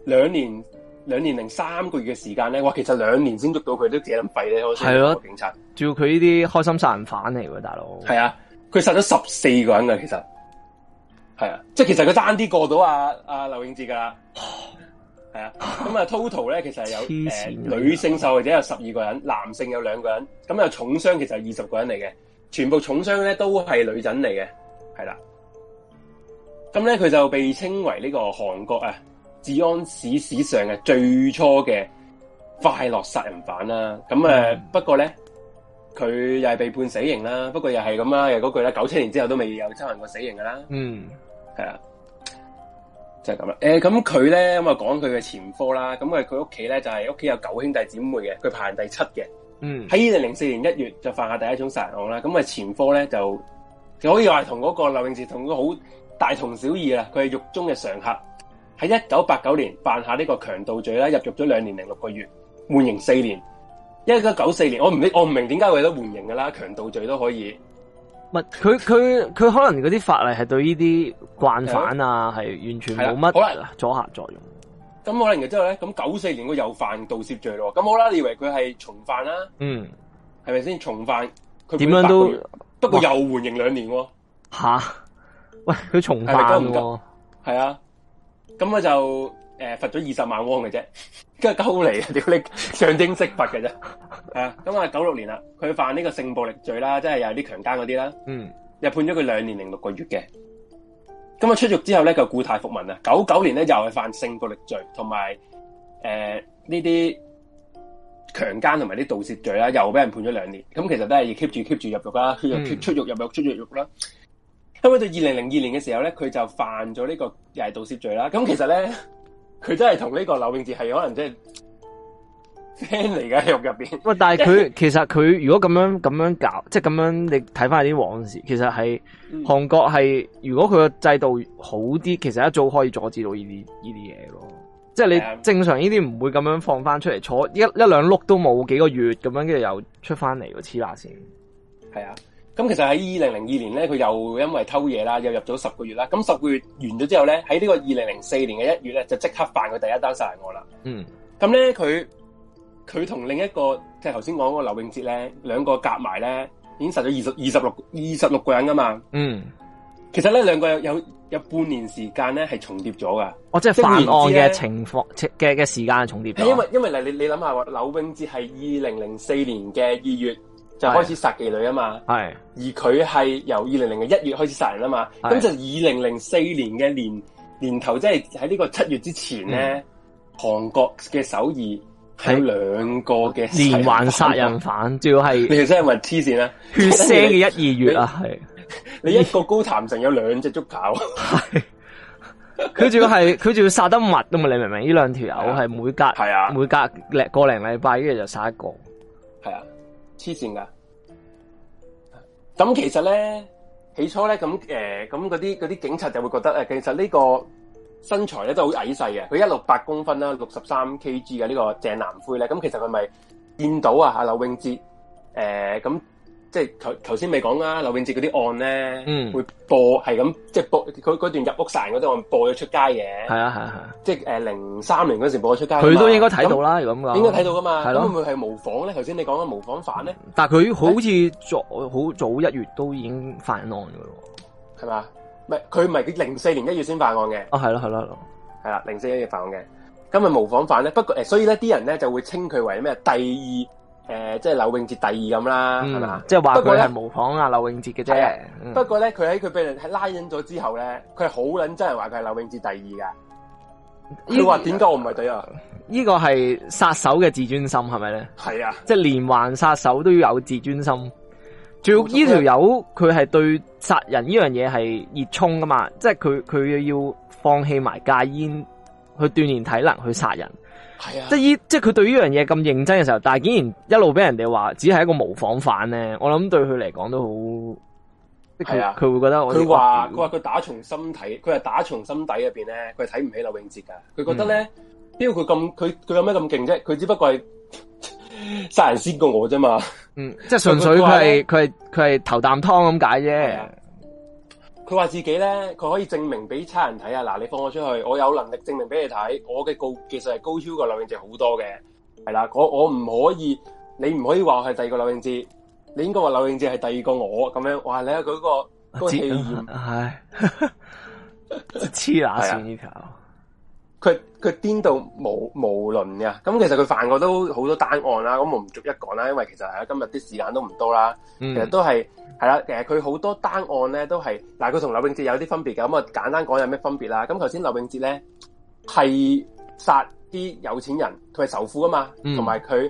Speaker 1: 兩年兩年零三個月嘅時間咧，嘩，其實兩年先捉到佢都幾咁廢咧。係咯，警
Speaker 2: 察，照佢呢啲開心殺人犯嚟喎，大佬。係啊，佢殺咗十
Speaker 1: 四個人噶，其實。係啊，即係其實佢單啲過到阿阿劉永治噶啦，係啊。咁啊，啊，total 咧，其實有誒、呃、女性受害者有十二個人，男性有兩個人，咁有重傷其實係二十個人嚟嘅，全部重傷咧都係女人嚟嘅，係啦、啊。咁咧佢就被稱為呢個韓國啊治安史史上嘅最初嘅快樂殺人犯啦、啊。咁啊、嗯呃，不過咧佢又係被判死刑啦。不過又係咁啦，又嗰句啦，九七年之後都未有執行過死刑噶啦。嗯。係啊，就係咁啦。誒、呃，咁佢咧咁啊，講佢嘅前科啦。咁啊，佢屋企咧就係屋企有九兄弟姊妹嘅，佢排行第七嘅。嗯，
Speaker 4: 喺
Speaker 1: 二零零四年一月就犯下第一種殺人案啦。咁啊，前科咧就，就可以話同嗰個劉永志同個好大同小異啦。佢係獄中嘅常客，喺一九八九年犯下呢個強盜罪啦，入獄咗兩年零六個月，緩刑四年。一九九四年，我唔，我唔明點解會得緩刑噶啦，強盜罪都可以。
Speaker 2: 佢佢佢，可能嗰啲法例係對呢啲慣犯啊係吧完全冇乜可能阻嚇作
Speaker 1: 用。咁可能然之後咧，咁九四年佢又犯盜竊罪咯。咁好啦，你以為佢係重犯啦，
Speaker 2: 啊？嗯，
Speaker 1: 係咪先重犯？佢點樣都不過又緩刑兩年，啊。
Speaker 2: 吓、啊，喂佢重犯啫，
Speaker 1: 係啊。咁我，嗯啊，就。誒，罰咗二十萬汪嘅啫，跟住溝嚟，屌你象徵式罰嘅啫，係啊，咁啊九六年啦，佢犯呢個性暴力罪啦，即係有啲強姦嗰啲啦，嗯，又判咗佢兩年零六個月嘅，咁啊出獄之後咧就故態復萌啊，九九年咧又係犯性暴力罪同埋誒呢啲強姦同埋啲盜竊罪啦，又俾人判咗兩年，咁其實都係要 keep 住 keep 住入獄啦，出出獄入獄出獄入獄啦，咁去到二零零二年嘅時候咧，佢就犯咗呢個又係盜竊罪啦，咁其實咧。佢真係同呢個劉永哲係可能即係 friend 嚟㗎喺入邊。喂， 但係佢
Speaker 2: 其實佢如果咁樣咁樣搞，即係咁樣你睇翻啲往事，其實係、嗯、韓國係如果佢個制度好啲，其實一早可以阻止到呢啲呢啲嘢咯。即係你正常呢啲唔會咁樣放翻出嚟、嗯、坐一一兩碌都冇幾個月咁樣，跟住又出翻嚟個黐乸線
Speaker 1: 係啊。咁其實喺二零零二年咧，佢又因為偷嘢啦，又入咗十個月啦。咁十個月完咗之後咧，喺呢個二零零四年嘅一月咧，就即刻犯佢第一單殺人案啦。嗯，咁咧佢佢同另一個即係頭先講個劉永哲咧，兩個夾埋咧，已經殺咗二十二十六二十六個人噶嘛。嗯，其實呢兩個有有有半年時間咧係重疊咗噶。哦，即係犯案嘅情
Speaker 2: 況，嘅嘅時間重疊。係因為
Speaker 1: 因為你你諗下話劉永哲係二零零四年嘅二月。就開始殺妓女啊嘛，係，是的 而佢係由二零零一月開始殺人啊嘛，咁是的 就二零零四年嘅年年頭，即係喺呢個七月之前咧，韓、嗯、國嘅首爾係有兩個嘅連環殺人犯，仲要係你哋真係咪黐線啦，血腥嘅一二月啊，係，你一個高譚城有兩隻足爪，係，
Speaker 2: 佢仲要係佢仲要殺得密啊嘛，你明唔明？呢兩條友係每隔係啊，每隔個零禮拜，跟住就殺一個，
Speaker 1: 係啊。黐線噶，咁其實咧起初咧咁誒咁嗰啲啲警察就會覺得誒、啊、其實呢個身材咧都好矮細嘅，佢一六八公分啦，六十三 kg 嘅呢、呢個鄭南輝咧，咁其實佢咪見到啊，阿劉永志誒咁。呃即係頭頭先未講啦，劉永捷嗰啲案咧，嗯、會播係咁，即係播佢嗰段入屋殺人嗰啲案播咗出街嘅。係啊係啊係，是啊即係誒零三年嗰時播咗出街。佢都應該睇到啦，
Speaker 2: 咁噶那。應該睇到噶嘛。係咯、啊。那會唔會
Speaker 1: 係模仿咧？頭先你講嘅模仿犯咧、嗯？但
Speaker 2: 係佢好似早好是早一月都已經犯案噶咯，
Speaker 1: 係咪？唔係佢唔係零四年一月先犯案嘅。哦、
Speaker 2: 啊，係咯係咯，係啦、啊，零
Speaker 1: 四、啊啊、年一月犯案嘅。咁咪模仿犯咧？不過誒，所以咧啲人咧就會稱佢為咩第二？誒、呃，即係劉永哲第二咁啦，係嘛？即係話佢係模仿阿劉永哲嘅啫。不過咧，佢喺佢俾人係拉引咗之後咧，佢係好撚真係話佢係劉永哲第二噶。佢話點解我唔係第
Speaker 2: 二？呢個係殺手嘅自尊心係咪咧？係啊，即係連環殺手都要有自尊心。仲要呢條友佢係對殺人呢樣嘢係熱衷噶嘛？啊、即係佢佢要放棄埋戒煙，去鍛煉體能去殺人。嗯係啊，即係依，即係佢對呢樣嘢咁認真嘅時候，但係竟然一路俾人哋話只係一個模仿犯咧，我諗對佢嚟講都好。係佢，佢、啊、會覺得我。佢話佢話
Speaker 1: 佢打從心，心底，佢係打從心底入邊咧，佢係睇唔起劉永哲噶。佢覺得咧，嗯、因為佢咁，佢佢有咩咁勁啫？佢只不過係殺 人先過我啫嘛。嗯，
Speaker 2: 即係純粹佢係佢係佢係頭啖湯咁解啫。
Speaker 1: 佢話自己咧，佢可以證明俾差人睇啊！嗱，你放我出去，我有能力證明俾你睇，我嘅高其實係高超過劉穎智好多嘅。係啦，我我唔可以，你唔可以話係第二個劉穎智，你應該話劉穎智係第二個我咁樣。哇，你睇佢嗰個嗰、這個、啊、氣焰、啊，係黐啊線呢條。佢癲到無無倫噶，咁其實佢犯過都好多單案啦，咁我唔逐一講啦，因為其實喺今日啲時間都唔多啦、嗯。其實都係係啦，其實佢好多單案咧都係，嗱佢同劉永哲有啲分別嘅。咁啊簡單講有咩分別啦？咁頭先劉永哲咧係殺啲有錢人，佢係仇富啊嘛，同埋佢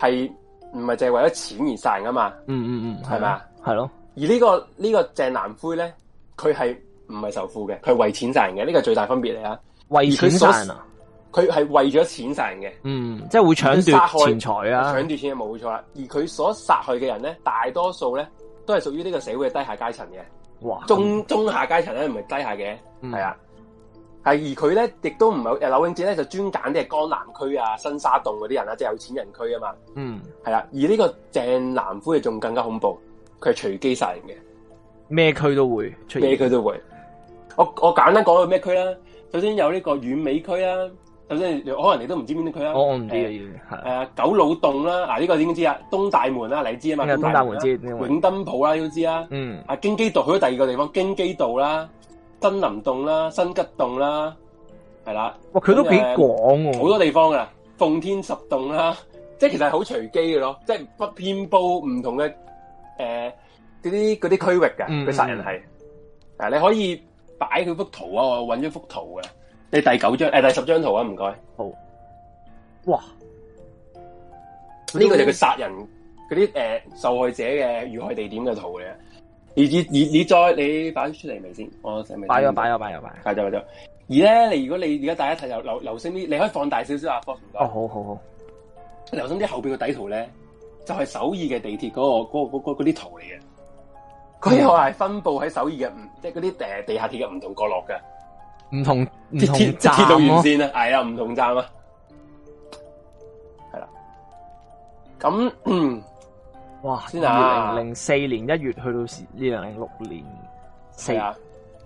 Speaker 1: 係唔係淨係為咗錢而殺人噶嘛？嗯嗯嗯，係咪啊？係咯。而、這個這個、鄭呢個呢個鄭南魁咧，佢係唔係仇富嘅，佢係為錢殺人嘅，呢、這個最大分別嚟所啊。為錢殺人啊！佢係為咗錢殺人嘅，嗯，
Speaker 2: 即係會搶奪錢財，錢財啊，搶
Speaker 1: 奪錢冇錯啦。而佢所殺去嘅人咧，大多數咧都係屬於呢個社會嘅低下階層嘅，哇，中麼中下階層咧唔係低下嘅，係、嗯、啊，係而佢咧亦都唔係誒，柳永哲咧就專揀啲係江南區啊、新沙洞嗰啲人啊，即、就、係、是、有錢人區啊嘛，嗯，係啦。而呢個鄭南夫仲更加恐怖，佢係隨機殺人嘅，
Speaker 2: 咩區都會，
Speaker 1: 咩區都會。我我簡單講咩區啦、啊，首先有呢個遠美區啦、啊。首先，可能你都唔知邊啲區啦。我唔知啊，要。誒，九老洞啦、啊，嗱、啊、呢、呢個點知啊？東大門啦、啊，你知啊嘛？東大門知、啊。門啊、永登浦啦、啊，都知啦、啊。嗯。啊，京基道，去到第二個地方，京基道啦、啊、新林洞啦、啊、新吉洞啦、啊，係啦、啊。佢都幾廣喎、啊，好、嗯啊、多地方啦、啊、奉天十洞啦、啊啊，即係其實係好隨機嘅咯，即係不偏不唔同嘅誒嗰啲嗰啲區域嘅，佢、嗯、殺人係。嗱、嗯啊，你可以擺佢幅圖啊，我搵咗幅圖嘅。你第九張誒、哎、第十張圖啊，唔該，好，
Speaker 4: 哇，
Speaker 1: 呢個就佢殺人嗰啲誒受害者嘅遇害地點嘅圖嚟啊！而至而你再你擺出嚟未先，我成擺咗擺咗擺咗擺咗。而咧，你如果你而家大家睇就留留心啲，你可以放大少少啊。唔該，哦好好好，好好留心啲後邊個底圖咧，就係、是、首爾嘅地鐵嗰、那個嗰、那個啲、那個那個、圖嚟嘅，佢、嗯、又係分佈喺首爾嘅唔即係嗰啲誒地下鐵嘅唔同角落嘅。唔同唔同站咯，係啊，啊，唔、啊、同站啊，係啦、啊。咁、
Speaker 2: 嗯、 哇，先啊，二零零四年一月去到二零零六年四啊，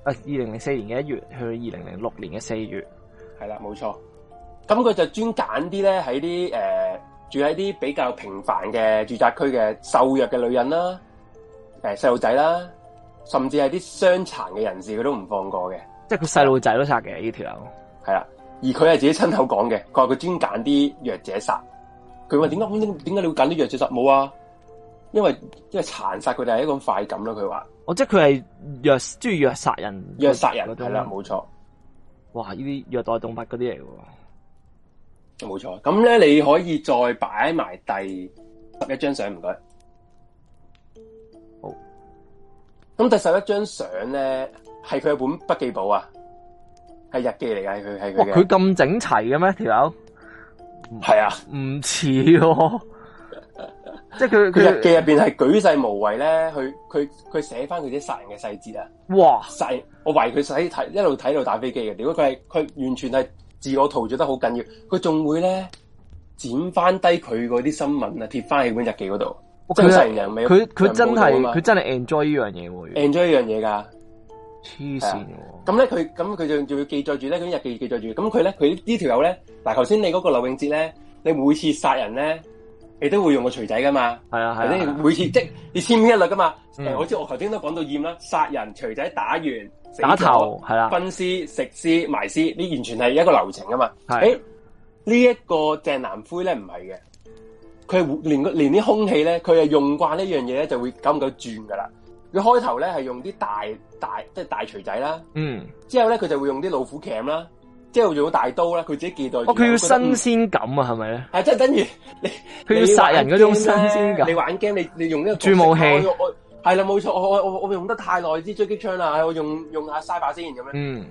Speaker 2: 二零零四年嘅一月去到二零零六年嘅四、啊、月，月，係啦、啊，冇錯。
Speaker 1: 咁佢就專揀啲咧喺啲誒住喺啲比較平凡嘅住宅區嘅瘦弱嘅女人啦，誒細路仔啦，甚至係啲傷殘嘅人士，佢都唔放過嘅。即係個細路仔都殺嘅呢條，係啦。而佢係自己親口講嘅，佢話佢專揀啲弱者殺。佢話，點解點解你會揀啲弱者殺？冇啊，因為因為殘殺佢哋係一個快感咯。佢話，
Speaker 2: 哦，即係佢係虐，中意虐殺人，虐殺人係啦，冇錯。哇，呢啲虐待動物嗰啲嚟
Speaker 1: 嘅喎，冇錯。咁咧，你可以再擺埋第十一張相，唔該。好，咁第十一張相咧。係佢一本筆記簿啊，係 日記嚟噶，佢係佢。哇，佢
Speaker 2: 咁整齊嘅咩？條友係啊，唔似咯。即
Speaker 1: 係佢佢日記入邊係巨細無遺咧，佢佢佢寫翻佢啲殺人嘅細節啊！哇，殺人，我懷疑佢睇睇一路睇到打飛機嘅。如果佢係佢完全係自我陶醉得好緊要，佢仲會咧剪翻低佢嗰啲新聞啊，貼翻喺本日記嗰度。佢殺他人未？佢佢真係佢真
Speaker 2: 係 enjoy 呢樣嘢
Speaker 1: ，enjoy 呢樣嘢噶。黐線喎！咁咧佢，咁佢、啊、就，仲要記載住咧咁日記記載住。咁佢咧，佢呢條友咧，嗱頭先你嗰個劉永哲咧，你每次殺人咧，你都會用個錘仔噶嘛？係啊係，啊你每次、啊啊、即你千篇一律噶嘛？好似、嗯呃、我頭先都講到厭啦，殺人錘仔打完打頭，啦、啊，分屍、食屍、埋屍，呢完全係一個流程㗎嘛？係、啊。誒呢一個鄭南灰咧唔係嘅，佢連連啲空氣咧，佢係用慣呢樣嘢咧，就會夠唔夠轉噶啦？佢開頭咧係用啲大大即係大錘仔啦，嗯，之後咧佢就會用啲老虎鉗啦，之後用到大刀啦，佢自己記載哦，佢要新鮮
Speaker 2: 感啊，係咪咧？
Speaker 1: 啊，即係等於你，佢要殺人嗰種新鮮感。你玩 game，你你用呢個注武器，係係啦，冇錯，我我我用得太耐啲狙擊槍啦，我用用下篩把先咁樣，嗯，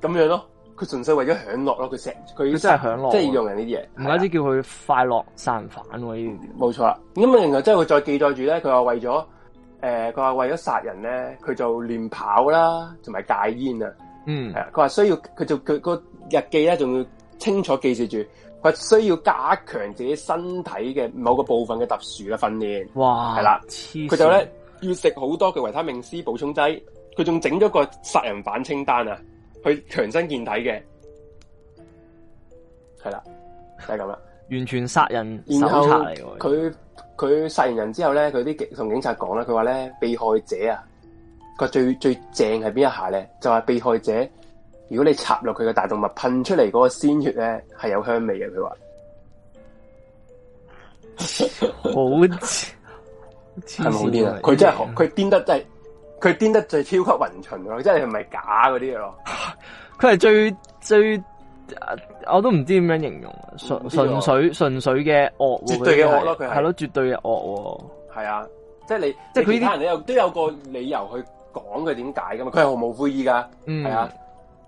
Speaker 1: 咁樣咯，佢純粹為咗享樂咯，佢食佢真係享樂，即係用人呢啲嘢，係一啲叫佢快樂殺人犯喎呢啲，冇錯。咁啊，原來真係會再記載住咧，佢話為咗。誒，佢話、呃、為咗殺人咧，佢就亂跑啦，同埋戒煙啊。嗯，係啊，佢話需要佢就佢個日記咧，仲要清楚記住，佢需要加強自己身體嘅某個部分嘅特殊嘅訓練。哇，係啦的，佢就咧要食好多嘅維他命 C 補充劑，佢仲整咗個殺人犯清單啊，去強身健體嘅，係啦，就係咁啦，
Speaker 2: 完全殺人手冊嚟嘅。佢。
Speaker 1: 佢殺完人之後咧，佢啲同警察講啦。佢話咧，被害者啊，個最最正係邊一下咧，就話被害者如果，你插落佢個大動脈噴出嚟嗰個鮮血咧，係有香味嘅。佢話好係冇癲啊！佢 真係佢癲得真係，佢癲得真係超級勻純咯，即係唔係假嗰啲嘢咯，佢係最最。最
Speaker 2: 我都唔知點樣形容，純純粹純粹嘅惡，絕對嘅惡咯，佢係咯，絕對嘅惡。
Speaker 1: 係啊，即係你，即係佢可能你又都有個理由去講佢點解噶嘛？佢係毫無悔意噶，係啊。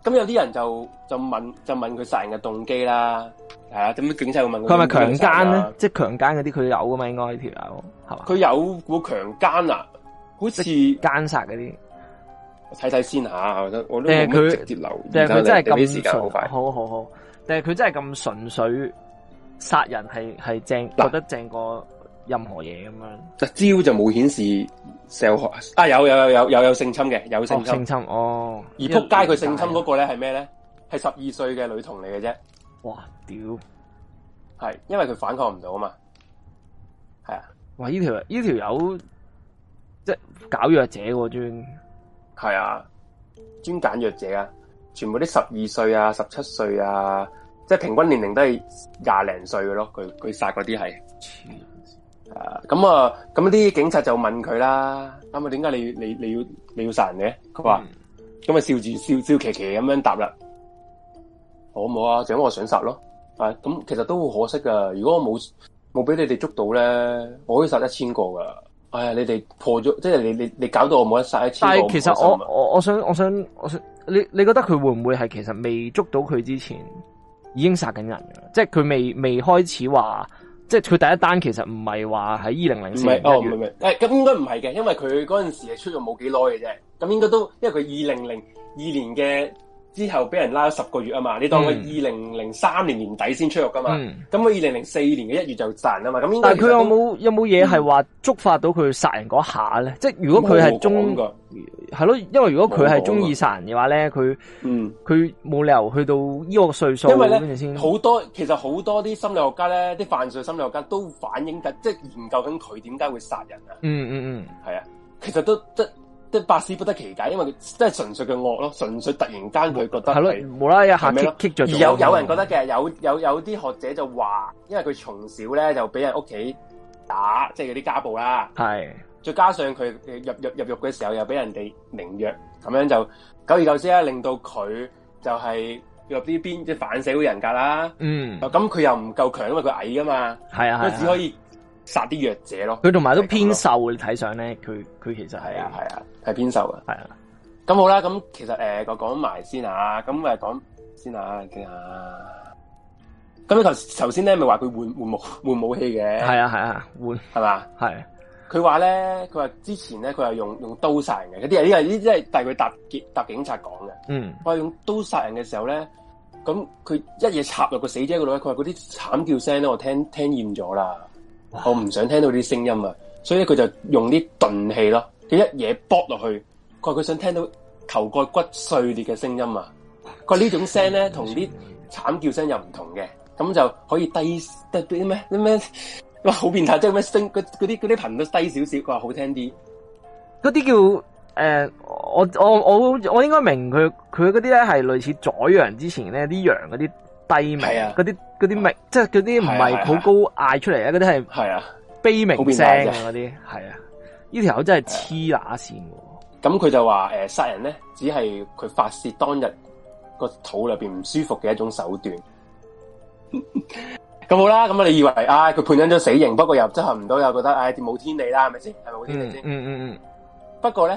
Speaker 1: 咁有啲人就就問就問佢殺人嘅動機啦，係啊。點解警察會問佢係咪強姦咧？
Speaker 2: 即係強姦嗰啲，佢有噶嘛？應該呢條
Speaker 1: 友係嘛？佢有過強姦啊？好似姦殺嗰啲。睇睇先下，我都我都唔敢直接留。即係佢真係咁純，時間快好，好好好。
Speaker 2: 但係佢真係咁純粹殺人，係係正，啊、覺得正過任
Speaker 1: 何嘢咁樣。招就冇顯示受害，啊有有有有有有性侵嘅，有性侵有性侵哦。而撲街佢性侵嗰、哦、個咧係咩咧？係十二歲嘅女童嚟嘅啫。哇屌！係因為佢反抗唔到啊嘛。係啊，哇！呢條呢條友即係搞弱者喎專。係啊，專揀弱者啊，全部啲十二歲啊、十七歲啊，即係平均年齡都係廿零歲嘅咯。佢佢殺嗰啲係，啊咁啊，咁啲警察就問佢啦，咁啊，點解你你你要你要殺人嘅？佢話咁啊，笑住笑笑其其咁樣答啦，好唔好啊？就咁我想殺咯，啊咁其實都好可惜噶，如果我冇冇俾你哋捉到咧，我可以殺一千個噶。哎啊！你哋破咗，即係你你你搞到我冇得晒一，殺一次。但係其實我我
Speaker 2: 我，我，我想我想我想你你覺得佢會唔會係其實未捉到佢之前已經殺緊人啦，即係佢未未開始話，即係佢第一單其實唔係話喺二零零四。哦，唔係誒，咁、
Speaker 1: 哎、應該唔係嘅，因為佢嗰陣時係出咗冇幾耐嘅啫。咁應該都因為佢二零零二年嘅。之後俾人拉咗十個月啊嘛，你當佢二零零三年年底先出獄噶嘛，咁佢二零零四年嘅一月就殺人啊嘛，咁但係佢有
Speaker 2: 冇有冇嘢係話觸發到佢殺人嗰下咧？嗯、即係如果佢係中係咯，嗯嗯、因為如果佢係中意殺人嘅話咧，佢嗯佢冇理由去到呢個歲數。因為咧好
Speaker 1: 多其實好多啲心理學家咧，啲犯罪心理學家都反映緊，即係研究緊佢點解會殺人啊、嗯？嗯
Speaker 3: 嗯嗯，
Speaker 1: 係啊，其實都即都百思不得其解。因為佢都係純粹嘅惡咯，純粹突然間佢覺得係
Speaker 2: 無啦啦一下咩咯，咗有有人覺得
Speaker 1: 嘅，有有有啲學者就話，因為佢從小咧就俾人屋企打，即係嗰啲家暴啦，係，是的 再加上佢入入入獄嘅時候又俾人哋凌虐，咁樣就久而久之咧令到佢就係入啲邊即係反社會人格啦，嗯，咁佢又唔夠強，因為佢矮㗎嘛，係啊，佢只可以。殺啲弱者咯，佢同埋都偏瘦，你睇上咧，佢佢其實係啊係啊，係偏瘦㗎。係啊。咁好啦，咁其實誒，我講埋先啊，咁誒講先啊，聽下。咁你頭頭先咧咪話佢換換武換武器嘅？係
Speaker 2: 啊係啊，換係嘛？
Speaker 1: 係。佢話咧，佢話、啊、之前咧，佢係用用刀殺人嘅。啲人呢啲呢啲係但係佢搭警警察講嘅。嗯。我用刀殺人嘅時候咧，咁佢一嘢插入個死者嗰度，佢話嗰啲慘叫聲咧，我聽聽厭咗啦。我唔想聽到啲聲音啊，所以佢就用啲鈍器咯，佢一嘢卜落去，佢話佢想聽到頭蓋骨碎裂嘅聲音啊，佢呢種聲咧同啲慘叫聲又唔同嘅，咁就可以低低啲咩啲咩，哇好變態，即係咩聲，嗰啲嗰啲頻率低少少，佢話好聽啲，嗰啲叫誒、呃，我
Speaker 2: 我我我應該明佢佢嗰啲咧係類似宰羊之前咧啲羊嗰啲。低鳴嗰啲嗰啲鳴，即係嗰啲唔係好高嗌出嚟啊！嗰啲係悲鳴聲啊！嗰啲係啊，呢條友真係黐乸線。
Speaker 1: 咁佢就話誒，殺人咧只係佢發洩當日個肚裏邊唔舒服嘅一種手段。咁 好啦，咁啊你以為，唉、啊，佢判咗死刑，不過又執行唔到，又覺得唉冇、哎、天理啦，係咪先？係咪冇天理先、
Speaker 3: 嗯？嗯嗯嗯。
Speaker 2: 不
Speaker 1: 過咧，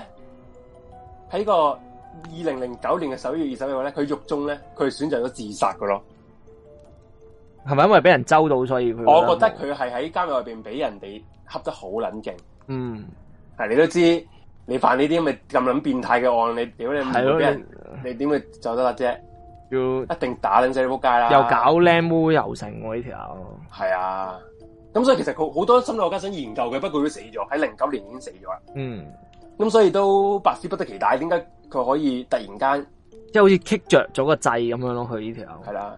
Speaker 1: 喺個二零零九年嘅十一月二十一號咧，佢獄中咧，佢選擇咗自殺嘅咯。
Speaker 2: 係咪因為俾人揪到所以佢？我覺得佢
Speaker 1: 係喺監獄裏邊俾人哋恰得好冷靜。嗯，係你都知，你犯呢啲咁嘅咁捻變態嘅案，你屌你，了你，你點會做得啊？啫，要一定打捻死你仆街啦！又搞
Speaker 2: 靚妹又成條，
Speaker 1: 我呢條友係啊。咁所以其實佢好多心理學家想研究嘅，不過佢死咗喺零九年已經死咗啦。嗯，咁所以都百思不得其解，點解佢可以突然間即係好似棘着咗個掣咁樣咯？佢呢條友係啦。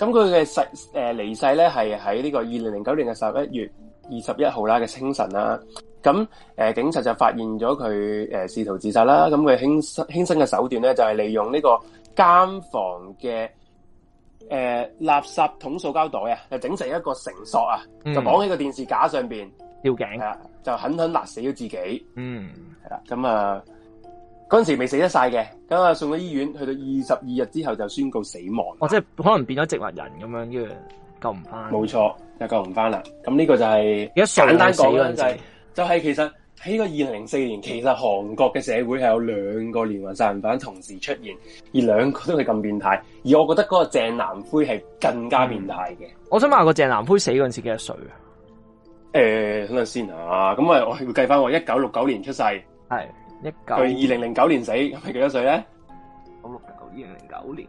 Speaker 1: 咁佢嘅逝誒離世咧，係喺呢個二零零九年嘅十一月二十一號啦嘅清晨啦，咁誒、呃、警察就發現咗佢誒試圖自殺啦，咁佢輕輕生嘅手段咧就係、是、利用呢個監房嘅誒、呃、垃圾桶塑膠袋啊，就整成一個繩索啊，嗯、就綁喺個電視架上邊吊頸，就狠狠勒死咗自己。嗯，係啦，咁啊。嗰陣時未死得晒嘅，咁啊送咗醫院，去到二十二日之後就宣告死亡。哦，即係可能變咗植物人咁樣，跟住救唔翻。冇錯，又救唔翻啦。咁呢個就係，而家簡單講就係，就係其實喺個二零零四年，其實韓國嘅社會係有兩個連環殺人犯同時出現，而兩個都係咁變態，而我覺得嗰個鄭南輝係更加變態嘅、嗯。我想問下個鄭南
Speaker 2: 輝死嗰陣時幾多歲
Speaker 1: 啊？誒、欸，等下先啊，咁啊，我係會計翻我一九六九年出世，係。佢二零零九年死，係幾多歲咧？九六九二零零九年，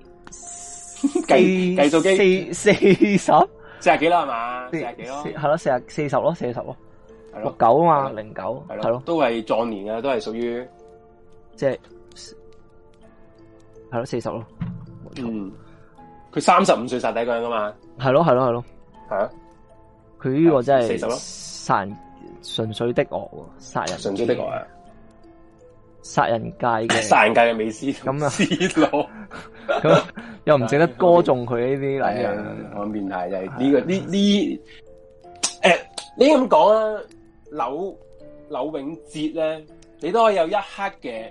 Speaker 1: 計
Speaker 2: 計數機四四
Speaker 1: 十，四十幾啦係嘛？四十幾
Speaker 2: 咯？係咯，四十四十咯，四十咯，六九啊嘛，了
Speaker 1: 零九係咯了了，都係壯年啊，都係屬於即
Speaker 2: 係係咯，四十咯。嗯，
Speaker 1: 佢三十五歲殺第一個人噶嘛？
Speaker 2: 係咯，係咯，係咯，吓、啊？佢呢個真係，四十咯，殺人純粹的惡，殺人純粹的惡。殺人界嘅殺人界
Speaker 1: 嘅美斯咁啊，思路咁
Speaker 2: 又唔值得歌頌佢呢啲嚟啊！
Speaker 1: 我面題就係呢個呢呢誒，你咁講啊，柳柳永哲咧，你都可以有一刻嘅誒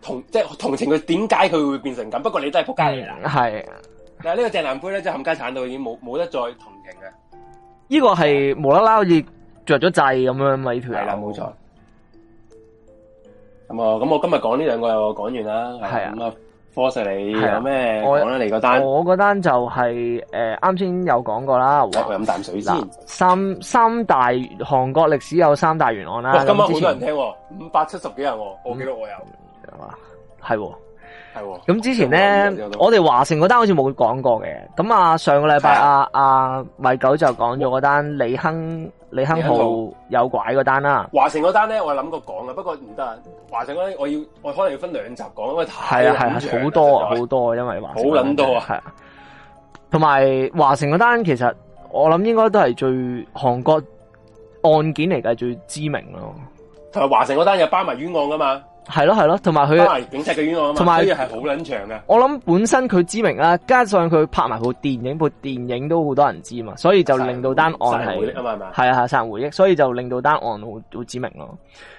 Speaker 1: 同即係同情佢，點解佢會變成咁？不過你都係仆街人。係但係呢個鄭南奎咧，真係冚家鏟到已經冇冇得再同情啊！
Speaker 2: 呢個係無啦啦好似着咗掣咁樣啊！呢條係啦，冇錯。
Speaker 1: 咁、嗯、啊，咁我今日講呢兩個又講完啦。係啊，咁啊，科 Sir 你有咩講啦，你嗰單我
Speaker 2: 嗰單就係、是、誒，啱、呃、先有講過啦。嗯、哇我飲啖水先。三三大韓國歷史有三大懸案啦。今日好多，嗯、多人聽，
Speaker 1: 五百七十幾人，我記得我有。
Speaker 2: 係係係。
Speaker 1: 咁之前咧，我
Speaker 2: 哋華城嗰單好似冇講過嘅。咁啊，上個禮拜啊，阿的、啊、米九就講咗嗰單李亨我李亨浩誘拐嗰單啦。華城嗰
Speaker 1: 單咧，我諗過講嘅，不過唔得。華城嗰單我要我可能要分兩集講，因為太多，係啊係啊，好多好
Speaker 2: 多，因為華城好撚多啊，係啊。同埋華城嗰單其實我諗應該都係最韓國案件嚟嘅最知名咯。同埋華城嗰單有
Speaker 1: 包埋冤案噶嘛。
Speaker 2: 係咯係咯，同埋佢，同埋警察嘅冤案，同埋係好
Speaker 1: 撚長嘅。
Speaker 2: 我諗本身佢知名啦，加上佢拍埋部電影，部電影都好多人知嘛，所以就令到單案係啊係殺人回憶，所以就令到單案會知名咯。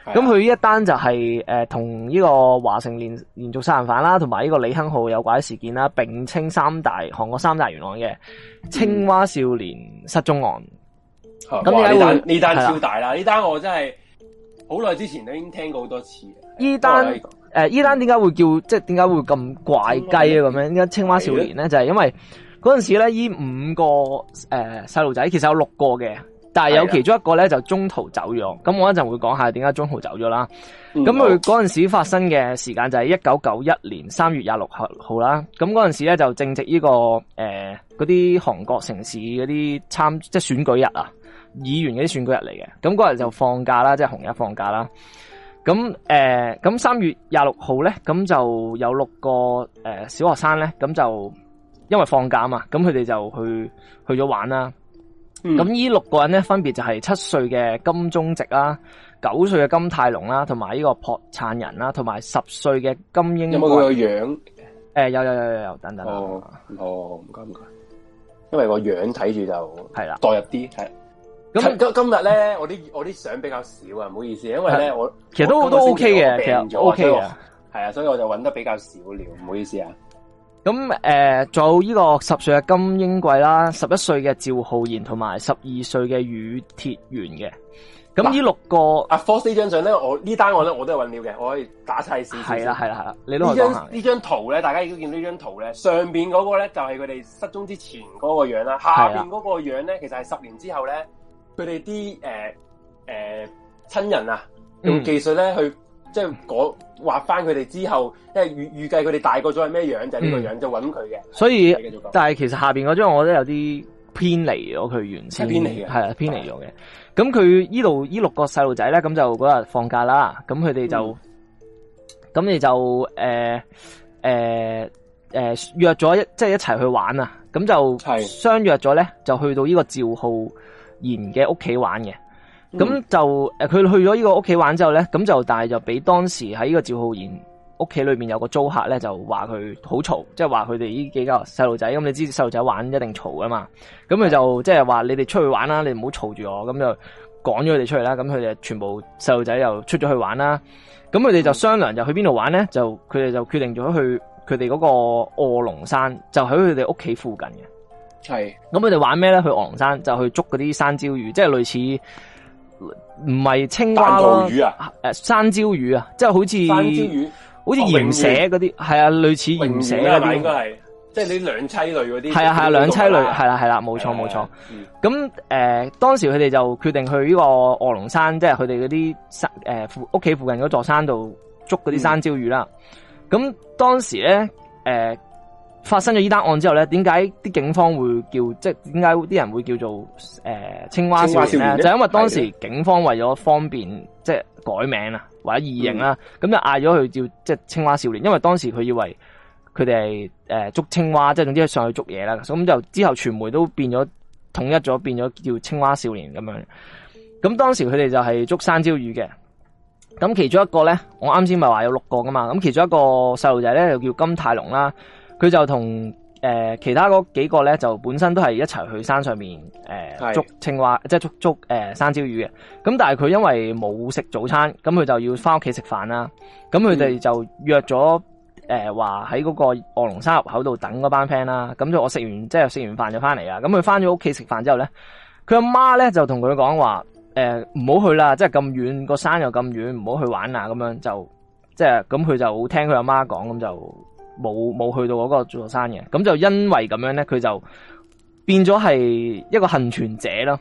Speaker 2: 咁佢呢一單就係誒同呢個華城連連續殺人犯啦，同埋呢個李亨浩誘拐事件啦，並稱三大韓國三大元案嘅青蛙少年失蹤案。咁呢單呢單超大
Speaker 1: 啦，呢單的我真係好耐之前都已經聽過好多次。依單
Speaker 2: 誒，依單點解會叫即係點解會咁怪雞啊？咁樣點解青蛙少年咧就係因為嗰陣時咧依五個誒細路仔，其實有六個嘅，但係有其中一個咧就中途走咗。咁我一陣會講下點解中途走咗啦。咁佢嗰陣時發生嘅時間就係一九九一年三月廿六號號啦。咁嗰陣時咧就正值呢個誒嗰啲韓國城市嗰啲參即係選舉日啊，議員嗰啲選舉日嚟嘅。咁嗰日就放假啦，即係紅日放假啦。咁誒，咁三、呃、月廿六號咧，咁就有六個誒、呃、小學生咧，咁就因為放假嘛，咁佢哋就去去咗玩啦。咁呢六個人咧，分別就係七歲嘅金鐘植啦、九歲嘅金泰龍啦、同埋呢個朴燦人啦，同埋十歲嘅金英。有冇佢個樣？誒，有有有有等等啦，哦。
Speaker 1: 哦，唔該唔該，因為個樣睇住就係啦，代入啲係。咁今日咧，我啲我啲相比較少啊，唔好意思，因為咧是我其實都都 OK 嘅，其實 OK 嘅，係啊，所以我就揾得比較少了，唔好意思啊。
Speaker 2: 咁誒，做、呃、呢、這個十歲嘅金英貴啦，十一歲嘅趙浩然同埋十二歲嘅宇鐵元嘅。
Speaker 1: 咁呢六個那啊，four 呢張相咧，我呢單我咧我都係揾料嘅，我可以打晒試係啦係啦係啦，你都可以講下。呢張圖咧，大家已經見到呢張圖咧，上邊嗰個咧就係佢哋失蹤之前嗰個樣啦，下邊嗰個樣咧，其實係十年之後咧。佢哋啲誒誒親人啊，用技術咧去即係改畫翻佢哋之後，即係預預計佢哋大個咗係咩樣、嗯、就呢個樣就，就揾佢嘅。所
Speaker 2: 以，但係其實下邊嗰張我覺得有啲偏離咗佢原，係偏離嘅，係啊，偏離咗嘅。咁佢呢度呢六個細路仔咧，咁就嗰日放假啦，咁佢哋就咁，嗯、你就誒誒誒約咗，即、就、係、是、一齊去玩啊。咁就係相約咗咧，是就去到呢個趙浩然嘅屋企玩嘅，咁就誒佢去咗呢個屋企玩之後咧，咁就但係就俾當時喺呢個趙浩然屋企裏面有個租客咧，就話佢好嘈，即係話佢哋呢幾個細路仔，咁你知細路仔玩一定嘈噶嘛，咁佢就即係話你哋出去玩啦，你唔好嘈住我，咁就趕咗佢哋出去啦，咁佢哋全部細路仔又出咗去玩啦，咁佢哋就商量去是的 就去邊度玩咧，就佢哋就決定咗去佢哋嗰個臥龍山，就喺佢哋屋企附近嘅。係，咁佢哋玩咩咧？去臥龍山就去捉嗰啲山椒魚，即係類似唔係青蛙啦，魚啊，誒、啊，山椒魚啊，即係好似山椒
Speaker 1: 魚好似鹽蛇嗰啲，
Speaker 2: 係、哦、啊，類似鹽蛇嗰啲，應該係，
Speaker 1: 即係你兩棲類嗰啲，係啊，係啊，兩棲類，係啦、啊，係啦、
Speaker 2: 啊，冇錯，冇錯、啊。咁誒、啊呃，當時佢哋就決定去呢個臥龍山，即係佢哋嗰啲山，誒、呃，屋企附近嗰座山度捉嗰啲山椒魚啦。咁、嗯、當時咧，誒、呃。發生咗呢單案之後咧，點解啲警方會叫即係點解啲人會叫做誒、呃、青蛙少年咧？年呢就係因為當時警方為咗方便，是的 即係改名啦或者異形啦，咁、嗯、就嗌咗佢叫,叫即係青蛙少年。因為當時佢以為佢哋係誒捉青蛙，即係總之係上去捉嘢啦。咁就之後傳媒都變咗統一咗，變咗叫青蛙少年咁樣。咁當時佢哋就係捉山椒魚嘅。咁其中一個咧，我啱先咪話有六個噶嘛？咁其中一個細路仔咧就呢叫金泰龍啦。佢就同誒、呃、其他嗰幾個咧，就本身都係一齊去山上面誒、呃、捉青蛙，是的 即係捉捉誒、呃、山椒魚嘅。咁但係佢因為冇食早餐，咁佢就要翻屋企食飯啦。咁佢哋就約咗誒，話喺嗰個臥龍山入口度等嗰班 friend 啦。咁就我食完即係食完飯就翻嚟啊。咁佢翻咗屋企食飯之後咧，佢阿媽咧就同佢講話誒，唔好去啦，即係咁遠，個山又咁遠，唔好去玩啊，咁樣就即係咁，佢就聽佢阿媽講咁就。冇冇去到嗰個座山嘅，咁就因為咁樣咧，佢就變咗係一個幸存者囉。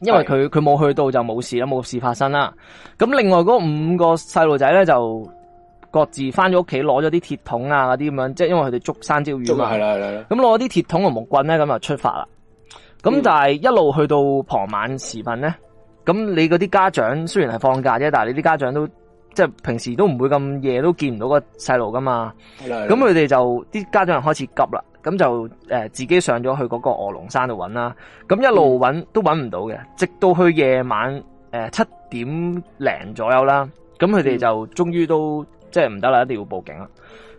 Speaker 2: 因為佢佢冇去到就冇事啦，冇事發生啦。咁另外嗰五個細路仔咧就各自返咗屋企，攞咗啲鐵桶啊嗰啲咁樣，即係因為佢哋捉山椒魚咯，係啦係啦。咁攞啲鐵桶同木棍咧，咁就出發啦。咁但係一路去到傍晚時分咧，咁你嗰啲家長雖然係放假啫，但係你啲家長都。即係平時都唔會咁夜都見唔到個細路㗎嘛，咁佢哋就啲家長人開始急啦，咁就誒、呃、自己上咗去嗰個卧龍山度揾啦，咁一路揾、嗯、都揾唔到嘅，直到去夜晚誒、呃、七點零左右啦，咁佢哋就終於都、嗯、即係唔得啦，一定要報警啦。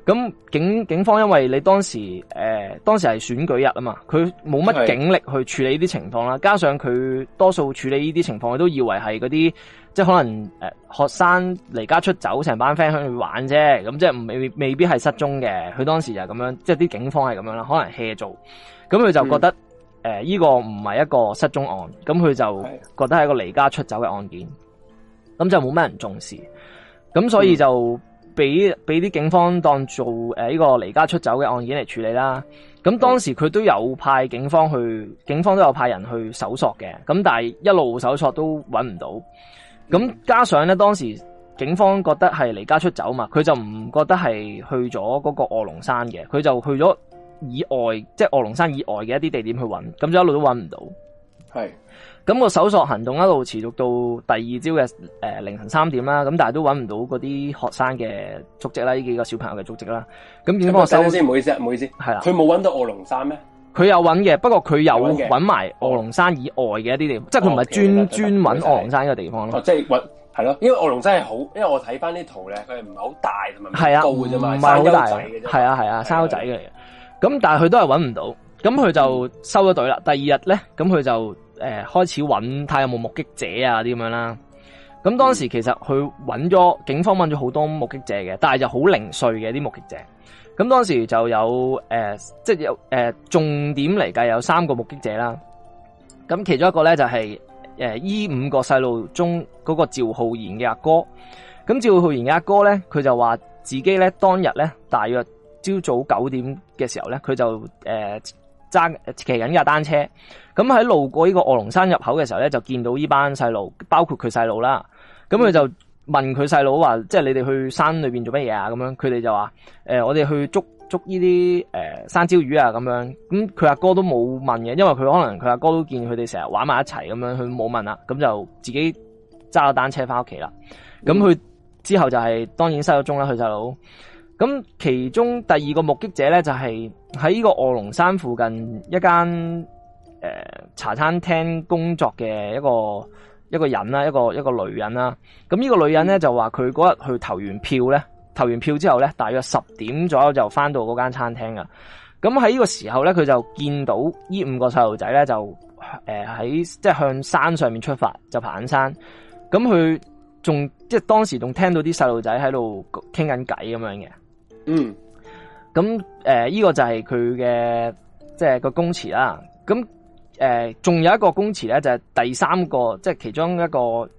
Speaker 2: 咁警警方，因為你當時誒、呃，當時係選舉日啊嘛，佢冇乜警力去處理呢啲情況啦。是加上佢多數處理呢啲情況，佢都以為係嗰啲即係可能誒、呃，學生離家出走，成班 friend 去玩啫。咁即係未未必係失蹤嘅。佢當時就係咁樣，即係啲警方係咁樣啦，可能 hea 做。咁佢就覺得誒，呢、嗯呃呢個唔係一個失蹤案，咁佢就覺得係一個離家出走嘅案件，咁就冇咩人重視。咁所以就。嗯俾俾啲警方當做誒呢個離家出走嘅案件嚟處理啦。咁當時佢都有派警方去，警方都有派人去搜索嘅。咁但係一路搜索都揾唔到。咁加上咧，當時警方覺得係離家出走嘛，佢就唔覺得係去咗嗰個卧龍山嘅，佢就去咗以外，即係卧龍山以外嘅一啲地點去揾，咁就一路都揾唔到。係。咁個搜索行動一路持續到第二朝嘅誒凌晨三點啦，咁但係都揾唔到嗰啲學生嘅足跡啦，呢幾個小朋友嘅足跡啦。咁點幫我收等先，唔好意思，唔好
Speaker 1: 意思，係啦的。佢冇揾到臥龍山咩？
Speaker 2: 佢有揾嘅，不過佢有揾埋臥龍山以外嘅一啲地方，即係佢唔係專專揾臥龍山嘅地方咯。即係揾係咯，因為臥龍山係好，
Speaker 1: 因為我睇翻啲圖咧，佢唔係好大同埋係啊，度嘛，唔係好大，係
Speaker 2: 啊係啊，山丘仔嚟嘅。咁的但係佢都係揾唔到，咁佢就收咗隊啦。嗯、第二日咧，咁佢就。誒，開始揾睇有冇目擊者啊啲咁樣啦。咁當時其實佢揾咗警方揾咗好多目擊者嘅，但係就好零碎嘅啲目擊者。咁當時就有誒、呃，即係有誒、呃、重點嚟計有三個目擊者啦。咁其中一個咧就係誒呢五個細路中嗰、嗰個趙浩然嘅阿哥。咁趙浩然嘅阿哥咧，佢就話自己咧當日咧大約朝早九點嘅時候咧，佢就誒。呃揸騎緊架單車，咁喺路過呢個卧龍山入口嘅時候咧，就見到呢班細路，包括佢細路啦。咁佢就問佢細佬話：即係你哋去山裏面做乜嘢啊？咁樣佢哋就話、呃：我哋去捉捉呢啲、呃、山椒魚啊！咁樣，咁佢阿哥都冇問嘅，因為佢可能佢阿哥，哥都見佢哋成日玩埋一齊咁樣，佢冇問啦。咁就自己揸咗單車翻屋企啦。咁佢之後就係、是嗯、當然弟弟失咗蹤啦，佢細佬。咁其中第二個目擊者咧，就係喺呢個臥龍山附近一間、呃、茶餐廳工作嘅一個一個人啦，一個一個女人啦。咁呢個女人咧就話佢嗰日去投完票咧，投完票之後咧，大約十點左右就翻到嗰間餐廳㗎。咁喺呢個時候咧，佢就見到呢五個細路仔咧就喺、呃、即係向山上面出發，就爬緊山。咁佢仲即係當時仲聽到啲細路仔喺度傾緊偈咁樣嘅。嗯，咁誒，呢、呃這個就係佢嘅即係個供詞啦。咁誒，仲、呃、有一個供詞咧，就係、是、第三個，即、就、係、是、其中一個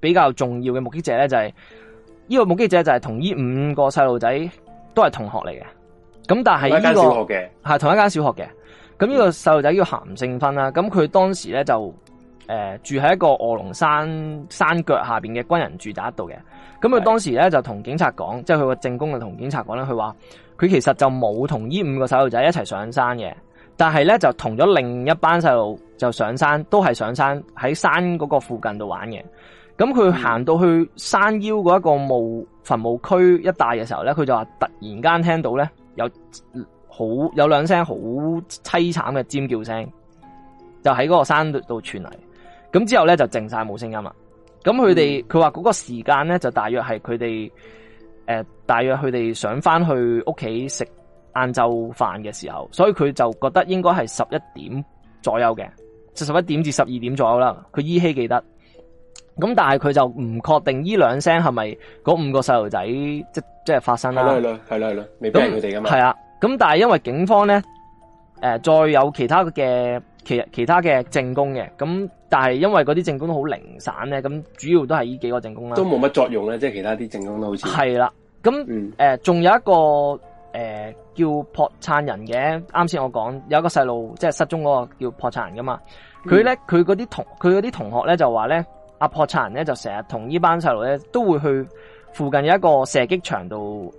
Speaker 2: 比較重要嘅目擊者咧，就係、是、呢個目擊者就係同呢五個細路仔都係同學嚟嘅。咁但係呢、這個係同一間小學嘅。咁呢個細路仔叫咸勝芬啦。咁佢當時咧就。誒、呃，住喺一個臥龍山山腳下邊嘅軍人住宅度嘅，咁佢當時咧就同警察講，是的 即係佢個政工就同警察講啦。佢話佢其實就冇同呢五個細路仔一齊上山嘅，但係咧就同咗另一班細路就上山，都係上山喺山嗰個附近度玩嘅。咁佢行到去山腰嗰，嗯、一個墓墳墓區一帶嘅時候咧，佢就話突然間聽到咧有好有兩聲好悽慘嘅尖叫聲，就喺嗰個山度度傳嚟。.咁之後咧就靜晒冇聲音啦。咁佢哋佢話嗰個時間咧就大約係佢哋誒大約佢哋想翻去屋企食晏晝飯嘅時候，所以佢就覺得應該係十一點左右嘅，即係十一點至十二點左右啦。佢依稀記得。咁但係佢就唔確定呢兩聲係咪嗰五個細路仔即即係發生啦。係啦，係啦，未必係佢哋㗎嘛。係啊，咁但係因為警方咧誒、呃、再有其他嘅，其其他嘅證供嘅咁。但係因為嗰啲政工都好零散咧，咁主要都係呢幾個政工啦。都冇乜作
Speaker 1: 用咧，即係其他啲政工都好似。係啦，
Speaker 2: 咁誒仲有一個誒、呃、叫破產人嘅，啱先我講有一個細路即係失蹤嗰個叫破產人㗎嘛，佢咧佢嗰啲同佢啲同學咧就話咧阿破產人咧就成日同呢班細路咧都會去附近有一個射擊場度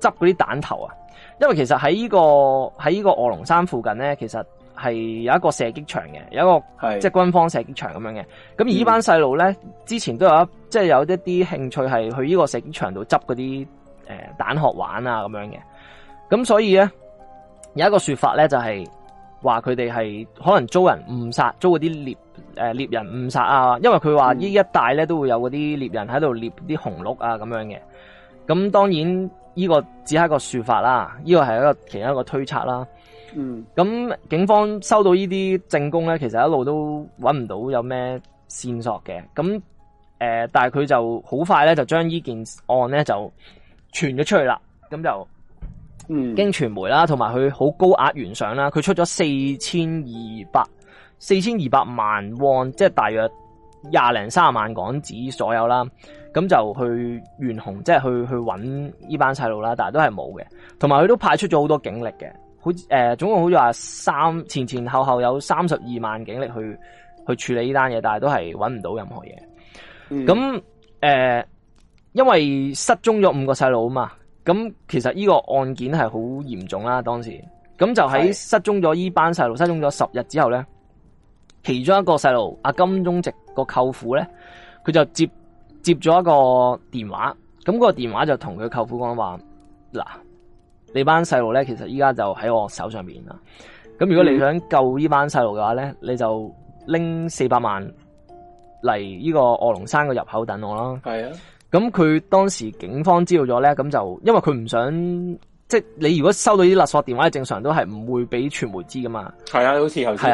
Speaker 2: 誒執嗰啲彈頭啊，因為其實喺呢個喺呢個卧龍山附近咧，其實。係有一個射擊場嘅，有一個是即係軍方射擊場咁樣嘅。咁而、嗯、呢班細路咧，之前都有一即係有一啲興趣係去呢個射擊場度執嗰啲誒彈殼玩啊咁樣嘅。咁所以咧有一個說法咧就係話佢哋係可能遭人誤殺，遭嗰啲獵誒獵人誤殺啊。因為佢話呢一帶咧都會有嗰啲獵人喺度獵啲紅鹿啊咁樣嘅。咁當然呢個只係一個說法啦，呢、這個係一個其中一個推測啦。嗯，咁警方收到呢啲證供咧，其實一路都揾唔到有咩線索嘅。咁誒、呃，但係佢就好快咧，就將呢件案咧就傳咗出去啦。咁就經傳媒啦，同埋佢好高額懸賞啦。佢出咗四千二百四千二百萬旺，即係大約廿零三十萬港紙左右啦。咁就去懸紅，即係去去揾呢班細路啦。但係都係冇嘅。同埋佢都派出咗好多警力嘅。好誒、呃，總共好似話三前前後後有三十二萬警力去去處理呢單嘢，但係都係揾唔到任何嘢。咁誒、嗯呃，因為失蹤咗五個細路啊嘛，咁其實呢個案件係好嚴重啦。當時咁就喺失蹤咗呢班細路，是的 失蹤咗十日之後咧，其中一個細路阿金忠植個舅父咧，佢就接接咗一個電話，咁個電話就同佢舅父講話嗱。你班細路咧，其實依家就喺我手上邊啦。咁如果你想救呢班細路嘅話咧，你就拎四百萬嚟呢個卧龍山嘅入口等我啦。係啊。咁佢當時警方知道咗咧，咁就因為佢唔想，即係你如果收到啲勒索電話，正常都係唔會俾傳媒知噶嘛。
Speaker 1: 係啊，好似上次，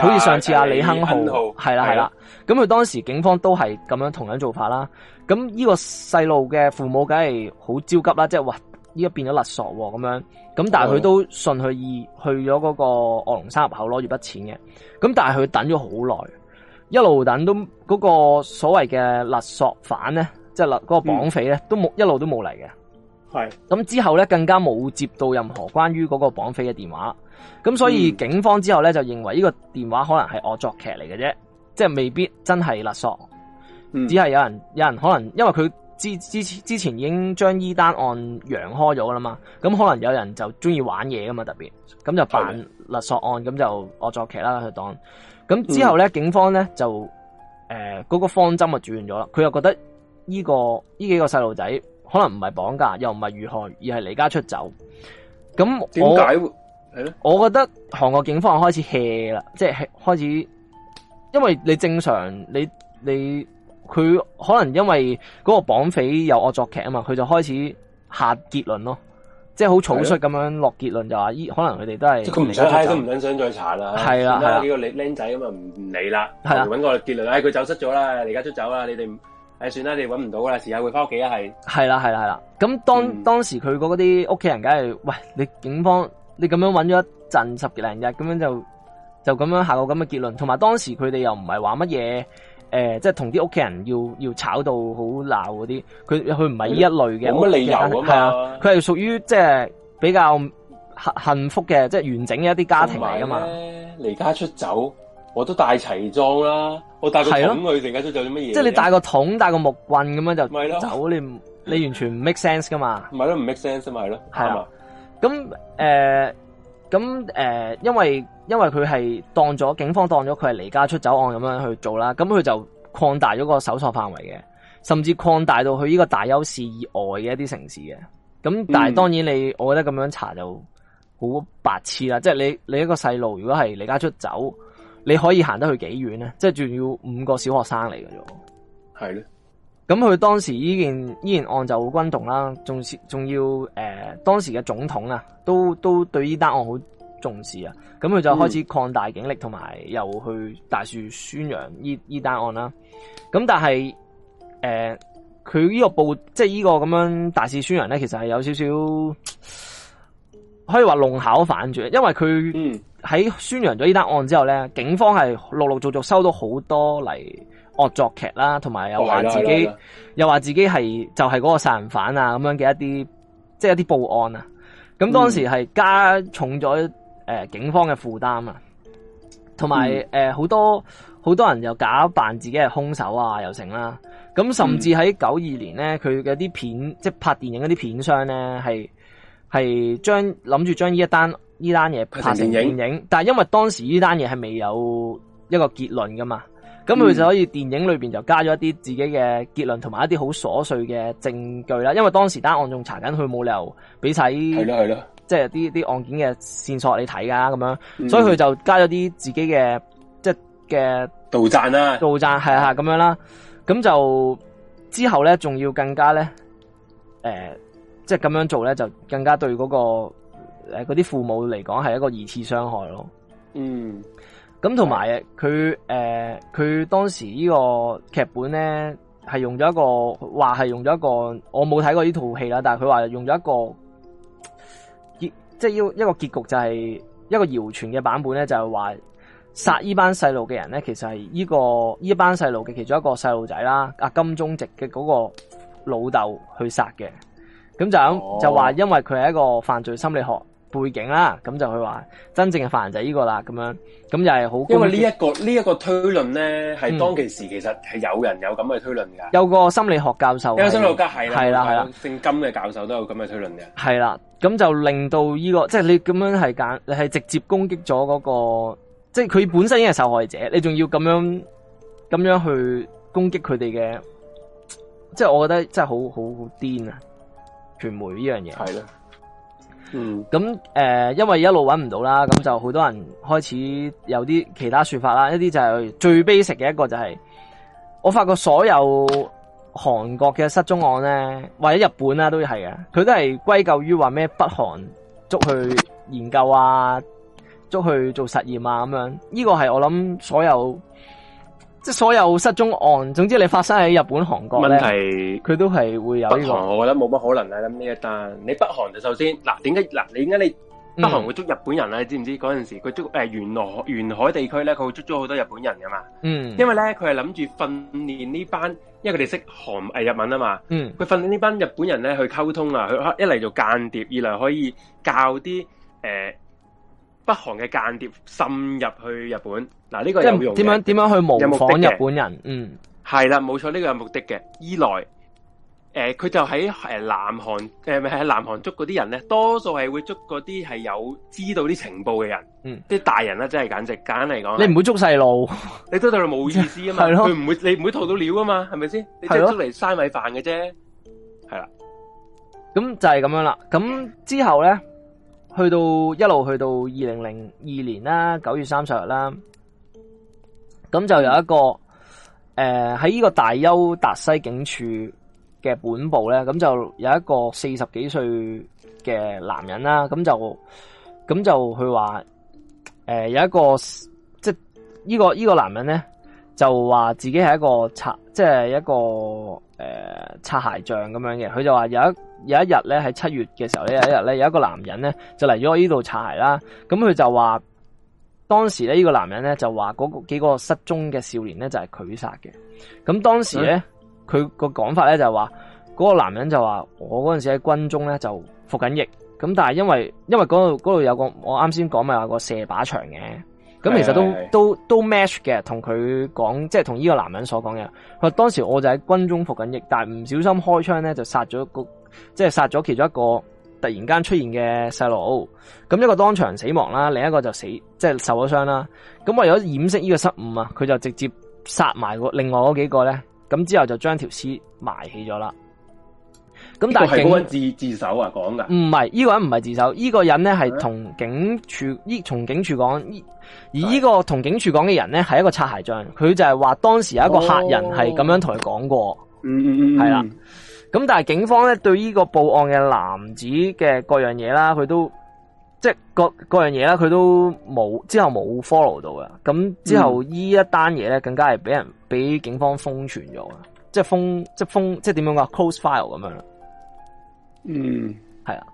Speaker 1: 好似上次阿李亨浩，係啦係啦。
Speaker 2: 咁佢當時警方都係咁樣同樣做法啦。咁呢個細路嘅父母梗係好焦急啦，即係話。依家變咗勒索喎、哦，咁樣，咁但係佢都順佢意去咗嗰個卧龍山入口攞住筆錢嘅，咁但係佢等咗好耐，一路等都嗰、那個所謂嘅勒索犯咧，即係勒嗰個綁匪咧，嗯、都冇一路都冇嚟嘅，係。咁之後咧，更加冇接到任何關於嗰個綁匪嘅電話，咁所以警方之後咧，就認為呢個電話可能係惡作劇嚟嘅啫，即係未必真係勒索，嗯、只係有人有人可能因為佢。之之之前已經將依單案揚開咗啦嘛，咁可能有人就中意玩嘢噶嘛，特別咁就扮勒索案，咁就惡作劇啦，佢當。咁之後咧，嗯、警方咧就誒嗰、呃那個方針就轉咗啦，佢又覺得呢、這個呢幾個細路仔可能唔係綁架，又唔係遇害，而係離家出走。咁點解？會我覺得韓國警方開始 hea 啦，即、就、係、是、開始，因為你正常你你。你佢可能因為嗰個綁匪有惡作劇啊嘛，佢就開始下結論咯，即係好草率咁樣落結論就話，咦的，可能佢哋都係，佢唔想都唔想
Speaker 1: 再查啦。係啦，幾個僆僆仔咁啊，唔理啦，揾個結論，誒佢走失咗啦，而家出走啦，你哋誒、哎、算啦，你哋揾唔到啦，時間會返屋企啊，係。
Speaker 2: 係啦，係啦，係啦。咁、嗯、當當時佢嗰啲屋企人梗係，喂你警方，你咁樣揾咗一陣十幾零日，咁樣就就咁樣下個咁嘅結論，同埋當時佢哋又唔係話乜嘢。誒、呃，即係同啲屋企人要要炒到好鬧嗰啲，佢佢唔係呢一類嘅，冇乜理由咁係啊，佢係屬於即係比較幸幸福嘅，即係完整嘅一啲家庭嚟噶
Speaker 1: 嘛。離家出走，我都帶齊裝啦，我帶個桶去成家的出走啲乜嘢？即係你帶個
Speaker 2: 桶、帶個木棍咁樣就走，就是你你完全唔 make sense 噶嘛？唔係咯，唔 make sense 吖嘛，係啊吧。咁誒。呃咁誒、呃，因為因為佢係當咗警方當咗佢係離家出走案咁樣去做啦，咁佢就擴大咗個搜索範圍嘅，甚至擴大到去呢個大邱市以外嘅一啲城市嘅。咁但係當然你，我覺得咁樣查就好白痴啦，嗯、即係你你一個細路如果係離家出走，你可以行得去幾遠呢？即係仲要五個小學生嚟嘅啫。
Speaker 1: 係咧。
Speaker 2: 咁佢當時呢件依然案就好轟動啦，仲仲要誒、呃，當時嘅總統啊，都都對呢單案好重視啊。咁佢就開始擴大警力，同埋、嗯、又去大肆宣揚呢呢單案啦。咁但係誒，佢、呃、呢個報即係呢個咁樣大肆宣揚咧，其實係有少少可以話弄巧反拙，因為佢喺宣揚咗呢單案之後咧，警方係陸陸續續收到好多嚟。惡作劇啦，同埋又話自己，哦、又話自己係就係、是、嗰個殺人犯啊咁樣嘅一啲，即、就、係、是、一啲報案啊。咁當時係加重咗誒、嗯呃，警方嘅負擔啊，同埋誒好多好多人又假扮自己係凶手啊，又成啦。咁甚至喺九二年呢，佢嘅啲片即係拍電影嗰啲片商呢，係係將諗住將呢一單呢單嘢拍成電影，整整但係因為當時呢單嘢係未有一個結論噶嘛。咁佢就可以電影裏邊就加咗一啲自己嘅結論同埋一啲好瑣碎嘅證據啦，因為當時單案仲查緊，佢冇理由俾晒係係即係啲啲案件嘅線索你睇噶咁樣，所以佢就加咗啲自己嘅即係嘅杜撰啦，杜撰係啊咁樣啦，咁就之後咧仲要更加咧，誒、呃，即係咁樣做咧就更加對嗰、嗰個誒嗰啲父母嚟講係一個二次傷害咯，嗯。咁同埋佢誒，佢、呃、當時個劇，呢個劇本咧，係用咗一個話係用咗一個，我冇睇過呢套戲啦，但係佢話用咗一個結，即係要一個結局就係一個謠傳嘅版本咧，就係話殺呢班細路嘅人咧，其實係呢、這個呢班細路嘅其中一個細路仔，啦，阿金鐘植嘅嗰個老豆去殺嘅，咁就咁就話因為佢係一個犯罪心理學背景啦，咁就佢話真正嘅犯人就係呢個啦，咁樣咁又係好。呢因為呢、呢、一
Speaker 1: 個呢一、呢個推論咧，係當其時其實係有人有咁嘅推論嘅、
Speaker 2: 嗯。有個心理學教授，有個心理學家係啦係啦，
Speaker 1: 姓金嘅教授都有咁嘅推論嘅。
Speaker 2: 係啦，咁就令到呢、呢個即係你咁樣係揀，你係直接攻擊咗嗰個，即係佢本身已經係受害者，你仲要咁樣咁樣去攻擊佢哋嘅，即係我覺得真係好好好癲啊！傳媒呢樣嘢係咯。係嗯，咁誒、呃，因為一路揾唔到啦，咁就好多人開始有啲其他說法啦。一啲就係最悲食嘅一個就係、是，我發覺所有韓國嘅失蹤案呢，或者日本啦，都係嘅，佢都係歸咎於話咩北韓捉去研究啊，捉去做實驗啊咁樣。呢、這個係我諗所有。即係所有失蹤案，總之你發生喺日本、韓國咧，問題，
Speaker 1: 佢都係會有呢個。北韓我覺得冇乜可能啊！咁呢一單，你北韓就首先嗱，點解嗱？你點解你北韓會捉日本人咧？嗯、你知唔知嗰陣時佢捉誒、呃、沿岸沿海地區咧，佢會捉咗好多日本人噶嘛？
Speaker 3: 嗯，
Speaker 4: 因
Speaker 1: 為咧佢係諗住訓練呢班，因為佢哋識韓誒日文啊嘛。嗯，佢訓練呢班日本人咧去溝通啊，佢一嚟做間諜，二嚟可以教啲誒。呃北韓嘅間諜滲入去日本，嗱、啊、呢、這個又點樣點
Speaker 2: 樣去模仿日本人？的的嗯，
Speaker 1: 係啦，冇錯，呢、這個有目的嘅。二來，誒、呃，佢就喺誒、呃、南韓，誒、呃，喺南韓捉嗰啲人咧，多數係會捉嗰啲係有知道啲情報嘅人，嗯，啲大人啦，真係簡直簡嚟講，你唔會捉細路，你都對佢冇意思啊嘛，佢唔 的會，你唔會套到料啊嘛，係咪先？你捉就捉嚟嘥米飯嘅啫，係啦，咁就係
Speaker 2: 咁樣啦，咁之後咧。去到一路去到二零零二年啦，九月三十日啦，咁就有一個誒喺呢個大邱達西警署嘅本部咧，咁就有一個四十幾歲嘅男人啦，咁就咁就佢話誒有一個即係呢個呢個男人咧。就話自己係一個擦，即係一個誒擦、呃、鞋匠咁樣嘅。佢就話有一有一日咧，喺七月嘅時候咧，有一日咧，有一個男人咧就嚟咗我呢度擦鞋啦。咁、嗯、佢、嗯、就話當時咧呢、這個男人咧就話嗰幾個失蹤嘅少年咧就係佢殺嘅。咁當時咧佢個講法咧就話嗰、那個男人就話我嗰陣時喺軍中咧就服緊役，咁但係因為因為嗰度嗰度有個我啱先講咪話個射靶場嘅。咁其實都對對對都都 match 嘅，同佢講，即係同呢個男人所講嘅。佢當時我就喺軍中服緊役，但係唔小心開槍咧，就殺咗個，即係殺咗其中一個突然間出現嘅細路。咁、哦、一個當場死亡啦，另一個就死，即係受咗傷啦。咁為咗掩飾呢個失誤啊，佢就直接殺埋個另外嗰幾個咧。咁之後就將條屍埋起咗啦。
Speaker 1: 咁、嗯、但係警自自首啊講噶？唔
Speaker 2: 係，依、這個人唔係自首，依、這個人咧係、啊、同警署依從警署講，啊、而依個同警署講嘅人咧係一個擦鞋匠，佢就係話當時有一個客人係咁樣同佢講過，
Speaker 4: 係啦、哦。
Speaker 2: 咁但係警方咧對呢個報案嘅男子嘅各樣嘢啦，佢都即係各各樣嘢啦，佢都冇之後冇 follow 到嘅。咁之後依一單嘢咧，更加係俾人俾警方封存咗。即係封，即係封，即係點樣講？close file 咁樣。嗯，
Speaker 1: 係啊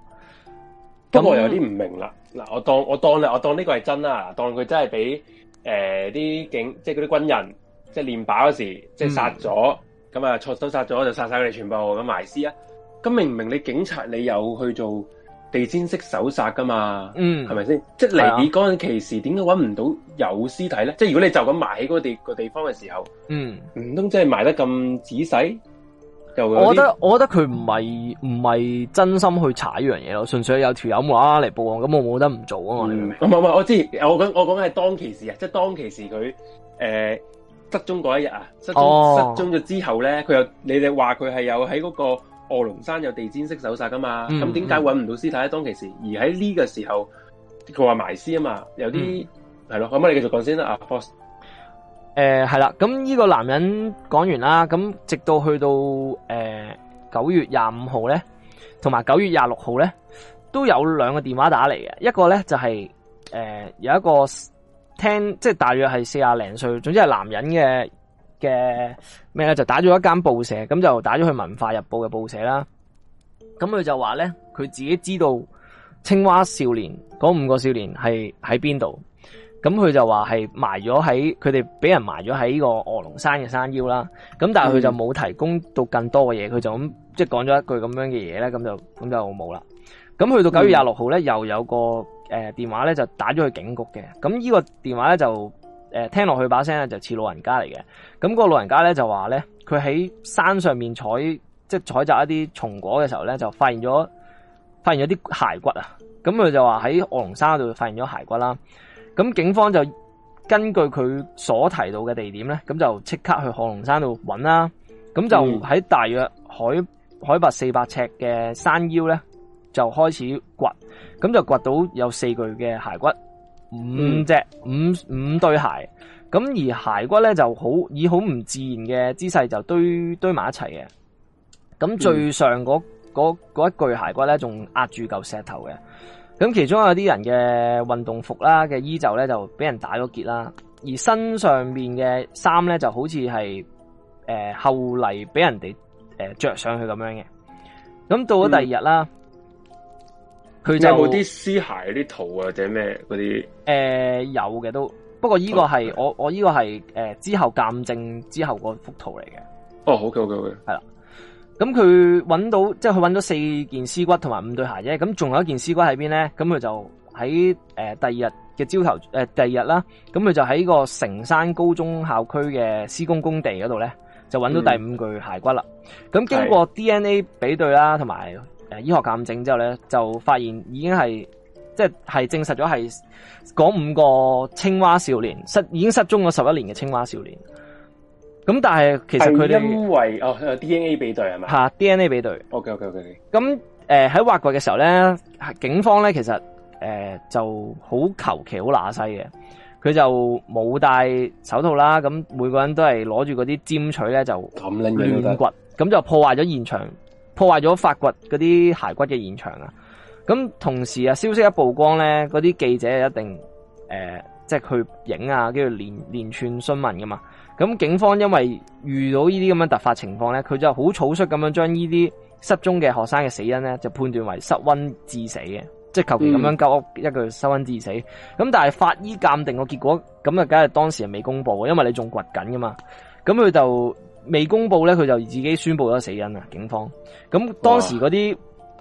Speaker 1: 的。不過我有啲唔明啦。嗱那，我當我當我當呢個係真啊，當佢真係俾誒啲警，即係嗰啲軍人，即係練靶嗰時候，即係殺咗，咁啊、嗯，錯手殺咗就殺晒佢哋全部咁埋屍啊。咁明唔明？你警察你有去做？地氈式搜殺噶嘛，係咪先？即係嚟嗰陣其時點解揾唔到有屍體咧？嗯、即係如果你就咁埋喺嗰個地個地方嘅時候，唔通即係埋得咁仔細？我覺得
Speaker 2: 我覺得佢唔係唔係真心去查呢樣嘢咯，純粹有條友話嚟報案，咁我冇得唔做啊嘛？我、嗯、你明唔明？唔係
Speaker 1: 我，我知，我講我講緊係當其時啊，即係當其時佢誒失蹤嗰一日啊、失蹤失蹤咗、哦、之後咧，佢又你哋話佢係有喺嗰、嗰個。卧龍山有地氈式搜索噶嘛？咁點解搵唔到屍體當其時？而喺呢個時候，佢話埋屍啊嘛，有啲係咯。咁我哋繼續講先啦。阿、啊、Post，
Speaker 2: 誒係啦，咁呢、呃、個男人講完啦，咁直到去到誒九、呃、月廿五號咧，同埋九月廿六號咧，都有兩個電話打嚟嘅，一個咧就係、是、誒、呃、有一個聽即係大約係四廿零歲，總之係男人嘅。嘅咩咧就打咗一間報社，咁就打咗去《文化日報》嘅報社啦。咁佢就話咧，佢自己知道青蛙少年嗰五個少年係喺邊度。咁佢就話係埋咗喺佢哋俾人埋咗喺呢個卧龍山嘅山腰啦。咁但係佢就冇提供到更多嘅嘢，佢、嗯、就咁即係講咗一句咁樣嘅嘢咧，咁就咁就冇啦。咁去到九月廿六號咧，嗯、又有個、呃、電話咧就打咗去警局嘅。咁呢個電話咧就。誒，聽落去把聲咧就似老人家嚟嘅，咁、那個老人家咧就話咧，佢喺山上面採，即係採集一啲松果嘅時候咧，就發現咗，發現咗啲骸骨啊，咁佢就話喺鶴龍山度發現咗骸骨啦，咁警方就根據佢所提到嘅地點咧，咁就即刻去鶴龍山度搵啦，咁就喺大約海、嗯、海拔四百尺嘅山腰咧，就開始掘，咁就掘到有四具嘅骸骨。五隻五五對鞋，咁而鞋骨咧就好以好唔自然嘅姿勢就堆堆埋一齊嘅。咁最上嗰、嗯、一具鞋骨咧仲壓住嚿石頭嘅，咁其中有啲人嘅運動服啦嘅衣袖咧就俾人打咗結啦，而身上面嘅衫咧就好似係誒後嚟俾人哋誒着上去咁樣嘅，咁到咗第二日啦。嗯
Speaker 1: 佢有冇啲屍骸嗰啲圖啊，或者咩嗰啲？
Speaker 2: 誒、呃，有嘅都，不過呢個係、哦、我我呢個係誒之後鑑證之後嗰幅圖嚟嘅。
Speaker 1: 哦，好嘅，好嘅，好嘅。係啦，
Speaker 2: 咁佢搵到，即係佢搵咗四件屍骨同埋五對鞋啫。咁仲有一件屍骨喺邊咧？咁佢就喺誒、呃、第二日嘅朝頭誒第二日啦。咁佢就喺個城山高中校區嘅施工工地嗰度咧，就搵到第五具骸骨啦。咁、嗯、經過 DNA 比對啦，同埋。誒，醫學鑒證之後咧，就發現已經係即係證實咗係嗰五個青蛙少年失已經失蹤咗十一年嘅青蛙少年。咁但係其實佢哋因
Speaker 1: 為哦 DNA 比對係咪吓
Speaker 2: DNA 比對。OK OK OK。咁誒喺挖掘嘅時候咧，警方咧其實誒、呃、就好求其好乸西嘅，佢就冇戴手套啦。咁每個人都係攞住嗰啲尖取咧就亂掘，咁就破壞咗現場。破壞咗發掘嗰啲骸骨嘅現場啊！咁同時啊，消息一曝光呢，嗰啲記者一定誒、呃，即係去影啊，跟住連連串詢問噶嘛。咁警方因為遇到呢啲咁樣突發情況呢，佢就好草率咁樣將呢啲失蹤嘅學生嘅死因呢，就判斷為失温致死嘅，即係求其咁樣交屋、嗯、一句失温致死。咁但係法醫鑑定個結果，咁啊，梗係當時係未公布嘅，因為你仲掘緊噶嘛。咁佢就。未公布咧，佢就自己宣布咗死因。警方咁當時嗰啲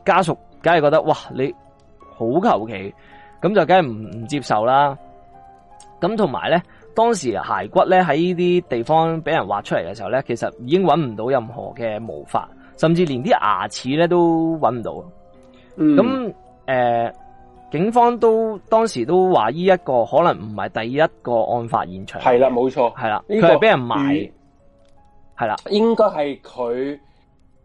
Speaker 2: 家屬，梗係覺得哇，你好求其，咁就梗係唔唔接受啦。咁同埋咧，當時骸骨咧喺呢啲地方俾人挖出嚟嘅時候咧，其實已經揾唔到任何嘅毛髮，甚至連啲牙齒咧都揾唔到。咁誒、嗯呃，警方都當時都話呢一個可能唔係第一個案發現場。係啦，冇錯。係、嗯、啦，佢係俾人埋。係啦，
Speaker 1: 應該係佢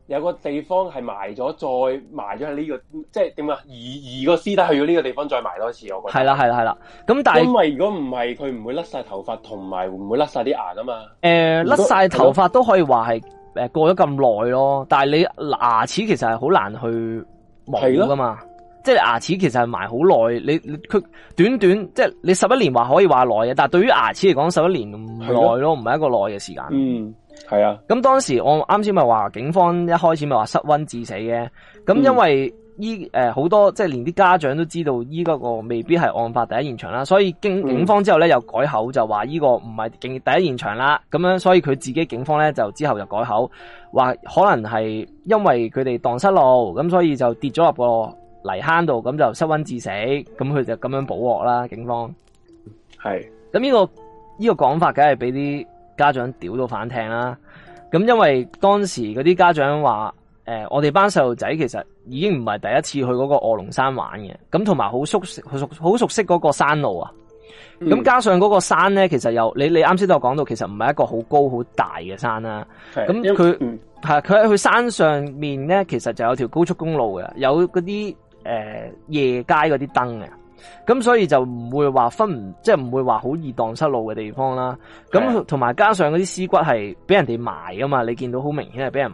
Speaker 1: 有個地方係埋咗，再埋咗喺呢個，即係點啊？移移個屍體去咗呢個地方再埋多一次，我覺得係啦，係啦，係啦。
Speaker 2: 咁但係，因為
Speaker 1: 如果唔係，佢唔會甩晒頭髮，同埋唔會甩晒啲牙噶嘛。誒、呃，
Speaker 2: 甩晒頭髮都可以話係誒過咗咁耐咯，但係你牙齒其實係好難去冇噶嘛，即係的牙齒其實係埋好耐，你佢短短即係、就是、你十一年話可以話耐嘅，但係對於牙齒嚟講，十一年唔耐咯，唔係一個耐嘅時間。係啊，咁當時我啱先咪話警方一開始咪話失溫致死嘅，咁因為依誒好多即係連啲家長都知道依個個未必係案發第一現場啦，所以警方之後咧又改口就話依個唔係警第一現場啦，咁樣所以佢自己警方咧就之後就改口話可能係因為佢哋蕩失路咁，所以就跌咗入個泥坑度，咁就失溫致死，咁佢就咁樣補鑊啦。警方係，咁呢是、呢個呢、呢個講法，梗係俾啲。家長屌到反艇啦，咁因為當時嗰啲家長話，誒、呃，我哋班細路仔其實已經唔係第一次去嗰個卧龍山玩嘅，咁同埋好熟熟好熟悉嗰個山路啊。咁、嗯、加上嗰個山呢，其實又你你啱先都有講到，其實唔係一個好高好大嘅山啦、啊。咁佢係佢喺佢山上面呢，其實就有條高速公路嘅，有嗰啲、呃、夜街嗰啲燈嘅。咁所以就唔會話分唔即係唔會話好易蕩失路嘅地方啦。咁同埋加上嗰啲屍骨係俾人哋埋噶嘛，你見到好明顯係俾人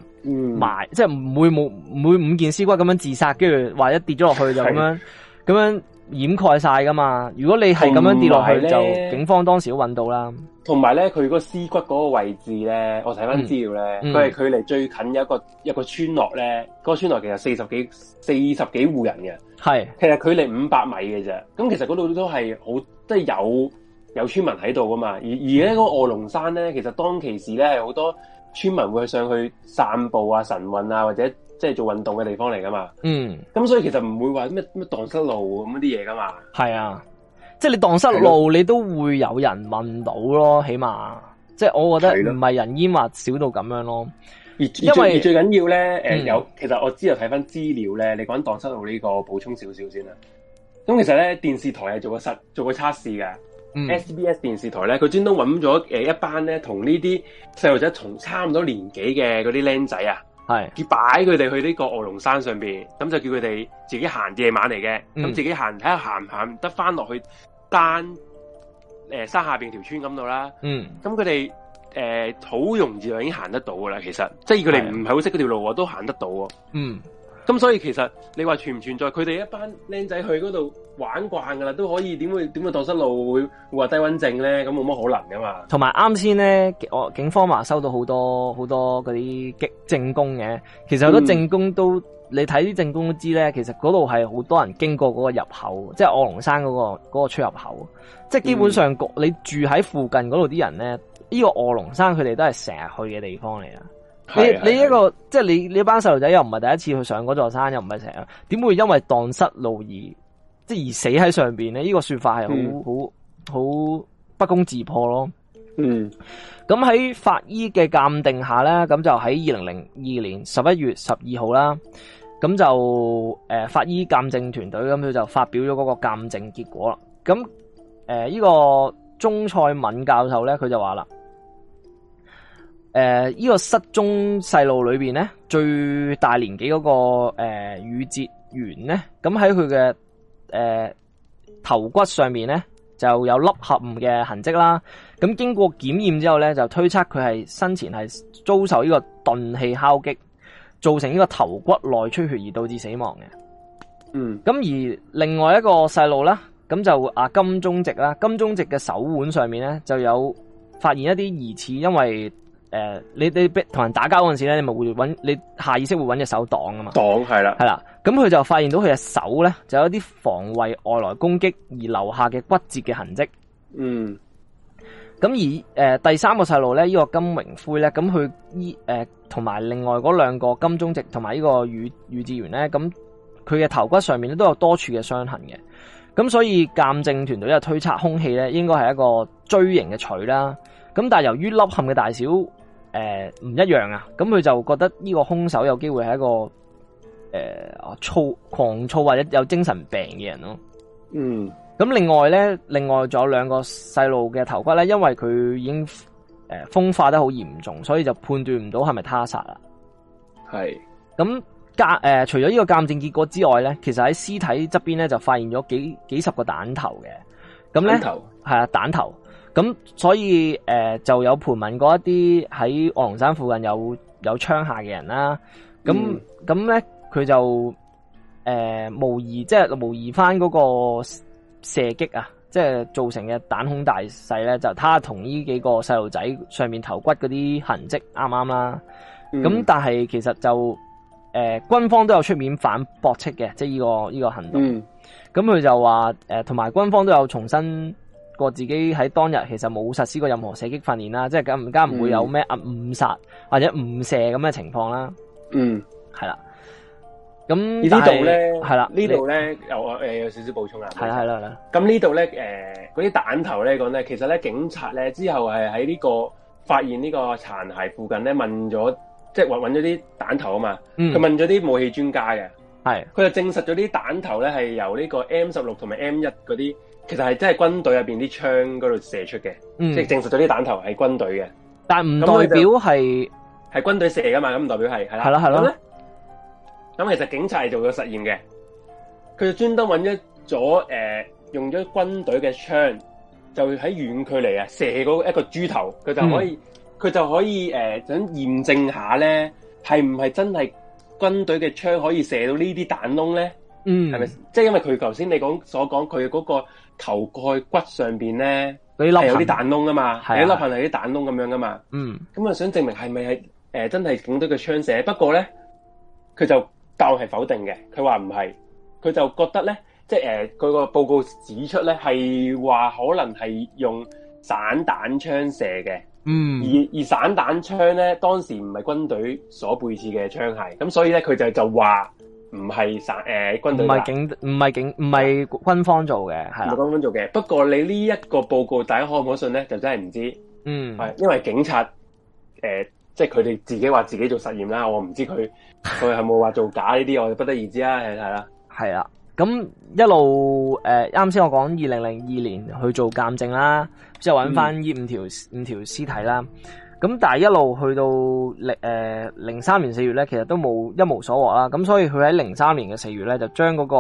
Speaker 2: 埋，嗯、即係唔會冇每五件屍骨咁樣自殺，跟住或者跌咗落去就咁樣咁樣。是的 掩蓋晒噶嘛？如果你係咁樣跌落去，呢就警方當時都揾到啦。
Speaker 1: 同埋咧，佢嗰屍骨嗰個位置咧，我睇翻資料咧，佢係、嗯、距離最近有一個一個村落咧。嗰、嗯、個村落其實四十幾四十幾戶人嘅，係，其實距離五百米嘅啫。咁其實嗰度都係好，即係有有村民喺度噶嘛。而而咧嗰個臥龍山咧，其實當其時咧係好多村民會去上去散步啊、晨運啊或者。即係做運動嘅地方嚟噶嘛？嗯，咁所以其實唔會話咩咩蕩失路咁啲嘢噶嘛？係啊，
Speaker 2: 即係你蕩失路，的你都會有人問到咯，起碼的即係我覺得唔係人煙話少到咁樣咯。
Speaker 1: 而最因為而最緊要咧，誒、嗯呃、有，其實我之後睇翻資料咧，你講蕩失路呢、這個補充少少先啦。咁其實咧，電視台係做個實做個測試嘅，SBS 電視台咧，佢專登揾咗誒一班咧同呢啲細路仔同差唔多年紀嘅嗰啲僆仔啊。係，擺佢哋去呢個卧龍山上邊，咁就叫佢哋自己行夜晚嚟嘅，咁自己看看行睇下行唔行得翻落去單誒、呃、山下邊條村咁度啦。嗯，嗯，咁佢哋誒好容易就已經行得到噶啦，其實即係佢哋唔係好識嗰條路，是的 都行得到。嗯。咁所以其實你話存唔存在？佢哋一班僆仔去嗰度玩慣噶啦，都可以點會點會蕩失路會話低溫症咧？咁冇乜可能噶嘛。
Speaker 2: 同埋啱先咧，我警方話收到好多好多嗰啲激證供嘅，其實好多證供都、嗯、你睇啲證供都知咧，其實嗰度係好多人經過嗰個入口，即係臥龍山嗰、嗰個嗰個出入口，即係基本上你住喺附近嗰度啲人咧，呢、嗯、個臥龍山佢哋都係成日去嘅地方嚟啦。你你一、這個即係、就是、你你這班細路仔又唔係第一次去上嗰座山，又唔係成日點會因為蕩失路而即係而死喺上邊呢呢、這個說法係好好好不攻自破咯。嗯，咁喺法醫嘅鑒定下呢，咁就喺二零零二年十一月十二號啦，咁就誒、呃、法醫鑒證團隊咁佢就發表咗嗰個鑒證結果啦。咁誒呢個鐘蔡敏教授呢，佢就話啦。誒，呢、呃，這個失蹤細路裏邊呢，最大年紀嗰，那個誒宇哲源呢，咁喺佢嘅誒頭骨上面呢，就有凹陷嘅痕跡啦。咁經過檢驗之後呢，就推測佢係生前係遭受呢個鈍器敲擊，造成呢個頭骨內出血而導致死亡嘅。嗯，咁而另外一個細路啦，咁就阿金鐘植啦。金鐘植嘅手腕上面呢，就有發現一啲疑似因為。誒、呃，你你同人打交嗰陣時咧，你咪會揾你下意識會揾隻手擋㗎嘛？擋係啦，係啦，咁佢就發現到佢隻手咧，就有啲防衛外來攻擊而留下嘅骨折嘅痕迹。嗯，咁而誒第三個細路咧，呢、呢個金榮灰咧，咁佢依誒同埋另外嗰兩個金鐘植同埋呢個宇宇智圓咧，咁佢嘅頭骨上面咧都有多處嘅傷痕嘅，咁所以鑑證團隊就推測兇器咧應該係一個錐形嘅錘啦，咁但係由於凹陷嘅大小。誒，唔、呃、一樣啊！咁佢就覺得呢個凶手有機會係一個誒躁、呃、狂躁或者有精神病嘅人咯。
Speaker 4: 嗯。
Speaker 2: 咁另外咧，另外仲有兩個細路嘅頭骨咧，因為佢已經誒、呃、風化得好嚴重，所以就判斷唔到係咪他殺啦。係是。咁鑒誒，除咗呢個鑒證結果之外咧，其實喺屍體側邊咧就發現咗幾幾十個彈頭嘅。咁咧係啊，彈頭。咁所以誒、呃、就有盤問過一啲喺臥龍山附近有有槍下嘅人啦、啊，咁咁咧佢就誒模擬，即係模擬翻嗰個射擊啊，即係造成嘅彈孔大細咧，就係、他同呢幾個細路仔上面頭骨嗰啲痕跡啱啱啦。咁、嗯、但係其實就誒、呃、軍方都有出面反駁斥嘅，即係呢、呢個呢、呢個行動。咁佢、嗯、就話同埋軍方都有重新。過自己喺當日其實冇實施過任何射擊訓練啦，即係咁唔加唔會有咩啊誤殺或者誤射咁嘅情況啦。嗯，係啦。咁呢度咧，係啦，的呢度
Speaker 1: 咧誒有少少補充啊。係啦係啦。咁呢度咧誒嗰啲彈頭咧講咧，其實咧警察咧之後係喺呢個發現呢個殘骸附近咧問咗，即係搵咗啲彈頭啊嘛。佢、嗯、問咗啲武器專家嘅，係佢的就證實咗啲彈頭咧係由呢個 M 十六同埋 M 一嗰啲。其實係真係軍隊入邊啲槍嗰度射出嘅，嗯、即係證實咗啲彈頭係軍隊嘅。
Speaker 2: 但唔代表
Speaker 1: 係係軍隊射㗎嘛。咁唔代表係係啦係啦係啦。咁其實警察係做咗實驗嘅，佢就專登揾咗誒用咗軍隊嘅槍，就喺遠距離啊射嗰一個豬頭，佢就可以佢、嗯、就可以誒想驗證下咧係唔係真係軍隊嘅槍可以射到彈呢啲彈窿咧？嗯，係咪即係因為佢頭先你講所講佢嗰個。頭蓋骨上邊咧，是有啲彈窿啊是蛋嘛，有啲凹陷有啲彈窿咁樣噶嘛。嗯，咁啊想證明係咪係誒真係警隊嘅槍射？不過咧，佢就梗係否定嘅，佢話唔係，佢就覺得咧，即係誒佢個報告指出咧，係話可能係用散彈槍射嘅。嗯，而而散彈槍咧，當時唔係軍隊所配置嘅槍械，咁所以咧，佢就就話。唔係散誒，軍隊唔係警，
Speaker 2: 唔係警，唔係軍方做嘅，
Speaker 1: 係軍方做嘅。不過你呢一個報告大家可唔可信咧？就真係唔知。嗯，係因為警察誒、呃，即係佢哋自己話自己做實驗啦，我唔知佢佢係冇話做假呢啲， 我就不得而知啦。係啦，係
Speaker 2: 啦。咁一路誒，啱、呃、先我講二零零二年去做鑑證啦，之後揾翻呢五條、嗯、五條屍體啦。咁但係一路去到零誒零三年四月咧，其實都冇一無所獲啦。咁所以佢喺零三年嘅四月咧，就將嗰個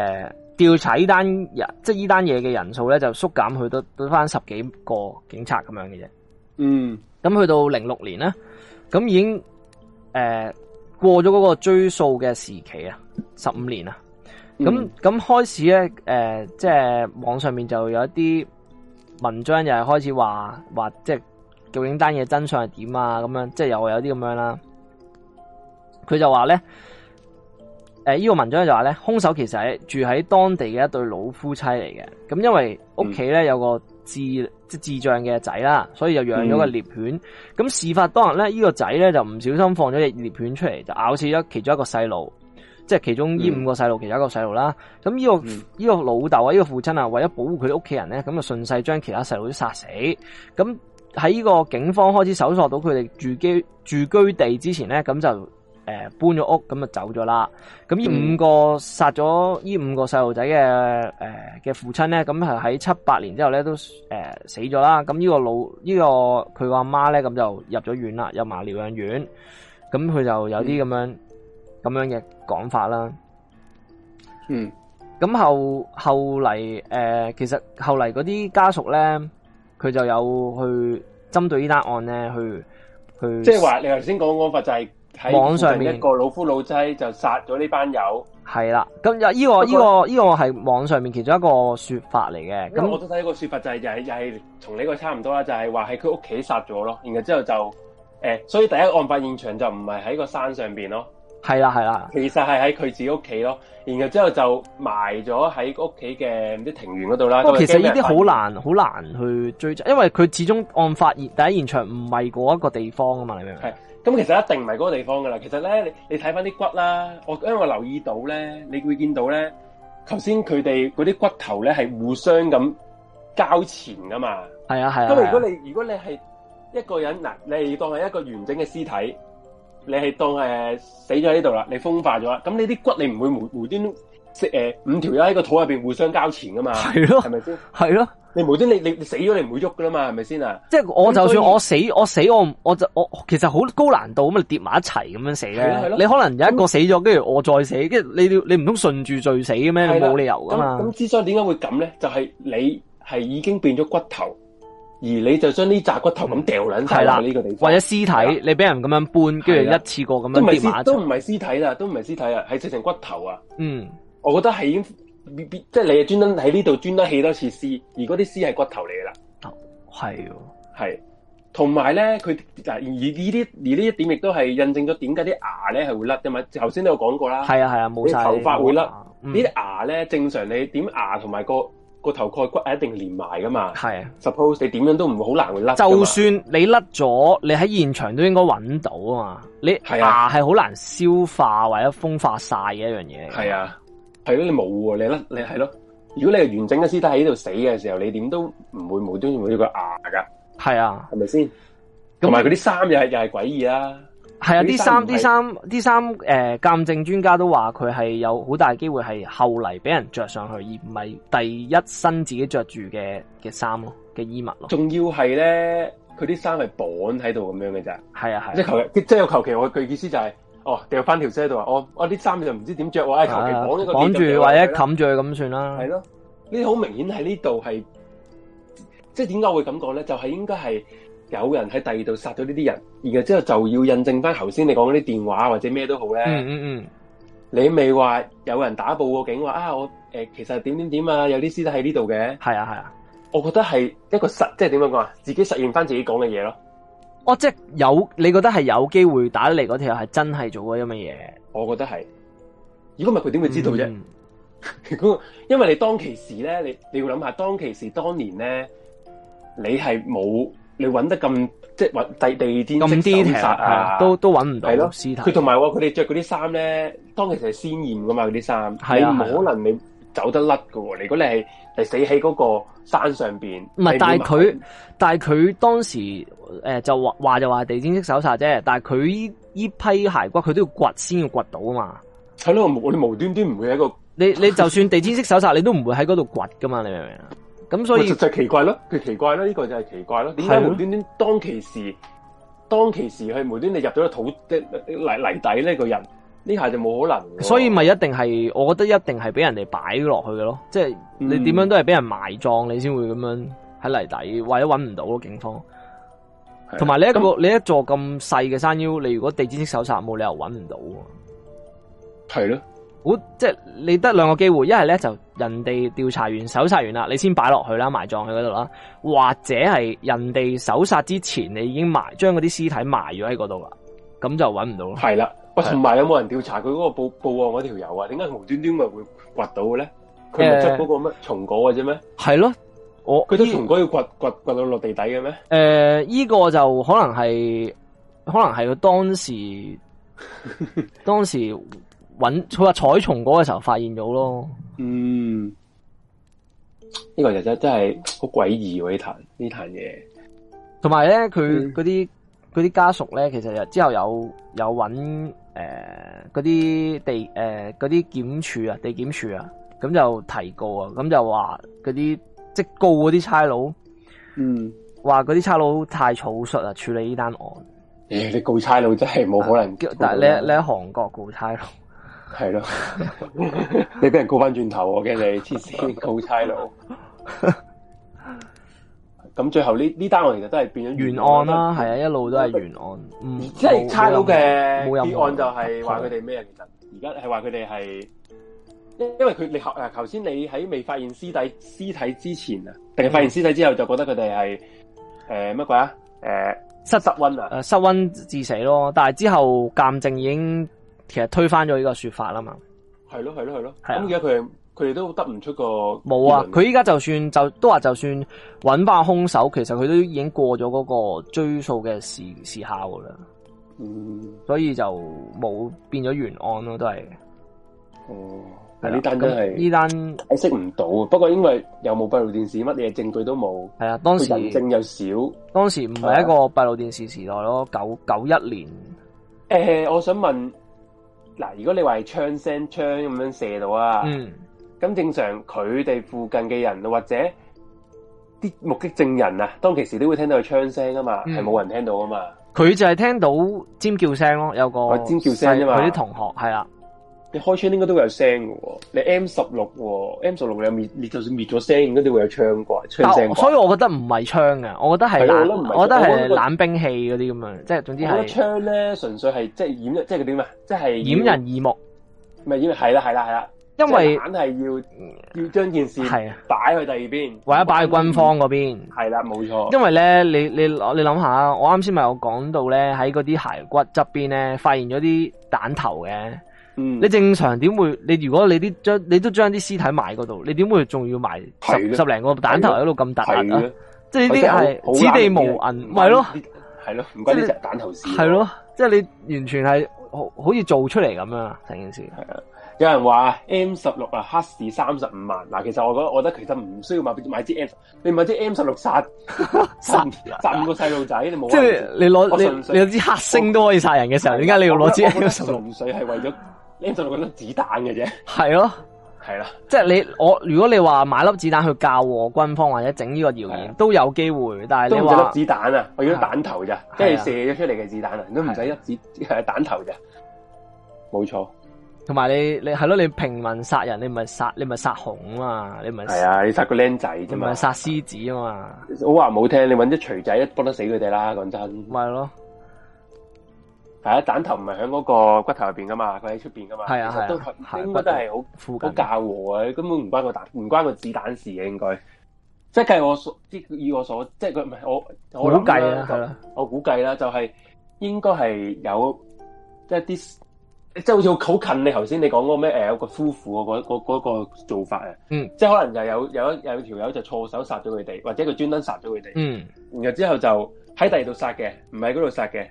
Speaker 2: 誒調、呃、查呢單人即係呢單嘢嘅人數咧，就縮減去到到翻十幾個警察咁樣嘅啫。嗯，咁去到零六年咧，咁已經誒、呃、過咗嗰個追訴嘅時期啊，十五年啦。咁咁開始咧，誒即係網上面就有一啲文章又係開始話話即係。究竟單嘢真相係點啊？咁樣即係又有啲咁樣啦。佢就話咧，誒、呃，呢、呢個文章就話咧，凶手其實係住喺當地嘅一對老夫妻嚟嘅。咁因為屋企咧有個智即、嗯、智障嘅仔啦，所以就養咗個獵犬。咁、嗯、事發當日咧，呢、呢個仔咧就唔小心放咗隻獵犬出嚟，就咬死咗其中一個細路，即係其中呢五個細路，嗯、其中一個細路啦。咁呢、呢個呢個老豆啊，呢、嗯、個父親啊，為咗保護佢屋企人咧，咁就順勢將其他細路都殺死。咁喺呢個警方開始搜索到佢哋住居住居地之前咧，咁就誒搬咗屋，咁就走咗啦。咁呢五個殺咗呢五個細路仔嘅誒嘅父親咧，咁係喺七八年之後咧都誒死咗啦。咁呢個老、呢個、佢阿媽呢個佢個阿媽咧，咁就入咗院啦，入埋療養院。咁佢就有啲咁樣咁、嗯、樣嘅講法啦。嗯。咁後後嚟誒，其實後嚟嗰啲家屬咧。佢就有去針對呢單案咧，去去，即係話你
Speaker 1: 頭先講，案發就係喺網上面一個老夫老妻就殺咗呢班友，
Speaker 2: 係啦。咁依個依個依個係網上面其中一個說法嚟嘅。咁我都
Speaker 1: 睇一個說法就係又係又係同呢個差唔多啦，就係話喺佢屋企殺咗咯。然後之後就誒，所以第一個案發現場就唔係喺個山上邊咯。
Speaker 2: 係啦，係啦，啊，
Speaker 1: 是啊，其實係喺佢自己屋企咯，然後之後就埋咗喺屋企嘅啲庭院嗰度啦。其實呢啲好
Speaker 2: 難，好難去追查，因為佢始終案發現第一現場唔係嗰一個地方啊嘛，你明唔明？
Speaker 1: 係，咁、啊嗯、其實一定唔係嗰個地方噶啦。其實咧，你你睇翻啲骨啦，我因為我留意到咧，你會見到咧，頭先佢哋嗰啲骨頭咧係互相咁交纏噶嘛，
Speaker 2: 係啊係啊。咁、啊、如果你
Speaker 1: 係、啊、如果你係一個人嗱，你當係一個完整嘅屍體。你係當誒死咗喺呢度啦，你風化咗，咁你啲骨你唔會無無端端識、呃、五條友喺個肚入邊互相交纏噶嘛？係咯、啊，係咪先？係咯、啊，你無端端你你死咗你唔會喐噶啦嘛？係咪先啊？
Speaker 2: 即係我就算我死以我死我我就我其實好高難度咁啊跌埋一齊咁樣死啦！啊、你可能有一個死咗，跟住那我再死，跟住你你唔通順住罪死嘅咩？冇、啊、理由噶嘛！咁
Speaker 1: 之所以點解會咁咧？就係、是、你係已經變咗骨頭。而你就將呢扎骨頭咁掉兩下啦呢個地方，或者屍體，了你俾
Speaker 2: 人咁樣搬，跟住一次過咁樣都唔
Speaker 1: 係屍體啦，都唔係屍體啊，係直成骨頭啊。嗯，我覺得係已經，即係你專登喺呢度專登起多次屍，而嗰啲屍係骨頭嚟噶啦。哦，係，係，同埋咧，佢而呢啲而呢一點亦都係印證咗點解啲牙咧係會甩噶嘛？因為你頭先都有講過啦。係啊係啊，冇晒。啲頭髮會甩，啲牙咧正常你點牙同埋個。個頭蓋骨一定連埋噶嘛，係啊，suppose 你點樣都唔會好難會甩，就算
Speaker 2: 你甩咗，你喺現場都應該揾到啊嘛，你牙係好難消化或者風化晒嘅一樣嘢，係啊，
Speaker 1: 係咯，啊啊，你冇喎，你甩你係咯，如果你係完整嘅屍體喺呢度死嘅時候，你點都唔會無端端冇呢個牙噶，係啊，係咪先？
Speaker 2: 同埋嗰啲衫
Speaker 1: 又係又係詭異啊！係啊，啲衫，啲衫，
Speaker 2: 啲衫，誒、呃，鑒證專家都話佢係有好大機會係後嚟俾人着上去，而唔係第一身自己着住嘅嘅
Speaker 1: 衫咯，嘅衣物咯。仲要係咧，佢啲衫係綁喺度咁樣嘅咋？係啊係，即係求其，即係我求其，我嘅意思就係，哦，掉翻條車度啊，我我啲衫就唔知點着，誒，求其綁一個，綁住或者冚
Speaker 2: 住咁算啦。係
Speaker 1: 咯，呢啲好明顯喺呢度係，即係點解我會咁講咧？就係應該係。有人喺第二度殺咗呢啲人，然後之後就要印證翻頭先你講嗰啲電話或者咩都好咧、嗯。嗯嗯你未話有人打報警話啊？我誒、呃,其實點點點啊,有啲屍體喺呢度嘅。係啊係啊,我覺得係一個實,即係點樣講啊?自己實現翻自己講嘅嘢咯。我、哦、即係有,你覺得係有機會打嚟嗰條友係真係做過一乜嘢?我覺得係,如果唔係佢點會知道啫?咁、嗯, 因為你當其時咧,你你要諗下,當其時當年咧,你係冇。你揾得咁即係揾地地毯式搜查啊？都
Speaker 2: 都揾唔到。咯、啊，屍體佢同埋喎，佢
Speaker 1: 哋着嗰啲衫咧，當其時係鮮豔噶嘛，嗰啲衫。係啊，冇可能你走得甩噶喎。啊啊、如果你係係死喺嗰個山上邊，唔係。但係佢、
Speaker 2: 呃，但係佢當時誒就話話就話地毯式搜查啫。但係佢依批鞋骨，佢都要掘先要掘到啊嘛。係咯、啊，無你無端端唔會喺個。你你就算地毯式搜查，你都唔會喺嗰度掘噶嘛？你明唔明啊？咁所以就就奇怪咯，
Speaker 1: 佢奇怪咯，呢個就係奇怪咯。點解無端端的當其時，當其時係無端你入咗個土嘅泥泥底呢個人呢下，就冇可能，
Speaker 2: 所以咪一定係，我覺得一定係俾人哋擺落去嘅咯。即係你點樣都係俾人埋葬，你先會咁樣喺泥底，或者揾唔到咯。警方同埋的你一個那你一座咁細嘅山腰，你如果地毯式搜查，冇理由揾唔到咯。係咯。即係你得兩個機會，一係咧就人哋調查完、搜查完啦，你先擺落去啦，埋葬喺嗰度啦；或者係人哋搜查之前，你已經埋將嗰啲屍體埋咗喺嗰度
Speaker 1: 啦，咁就揾唔到咯。係啦，同埋有冇人調查佢嗰個報報案嗰條友啊？點解無端端咪會掘到嘅咧？佢執嗰個乜松果嘅啫咩？係咯，我佢都松果要掘掘掘到落地底嘅咩？
Speaker 2: 誒、呃，依、這個就可能係可能係佢當時當時。 當時揾佢話彩松果嘅時候發現咗咯，嗯，
Speaker 1: 這個啊這個、呢個其實真係好詭異喎呢壇呢壇嘢，
Speaker 2: 同埋咧佢嗰啲啲家屬咧，其實之後有有揾誒嗰啲地誒啲檢啊地檢處啊，咁就提告啊，咁就話嗰啲即告嗰啲差佬，嗯，話嗰啲差佬太草率啊處理呢單案、
Speaker 4: 嗯，你告
Speaker 2: 差佬真係冇可能，但係你在你喺韓國告差佬。
Speaker 1: 係咯， 你俾人告翻轉頭，我驚你黐線告差佬。咁最後呢呢單案其實都係變咗原案啦，啊，係啊，啊，一路都係原案。
Speaker 2: 無即係差佬嘅案就係話佢哋
Speaker 1: 咩？其實而家係話佢哋係，因為佢你頭頭先你喺未發現屍體屍體之前啊，定係發現屍體之後就覺得佢哋係誒乜鬼啊？誒、呃、失失溫啊？
Speaker 2: 誒失溫致死咯。但係之後鑑證已經。其實推翻咗呢個說法啦嘛，
Speaker 1: 係咯，係咯，係咯，咁而家佢佢哋都得唔出個冇啊！佢
Speaker 2: 依家就算就都話就算揾翻凶手，其實佢都已經過咗嗰個追訴嘅時時效噶啦，嗯，所以就冇變咗原案咯，都係，
Speaker 1: 哦、嗯，呢單都係呢單解釋唔到，不過因為又冇閉路電視，乜嘢證據都冇，係啊，當時人證又少，
Speaker 2: 當時唔係一個閉路電視時代咯，九九一年，
Speaker 1: 誒、呃，我想問。嗱，如果你話係槍聲、槍咁樣射到啊，咁、嗯、正常佢哋附近嘅人或者啲目擊證人啊，當其時都會聽到槍聲啊嘛，係冇、嗯、人聽到啊嘛，
Speaker 2: 佢就係聽到尖叫聲咯，有個尖叫聲啫嘛，佢啲同學
Speaker 1: 係啦。你開槍應該都會有聲喎。你 M 十六、哦、M 十六你滅，你就算滅咗聲，應該都會有槍怪槍聲。我怪所以
Speaker 2: 我覺得唔係槍㗎。我覺得係冷，我，我覺得係冷
Speaker 1: 兵器嗰啲咁樣。這個、即係總之係槍咧，純粹係即係掩，即係嗰啲即係掩人耳目，咪掩係啦係啦係啦，是是是是因為蛋係要、嗯、要將件事係擺去第二邊，
Speaker 2: 或者擺去軍方嗰
Speaker 1: 邊係啦，冇錯。錯因為
Speaker 2: 咧，你你你諗下，我啱先咪有講到咧，喺嗰啲骸骨側邊咧，發現咗啲彈頭嘅。你正常點會？你如果你啲將你都將啲屍體埋嗰度，你點會仲要埋十十零個彈頭喺度咁突兀啊？
Speaker 1: 即係呢啲係此地無銀，咪咯，係咯，唔關呢隻彈頭事。係咯，即係你完全係好好似做出嚟咁樣啊！成件事係啊，有人話 M 十六啊，黑市三十五萬嗱。其實我覺，我覺得其實唔需要買支買支 M，你買支 M 十六殺殺五個細路仔，你冇即係你攞你有支黑星
Speaker 2: 都可以殺人嘅時候，點解你要攞支 M 十六？
Speaker 1: 純粹係為咗。拎咗粒粒子彈嘅啫，係咯，係啦，
Speaker 2: 即係你我如果你話買粒子彈去教和軍方或者整呢個謠言
Speaker 1: 都有機會，但係都唔使粒子彈啊，我要彈頭咋，即係射咗出嚟嘅子彈啊，都唔使一子彈頭咋，冇錯。
Speaker 2: 同埋你你係咯，你平民殺人你咪殺你咪殺熊啊嘛，你咪係啊，
Speaker 1: 你殺個僆仔啫嘛，你咪殺獅子啊嘛，好話唔好聽，你搵啲錘仔一扑得死佢哋啦，講真。咪咯。係啊，蛋頭唔係喺嗰個骨頭入邊噶嘛，佢喺出邊噶嘛，啊、其實都、啊、應該都係好好教和嘅，根本唔關個蛋唔關個子彈事嘅應該。即係計我所，即係以我所，即係佢唔係我我，計我估計啦，啊、我估計啦，就係、是、應該係有即係啲，即、就、係、是就是、好似好近你頭先你講嗰個咩誒，有個夫婦、嗰個嗰、嗰個做法啊，嗯，即係可能就有有一有條友就錯手殺咗佢哋，或者佢專登殺咗佢哋，
Speaker 3: 嗯，
Speaker 1: 然後之後就喺第二度殺嘅，唔喺嗰度殺嘅。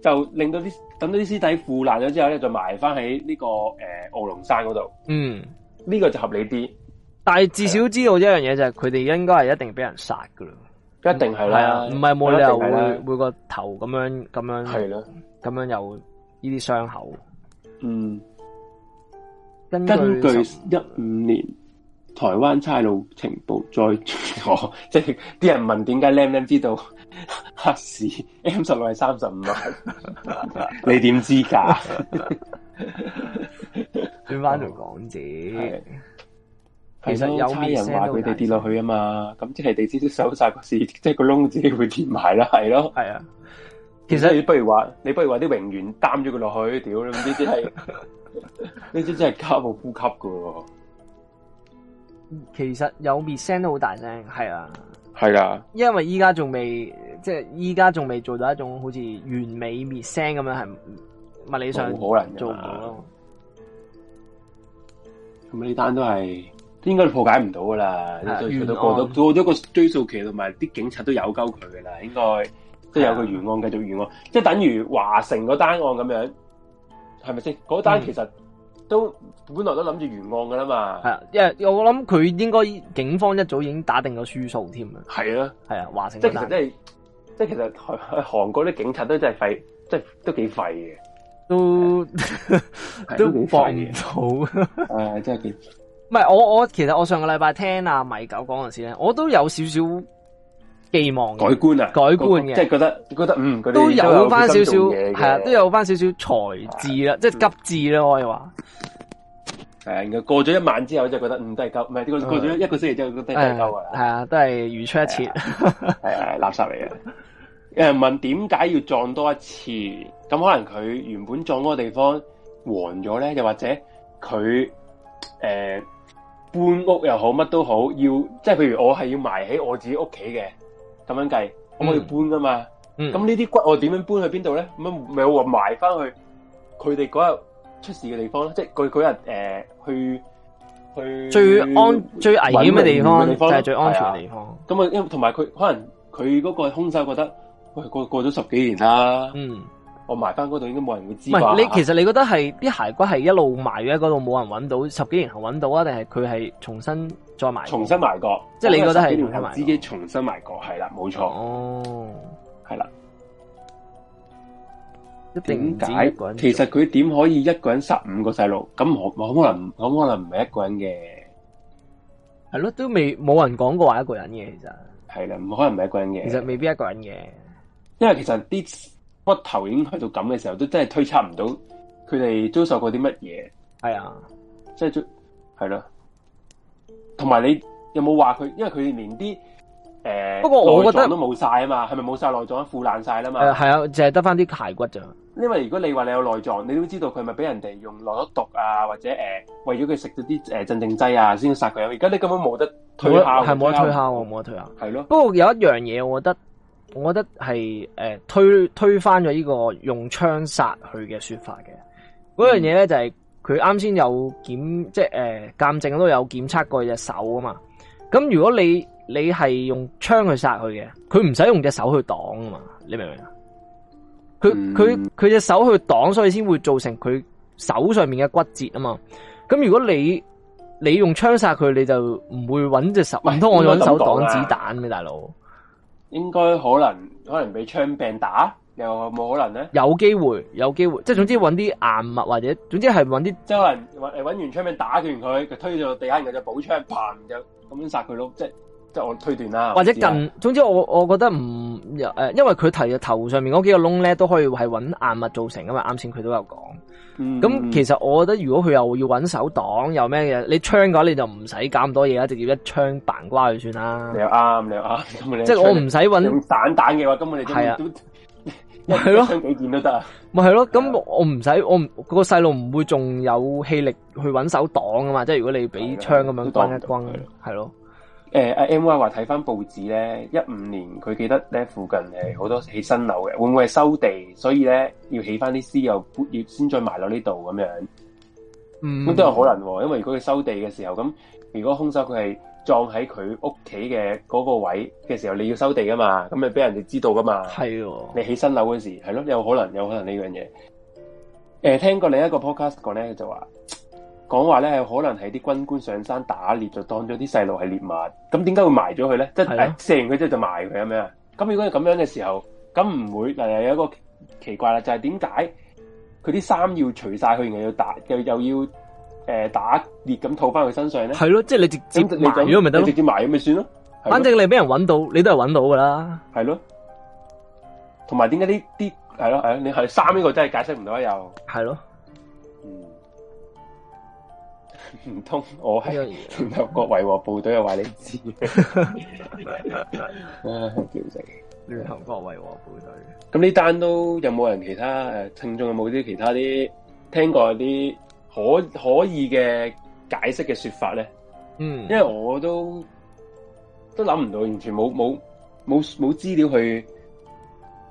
Speaker 1: 就令到啲等到啲屍體腐爛咗之後咧，就埋翻喺呢個誒臥龍山嗰度。嗯，呢個就合理啲。
Speaker 2: 但係至少知道一樣嘢就係、是，佢哋的應該係一定俾人殺噶、嗯、啦。一定係啦，唔係冇理由會會，會個頭咁樣咁樣，係啦，咁的樣有呢啲傷口。
Speaker 1: 嗯，
Speaker 2: 根根據
Speaker 1: 一五年台灣差佬情報，再我即係啲人問點解靚靚知道。黑市 M 十六係三十五啊，你點知噶？轉翻條港紙，係、哦、其實有差人話佢哋跌落去啊嘛，咁即係地氈都收晒個市，即係個窿自己會填埋啦，係咯，係啊。其實你不如話，你不如話啲永遠擔咗佢落去，屌呢啲真係，呢啲真係加部呼吸噶。
Speaker 2: 其實有滅聲都好大聲，係啊。係啦，是的因為依家仲未，即係依家仲未做到一種好似完美滅
Speaker 1: 聲咁樣，係物理上冇可能做到咯。咁呢單都係應該破解唔到噶啦，佢的都過咗，案過咗個追訴期，同埋啲警察都有鳩佢噶啦，應該即係有個懸案繼續懸案，的即係等於華城個單案咁樣，係咪先？嗰單其實。嗯都本來都諗住原案噶啦嘛，
Speaker 2: 係啊，因為我諗佢應該警方一早已經打定咗輸數添啊，
Speaker 1: 係啊，係啊，華城即係其實即係其實韓國啲警察都真係廢，即係都幾廢嘅，都、啊、 都放人到
Speaker 2: 草，誒、 啊，真係幾，唔係我我其實我上個禮拜聽阿米九講嗰時咧，我都有少少。寄望改觀啊，改觀嘅，即係覺
Speaker 1: 得覺得嗯，都有翻少少，係啊，都
Speaker 2: 有翻少少才智啦，的的即係急智啦，我、嗯、可以話。
Speaker 1: 係過咗一晚之後，就覺得嗯都係鳩，唔係過咗一個星期之後都係鳩
Speaker 2: 噶啦，啊，都係如出
Speaker 1: 一轍係垃圾嚟嘅。誒， 問點解要撞多一次？咁可能佢原本撞嗰個地方黃咗咧，又或者佢誒、呃、搬屋又好，乜都好，要即係譬如我係要埋喺我自己屋企嘅。咁樣計，我我哋搬噶嘛？咁呢啲骨我點樣搬去邊度咧？咁啊，咪我話埋翻去佢哋嗰日出事嘅地方咯，即係佢佢日誒去去最安最危險嘅地方，呃、安地方就係最安全嘅地方。咁啊，因為同埋佢可能佢嗰個凶手覺得，喂過過咗十幾年啦。嗯我埋翻嗰度應該冇人會知。唔係你其
Speaker 2: 實你覺得係啲骸骨係一路埋喺嗰度冇人揾到，十幾年後揾到啊？定係佢係重新再埋？重新埋過，即係你覺得係自己
Speaker 1: 重新埋過？係啦，冇錯。哦，係啦，哦、了一定解。其實佢點可以一個人殺五個細路？咁可可能可可能唔係一個人嘅？
Speaker 2: 係咯，都未冇人講過係一個人嘅，其實
Speaker 1: 係啦，唔可能唔係一個人嘅。其實未必一個人嘅，因為其實啲。骨頭已經去到咁嘅時候，都真係推測唔到佢哋遭受過啲乜嘢。係啊，即係係咯。同埋你有冇話佢？因為佢連啲誒，呃、不過我覺得都冇晒啊嘛，係咪冇晒內臟？腐爛晒啦嘛。係啊，淨
Speaker 2: 係得翻啲骸骨咋。
Speaker 1: 因為如果你話你有內臟，你都知道佢咪俾人哋用落咗毒啊，或者誒、呃、為咗佢食咗啲誒鎮定劑啊，先殺佢。而家你根本冇得推敲，係冇得推敲，冇得推敲。係
Speaker 2: 咯。不過有一樣嘢，我覺得。我覺得係誒、呃、推推翻咗呢個用槍殺佢嘅說法嘅，嗰樣嘢咧就係佢啱先有檢，即係誒鑑證都有檢測過隻手啊嘛。咁如果你你係用槍去殺佢嘅，佢唔使用隻手去擋啊嘛，你明唔明啊？佢佢佢隻手去擋，所以先會造成佢手上面嘅骨折啊嘛。咁如果你你用槍殺佢，你就唔會揾隻手，唔通喂我用手擋子彈咩大佬？
Speaker 1: 應該可能可能俾槍柄打，又冇可能咧？有
Speaker 2: 機會，有機會，即係總之揾啲硬物或者，總之係揾啲，即係可能
Speaker 1: 揾，誒，揾完槍柄打斷佢，佢推咗地下，然後就補槍，嘭，就咁樣殺佢咯，即係。即我推斷啦，或者近，
Speaker 2: 總之我我覺得唔誒，因為佢提嘅頭上面嗰幾個窿咧，都可以係揾硬物造成噶嘛。啱先佢都有講，
Speaker 4: 咁、嗯、其
Speaker 2: 實我覺得如果佢又要揾手擋，又咩嘢，你槍嘅話你就唔使搞咁多嘢啦，直接一槍彈瓜佢算啦。你又啱，你又
Speaker 1: 啱，即係我唔使揾彈彈嘅話，根本你係啊，係咯，幾件都得
Speaker 2: 啊，咪係咯，咁、啊、我唔使，我、個細路唔會仲有氣力去揾手擋㗎嘛，即係、啊、如果你俾槍咁樣崩一崩，係咯、啊。
Speaker 1: 誒，阿、呃、M Y 話睇翻報紙咧，一五年佢記得咧，附近係好多起新樓嘅，會唔會係收地，所以咧要起翻啲屍又要先再埋落呢度咁樣？嗯、
Speaker 3: mm，咁、hmm. 都有
Speaker 1: 可能喎、啊，因為如果佢收地嘅時候，咁如果凶手佢係撞喺佢屋企嘅嗰個位嘅時候，你要收地㗎嘛，咁咪俾人哋知道噶嘛，係喎、哦，你起新樓嗰時係咯，有可能有可能呢樣嘢。誒、呃，聽過另一個 podcast 講咧，就話。講話咧，可能係啲軍官上山打獵，就當咗啲細路係獵物。咁點解會埋咗佢咧？即係射完佢之後就埋佢咁樣。咁如果係咁樣嘅時候，咁唔會，但係有一個奇怪啦，就係點解佢啲衫要除晒佢，然後要打，又又要誒、呃、打獵咁套翻佢身上咧？係咯，即、就、係、是、你直接埋咗咪等你直接埋咁咪算咯？反正你俾人搵到，你都係搵到噶啦。係咯。同埋點解呢啲係咯係咯？你係衫呢個真係解釋唔到呀又係咯。唔通我係聯合國維和部隊又話你知，唉，調死！
Speaker 2: 聯合國維和部隊。
Speaker 1: 咁呢單都有冇人其他誒聽眾有冇啲其他啲聽過啲可可以嘅解釋嘅說法咧？
Speaker 3: 嗯，因為
Speaker 1: 我都都諗唔到，完全冇冇冇冇資料去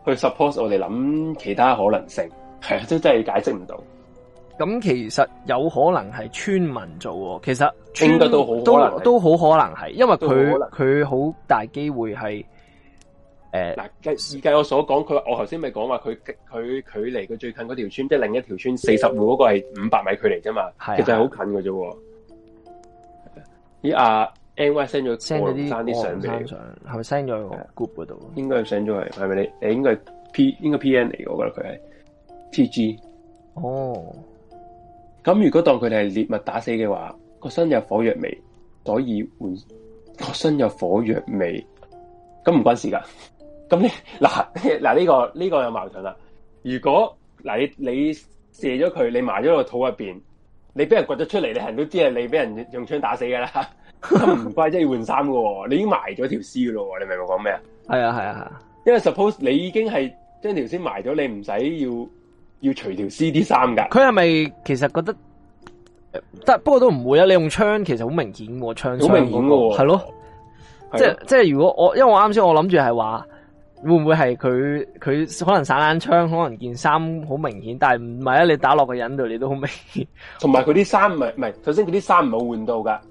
Speaker 1: 去 support 我哋諗其他可能性，係都真係解釋唔到。咁其實有可能係村民
Speaker 2: 做，其實村都好都都好可能係，因為佢佢好大機會
Speaker 1: 係誒，嗱計計我所講，佢我頭先咪講話佢佢佢離佢最近嗰條村，即係另一條村四十戶嗰個係五百米距離啫嘛，啊、其實係好近嘅啫。啲啊，啊 N Y send 咗 send 咗啲山啲相嚟，係咪
Speaker 2: send 咗個 group 嗰
Speaker 1: 度？應該 send 咗係，係咪你？誒，應該 P 應該 P N 嚟，我覺得佢係 T G 哦。咁如果當佢哋係獵物打死嘅話，個身有火藥味，所以換個身有火藥味，咁唔關事噶。咁你嗱嗱呢個呢、呢個有矛盾啦。如果嗱你你射咗佢，你埋咗個肚入邊，你俾人掘咗出嚟，你人都知係你俾人用槍打死噶啦。唔 怪之要換衫噶，你已經埋咗條屍噶咯。你明唔明我講咩啊？係啊係啊係啊，啊因為 suppose 你已經係將條屍埋咗，你唔使要。要除條 C D 衫噶，
Speaker 2: 佢係咪其實覺得？但不過都唔會啊！你用槍其實好明顯、啊，槍好、那個、明顯噶，係咯。
Speaker 1: 對咯
Speaker 2: 即對咯即係如果我，因為我啱先我諗住係話，會唔會係佢佢可能散彈槍，可能件衫
Speaker 1: 好明顯，但係唔係啊？你打落個人度，你都好明顯。同埋佢啲衫唔係唔係，首先佢啲衫唔好換到噶，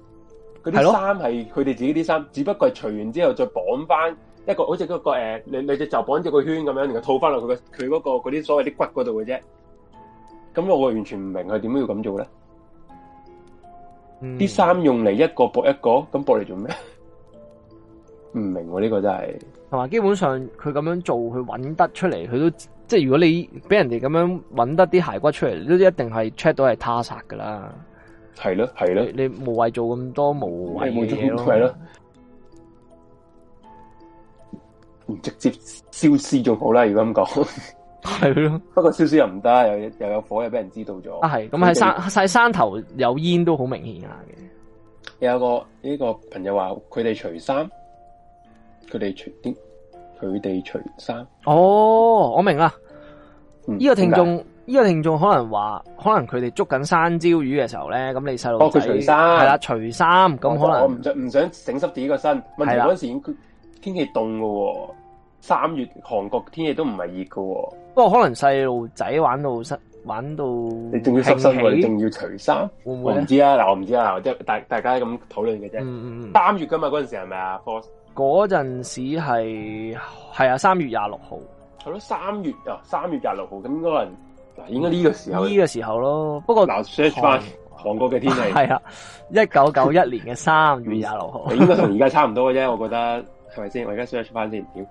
Speaker 1: 佢啲衫係佢哋自己啲衫，只不過係除完之後再綁翻。一個好似嗰、嗰個誒、欸，你你只就綁住個圈咁樣，然後套翻落佢佢嗰個嗰啲所謂啲骨嗰度嘅啫。咁我完全唔明佢點解要咁做咧？啲衫、嗯、用嚟一個搏一個，咁搏嚟做咩？唔 明喎、啊、呢、這個真係。
Speaker 2: 同埋基本上佢咁樣做，佢搵得出嚟，佢都即係如果你俾人哋咁樣搵得啲鞋骨出嚟，都一定係 check 到係他殺噶啦。
Speaker 1: 係咯係咯，你
Speaker 2: 無謂做咁多的無謂嘢咯。
Speaker 1: 唔直接消失仲好啦，如果咁講，係咯。不過消失又唔得，又又有火又俾人知道咗。啊，係咁喺山，晒們山頭有
Speaker 2: 煙都好明顯
Speaker 1: 啊嘅。有一個呢、這個朋友話，佢哋除衫，佢哋除啲，佢哋除衫。
Speaker 2: 哦，我明啦。呢、嗯、個聽眾，呢到個聽眾可能話，可能佢哋捉緊山椒魚嘅時候咧，咁你細路仔幫佢除衫，係啦，除衫，咁可能我唔
Speaker 1: 想唔想整濕自己個身。問題嗰時天氣凍嘅，三月韓國天氣都唔係熱嘅，
Speaker 2: 不過、哦、可能細路仔玩到濕，玩到你仲要濕身，起你仲要除衫，會唔會我唔知啊，嗱我唔知啊，
Speaker 1: 即係大大家咁討論嘅啫。三、嗯、月噶嘛，嗰陣時係咪啊？
Speaker 2: 嗰陣時係係啊，三月廿六號
Speaker 1: 係咯，三、哦、月啊，三月廿六號咁應該嗱，應該呢個時候呢、嗯這個時候咯。不過，嗱 search 翻韓國嘅天氣係啊，一九九一年嘅三月廿六號，應該同而家差唔多嘅啫，我覺得。係咪先？我而家 search 翻先，點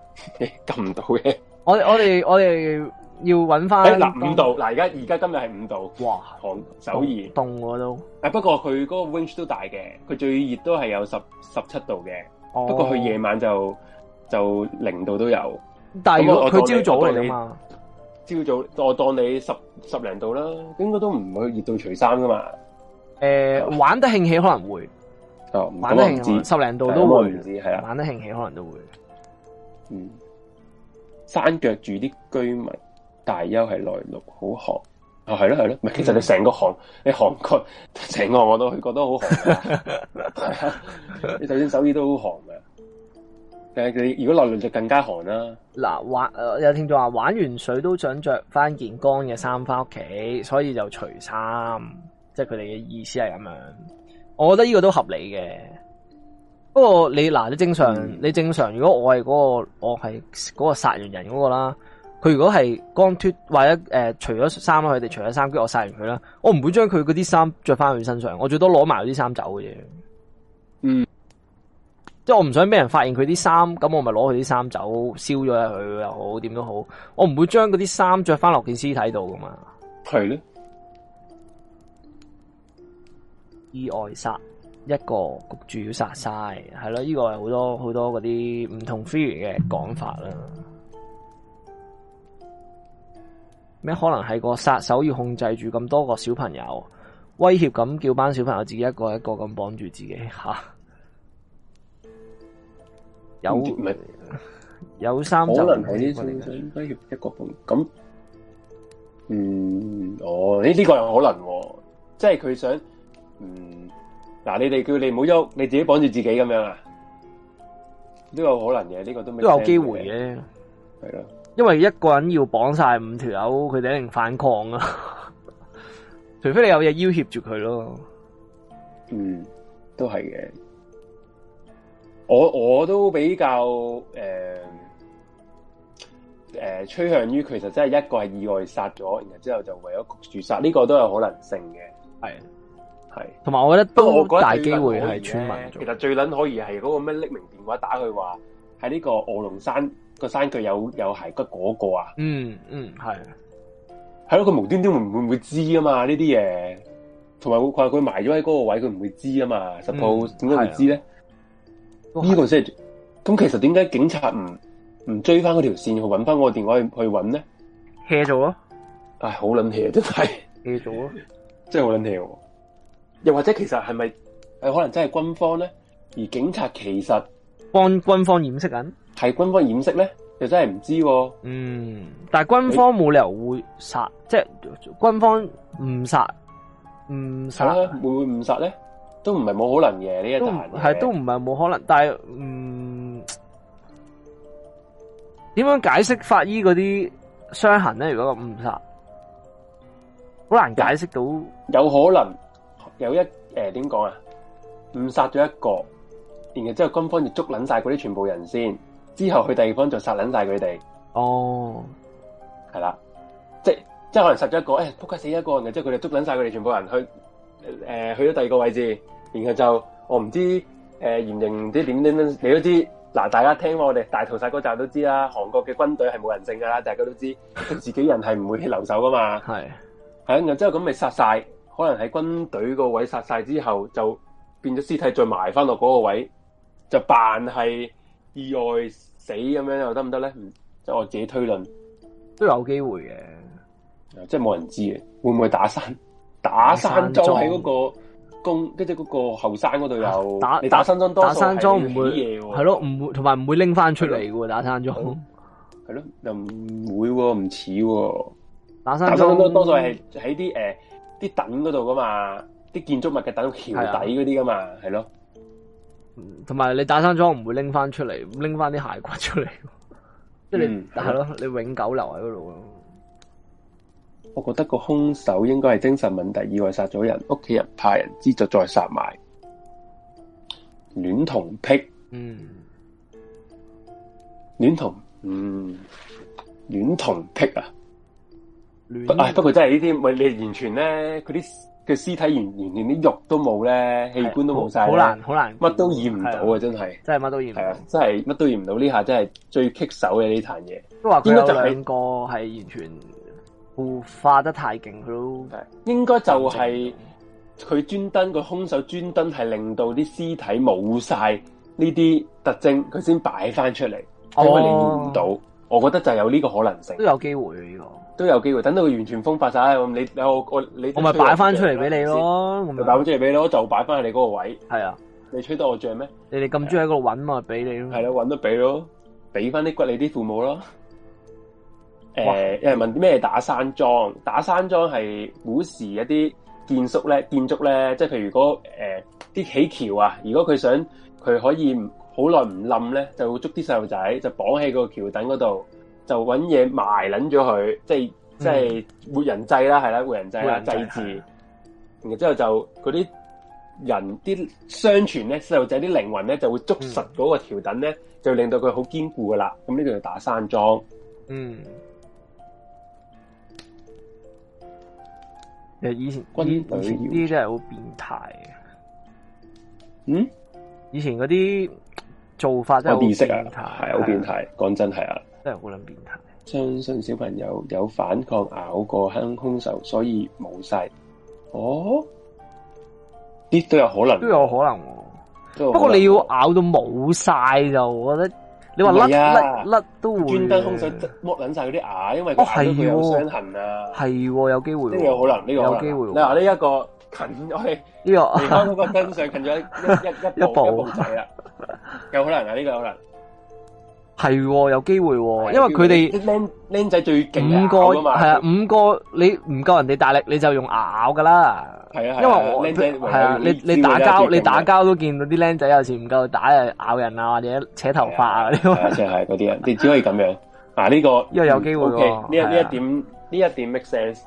Speaker 1: 撳唔到嘅？我我哋我哋要揾翻。誒、欸，嗱五度，嗱而家而家今日係五度。哇，寒，首熱，凍我都。誒，不過佢嗰個 range 都大嘅，佢最熱都係有十十七度嘅。哦、不過佢夜晚就就零度都有。但係佢朝早嚟噶嘛？朝早我當你十十零度啦，應該都唔會熱到除衫噶嘛。誒、欸，吧玩得興起可能會。晚玩得興，哦、十零度都會，係玩得興起可能都會。嗯，山腳住啲居民，大休係內陸好寒。啊、哦，係咯係咯，其實你成個寒，你、嗯欸、韓國成個我都佢覺得好寒，你首先手衣都好寒㗎。但係你如果內陸就更加寒啦、
Speaker 2: 啊。嗱、啊，玩、呃、有聽到話玩完水都想著翻件乾嘅衫翻屋企，所以就除衫，即係佢哋嘅意思係咁樣。我覺得呢個都合理嘅，不過你嗱，你正常，你正常，如果我係嗰個，我係嗰個殺完人嗰個啦，佢如果係光脫或者誒除咗衫啦，佢哋除咗衫，跟住我殺完佢啦，我唔會將佢嗰啲衫着翻佢身上，我最多攞埋佢啲衫走嘅啫。嗯，即係我唔想俾人發現佢啲衫，咁我咪攞佢啲衫走，燒咗佢又好，點都好，我唔會將嗰啲衫着翻落件屍體度噶嘛。係咧。意外殺一個焗住要殺晒，係咯？呢、這個係好多好多嗰啲唔同 theory 嘅講法啦。咩可能係個殺手要控制住咁多個小朋友，威脅咁叫班小朋友自己一個一個咁綁住自己吓、啊？有
Speaker 1: 有三宗，可能係呢種想威脅一個咁。嗯，哦，呢、這、呢個有可能、哦，即係佢想。嗯，嗱、啊，你哋叫你唔好喐，你自己綁住自己咁樣啊，都有可能嘅，呢、這個都都有機會嘅，
Speaker 2: 係咯了。因為一個人要綁晒五條友，佢哋一定反抗啊。 除非你有嘢要挾住佢咯。嗯，
Speaker 1: 都係嘅。我我都比較誒誒，趨、呃呃、向於其實真係一個係意外殺咗，然後之後就為咗焗住殺，呢、這個都有可能性嘅，係。
Speaker 2: 係，同埋我覺得都好大機會係村民，嗯嗯是。其
Speaker 1: 實最捻可以係嗰個咩匿名電話打佢話喺呢個臥龍山個山腳有有骸骨嗰個啊。嗯嗯，係、嗯，係咯，佢無端端會唔會會知啊嘛？呢啲嘢，同埋佢話佢埋咗喺嗰個位，佢唔會知啊嘛。Suppose, s u p 點解會的知咧？呢是個即係咁，其實點解警察唔唔追翻嗰條線去搵翻個電話去搵咧 hea 咗啊？唉，好捻 hea 真係 hea 咗啊？真係好捻 hea。又或者其實係咪誒？可能真係軍方咧，而警察其實幫軍方掩飾緊，係軍方掩飾咧，又真係唔知。啊、嗯，
Speaker 2: 但係
Speaker 1: 軍方冇你理由會殺，即係軍方誤殺，誤殺，誤殺會唔會誤殺咧，都唔係冇可能嘅呢都一係，係都
Speaker 2: 唔係冇可能。但係嗯，點樣解釋法醫嗰啲傷痕咧？如果誤殺，
Speaker 1: 好難解釋到，有可能。有一，誒，點講啊，誤殺咗一個，然後之後軍方就捉捻晒嗰啲全部人先，之後去第二方就殺捻晒佢哋。哦，係啦，即即可能殺咗一個，誒、哎，撲街死一個，然後之後佢哋捉捻晒佢哋全部人去誒、呃、去咗第二個位置，然後就我唔知誒嚴刑啲點點你都知嗱，大家聽我哋大逃殺嗰集都知啦，韓國嘅軍隊係冇人性噶啦，大家都知，佢 自己人係唔會留守噶嘛，係係， 然後之後咁咪殺晒。可能喺軍隊個位殺晒之後，就變咗屍體再埋翻落嗰個位，就扮係意外死咁樣又得唔得咧？即係我自己推論，都有機會嘅，即係冇人知嘅，會唔會打山打山莊喺嗰個打公，即係嗰個後山嗰度有打。打你打山莊，打山莊唔會係
Speaker 2: 咯，唔會同埋唔會拎翻出嚟嘅喎，咯打山莊係咯，
Speaker 1: 又唔會唔似打山莊多，多數係喺啲誒。呃啲墩嗰度噶嘛，啲建築物嘅墩橋底嗰啲噶嘛，係咯的。
Speaker 2: 同埋的你打山裝唔會拎翻出嚟，拎翻啲鞋骨出嚟，即
Speaker 1: 係你係咯、嗯，你永久留喺嗰度。我覺得個凶手應該係精神問題，意外殺咗人，屋企人怕人知就再殺埋。戀童癖，嗯，戀童，嗯，戀童癖啊。不過真係呢啲，你完全咧，佢啲嘅屍體完完連啲肉都冇咧，器官都冇晒，好難，好難，乜都驗唔到啊！真係，真係乜都驗唔到，的真係乜都驗唔到，呢下真係最棘手嘅呢壇嘢。
Speaker 2: 都話佢有兩
Speaker 1: 個係完全護化得太勁佢咯，應該就係佢專登個凶手專登係令到啲屍體冇晒呢啲特徵，佢先擺翻出嚟，因為驗唔到，哦、我覺得就有呢個可能性，
Speaker 2: 都有機會呢、這個。
Speaker 1: 都有機會，等到佢完全風化晒，咁你我我你我，我你我咪擺翻出嚟俾你咯，擺翻出嚟俾你咯，就擺翻喺你嗰個位。係啊，你吹得我漲咩？你哋咁中意喺嗰度揾嘛，俾、嗯、你咯。係咯，揾都俾咯，俾翻啲骨你啲父母咯。誒、 呃，哇有人問咩打生樁？打生樁係古時一啲建築咧，建築咧，即係譬如嗰誒啲起橋啊，如果佢想佢可以好耐唔冧咧，就會捉啲細路仔就綁喺個橋頂嗰度。就揾嘢埋捻咗佢，即係即係活人祭啦，係啦，活人祭啦，祭祀。然之後就嗰啲人，啲相傳咧，細路仔啲靈魂咧就會捉實嗰個條凳咧，就會令到佢好堅固噶啦。咁呢度就打山莊。嗯。
Speaker 2: 其實以前，以以前啲真係好變態嘅。
Speaker 1: 嗯。
Speaker 2: 以前嗰啲做法真係好變態，係好變態。
Speaker 1: 講真，係啊。真係好捻變態，相信小朋友有反抗，咬過香凶手，所以冇晒。哦，啲都有可
Speaker 2: 能，都有可能，啊、都有可能。不過你要咬到冇晒就，我覺得你話甩甩甩都會專登凶手
Speaker 1: 剝捻晒嗰啲牙，因為牙都會好傷痕啊。係、
Speaker 2: 哦啊啊，有機會。都有可能，呢有，有可能。機會可能你話呢一
Speaker 1: 個近咗，哋呢個離開嗰個真相近咗一 一,一步一步，一步仔啦，有可能啊，呢、這個有可能。
Speaker 2: 係，有機會，因為佢哋啲僆
Speaker 1: 僆仔最勁個係啊，五
Speaker 2: 個你唔夠人哋大力，你就用咬噶啦，係啊，因為我係啊，你你打交，你打交都見到啲僆仔有時唔夠打啊，咬人啊或者扯頭髮啊，係，
Speaker 1: 係嗰啲啊，你只可以咁樣。嗱、啊，呢、呢個因為有機會，呢一呢一點呢的一點 make sense。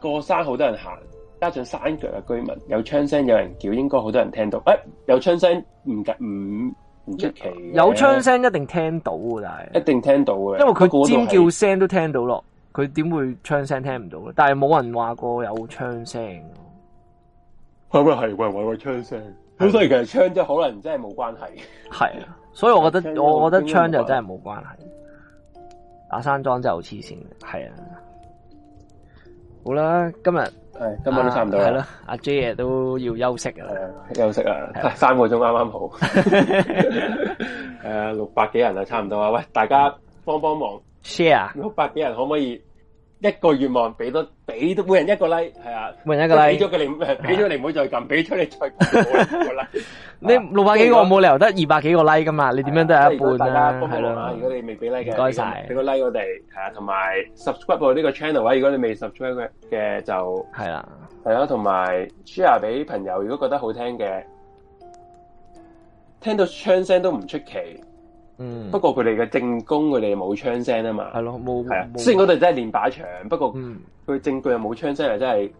Speaker 1: 過山好多人行，加上山腳嘅居民有槍聲，有人叫，應該好多人聽到。誒、哎，有槍聲，唔得，唔。唔出奇，有槍聲
Speaker 2: 一定聽到喎，但係一
Speaker 1: 定聽到嘅，因為佢尖叫
Speaker 2: 聲都聽到咯，佢點會槍聲聽唔到咧？但係冇人話過有槍聲，喂喂
Speaker 1: 係喂喂槍聲，好細的其實槍真係可能真係冇關係，
Speaker 2: 係啊，所以我覺得我覺得槍就真係冇關係，打山莊真係好黐線嘅，係啊。好啦，今日今
Speaker 1: 晚都差唔多啦，係啦，阿 J 也都要休息啊，休息啊，是的 三個鐘啱啱好。誒， 六百幾人啊，差唔多啊，喂，大家幫幫忙 Share 六百幾人可唔可以？一個願望俾多俾到每人一個 like 係啊，每人一個 like，俾咗佢哋，俾咗你唔好再撳，俾咗
Speaker 2: 你再。你六百幾個冇理由得二百幾個 like 噶嘛？啊、你點樣都係一半啦、啊。係啊，如果你未俾 like 嘅，唔
Speaker 1: 該晒，俾個 like 我哋，係啊，同埋 subscribe 呢個 channel 啊，如果你未 subscribe 嘅就係啦，係啦，同埋 share 俾朋友，如果覺得好聽嘅，聽到槍聲都唔出奇。嗯，不過佢哋嘅正工，佢哋冇槍聲啊嘛，係咯，冇，係啊的。雖然我哋真係練靶場，不過佢證據又冇槍聲，又真係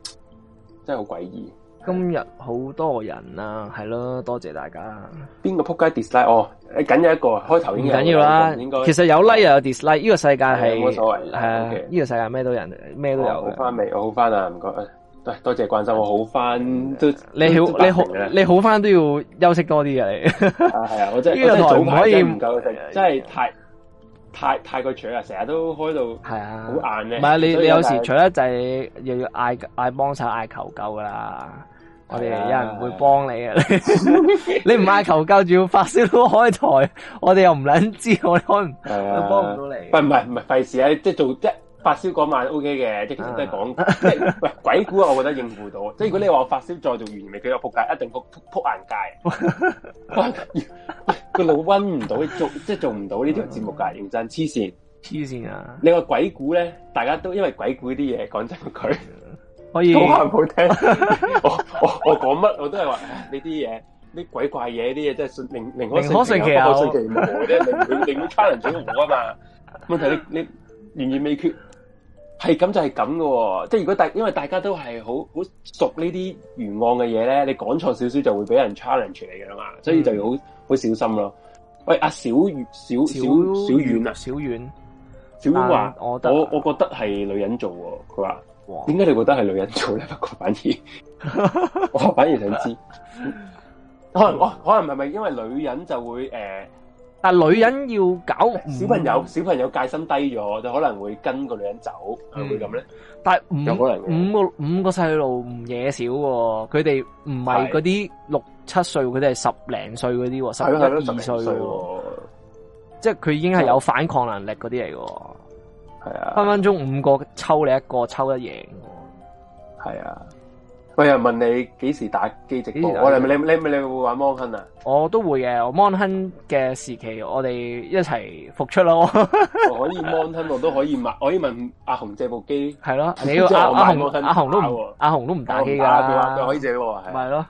Speaker 1: 真係好詭異。
Speaker 2: 今日好多
Speaker 1: 人啊，係咯，多謝大家。邊個扑街 dislike？哦，緊要一個，開頭已經緊要啦。應該其實有
Speaker 2: like 又有 dislike，呢個世界係冇所謂。係呢、uh, okay 個世界咩都人咩
Speaker 1: 都有。都有哦、好翻未？我好翻啦，唔該。多多謝關心，我好翻都，你好你好你
Speaker 2: 好翻都要休息多啲嘅。你係啊，我真係呢個台唔可以唔夠嘅，
Speaker 1: 真係太太太過長啊，成日都開到係啊，好硬嘅。唔係你你有時除咗
Speaker 2: 就又要嗌嗌幫手嗌求救噶啦，我哋有人會幫
Speaker 1: 你啊。你你唔嗌求救，仲要發燒都開台，我哋又唔捻知我哋開唔幫唔到你。唔係，唔係唔係費事啊，即係做即。發燒嗰晚 O K 嘅，即係都係講，即係喂鬼故，我覺得應付到。即係如果你話我發燒再做完未佢，有撲街一定撲撲撲硬街。個腦溫唔到，做即係做唔到呢條節目噶，認真黐線，黐線啊！你話鬼故咧，大家都因為鬼故啲嘢，講真佢可以都好聽。我我我講乜我都係話呢啲嘢，啲鬼怪嘢啲嘢真係令令可信其，可信其無，即你你令可差人長虹啊嘛。問題你你懸疑未決。係咁就係咁嘅，即係如果大，因為大家都係好好熟呢啲原案嘅嘢咧，你講錯少少就會俾人 challenge 你噶嘛，所以就要好好小心咯。喂，阿小婉，小小小婉啊，小婉，小婉話，我我我覺得係女人做，佢話，點解你覺得係女人做咧？不過反而， 我反而想知，可能我、哦、可能係咪因為女人就會誒？呃但女人要搞小朋友，小朋友戒心低咗，就可能會跟個女人走，係、嗯、會咁咧。但係
Speaker 2: 五五個五個細路唔嘢少，佢哋唔係嗰啲六，是六七歲，佢哋係十零歲嗰啲，十一的二歲，歲即係佢已經係有反抗能力嗰啲嚟嘅。係啊的，分分鐘五個抽你一個抽得贏，係啊。我又問你幾時打機直播？我你你
Speaker 1: 你你會玩摩亨啊？
Speaker 2: 我都會嘅，我摩亨嘅時期，我哋一齊復出咯。
Speaker 1: 可以摩亨，我都可以問，可以問阿紅借部機。係咯，你要阿阿紅阿紅都唔阿紅都唔打機噶，佢話佢可以借我係係咪
Speaker 2: 咯？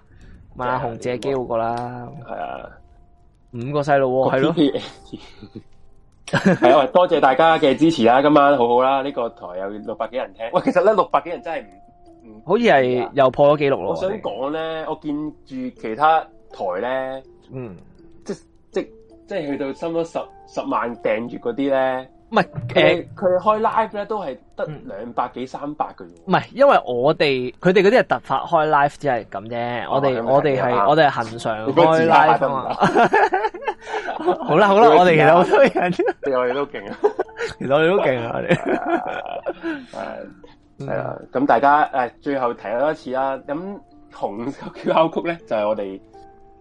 Speaker 2: 問阿紅借機好過啦。係啊，五個細路係咯，係
Speaker 1: 啊，多謝大家嘅支持啦！今晚好好啦，呢個台有六百幾人聽。喂，其實咧六百幾人真係唔。
Speaker 2: 好似係又破咗記錄咯！我想
Speaker 1: 講咧，我見住其他台咧，嗯，即係即即係去到差唔多十十萬訂閱嗰啲咧，唔係，誒，佢開 live 咧都係得兩百幾三百嘅，
Speaker 2: 唔係，因為我哋佢哋嗰啲係突發開 live 先係咁啫，我哋我哋係我哋係恒常開 live 噶
Speaker 1: 嘛。好啦好啦，我哋其實好多人，其實我哋都勁啊，
Speaker 2: 其實我哋都勁啊。
Speaker 1: 係啦，咁大家誒，最後提多一次啦。咁紅 q 勾曲咧，就係我哋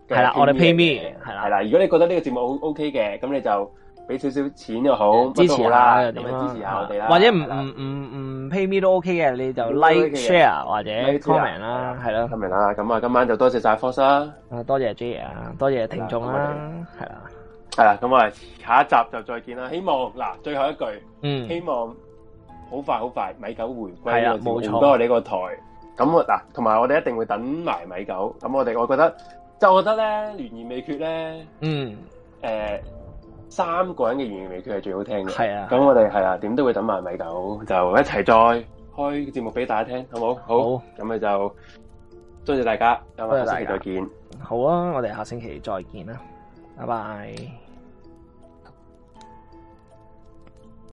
Speaker 1: 係啦，我哋 pay me 係啦。如果你覺得呢個節目 O，O，K 嘅，咁你就俾少少錢就好支持啦，點樣支持下我哋啦？或者唔唔唔唔 pay me 都 O，K 嘅，你就 like share 或者 comment 啦，係啦 comment 啦，咁啊，今晚就多謝晒 force
Speaker 2: 啦。啊，多謝 Jia，多謝聽眾啦，係啦。係啦，咁我哋
Speaker 1: 下一集就再見啦。希望嗱，最後一句，希望。好快好快，米九回歸啊！冇錯，呢個台咁嗱，同埋我哋一定會等埋米九。咁我哋，我覺得就我覺得咧，懸而未決咧，嗯，誒、呃，三個人嘅懸而未決係最好聽嘅。係啊，咁我哋係啊，點都會等埋米九，就一齊再開節目俾大家聽，好冇？好，咁咪就多謝大家，謝謝大家，我下個星期再見。
Speaker 2: 好啊，我哋下星期再見啦，拜拜。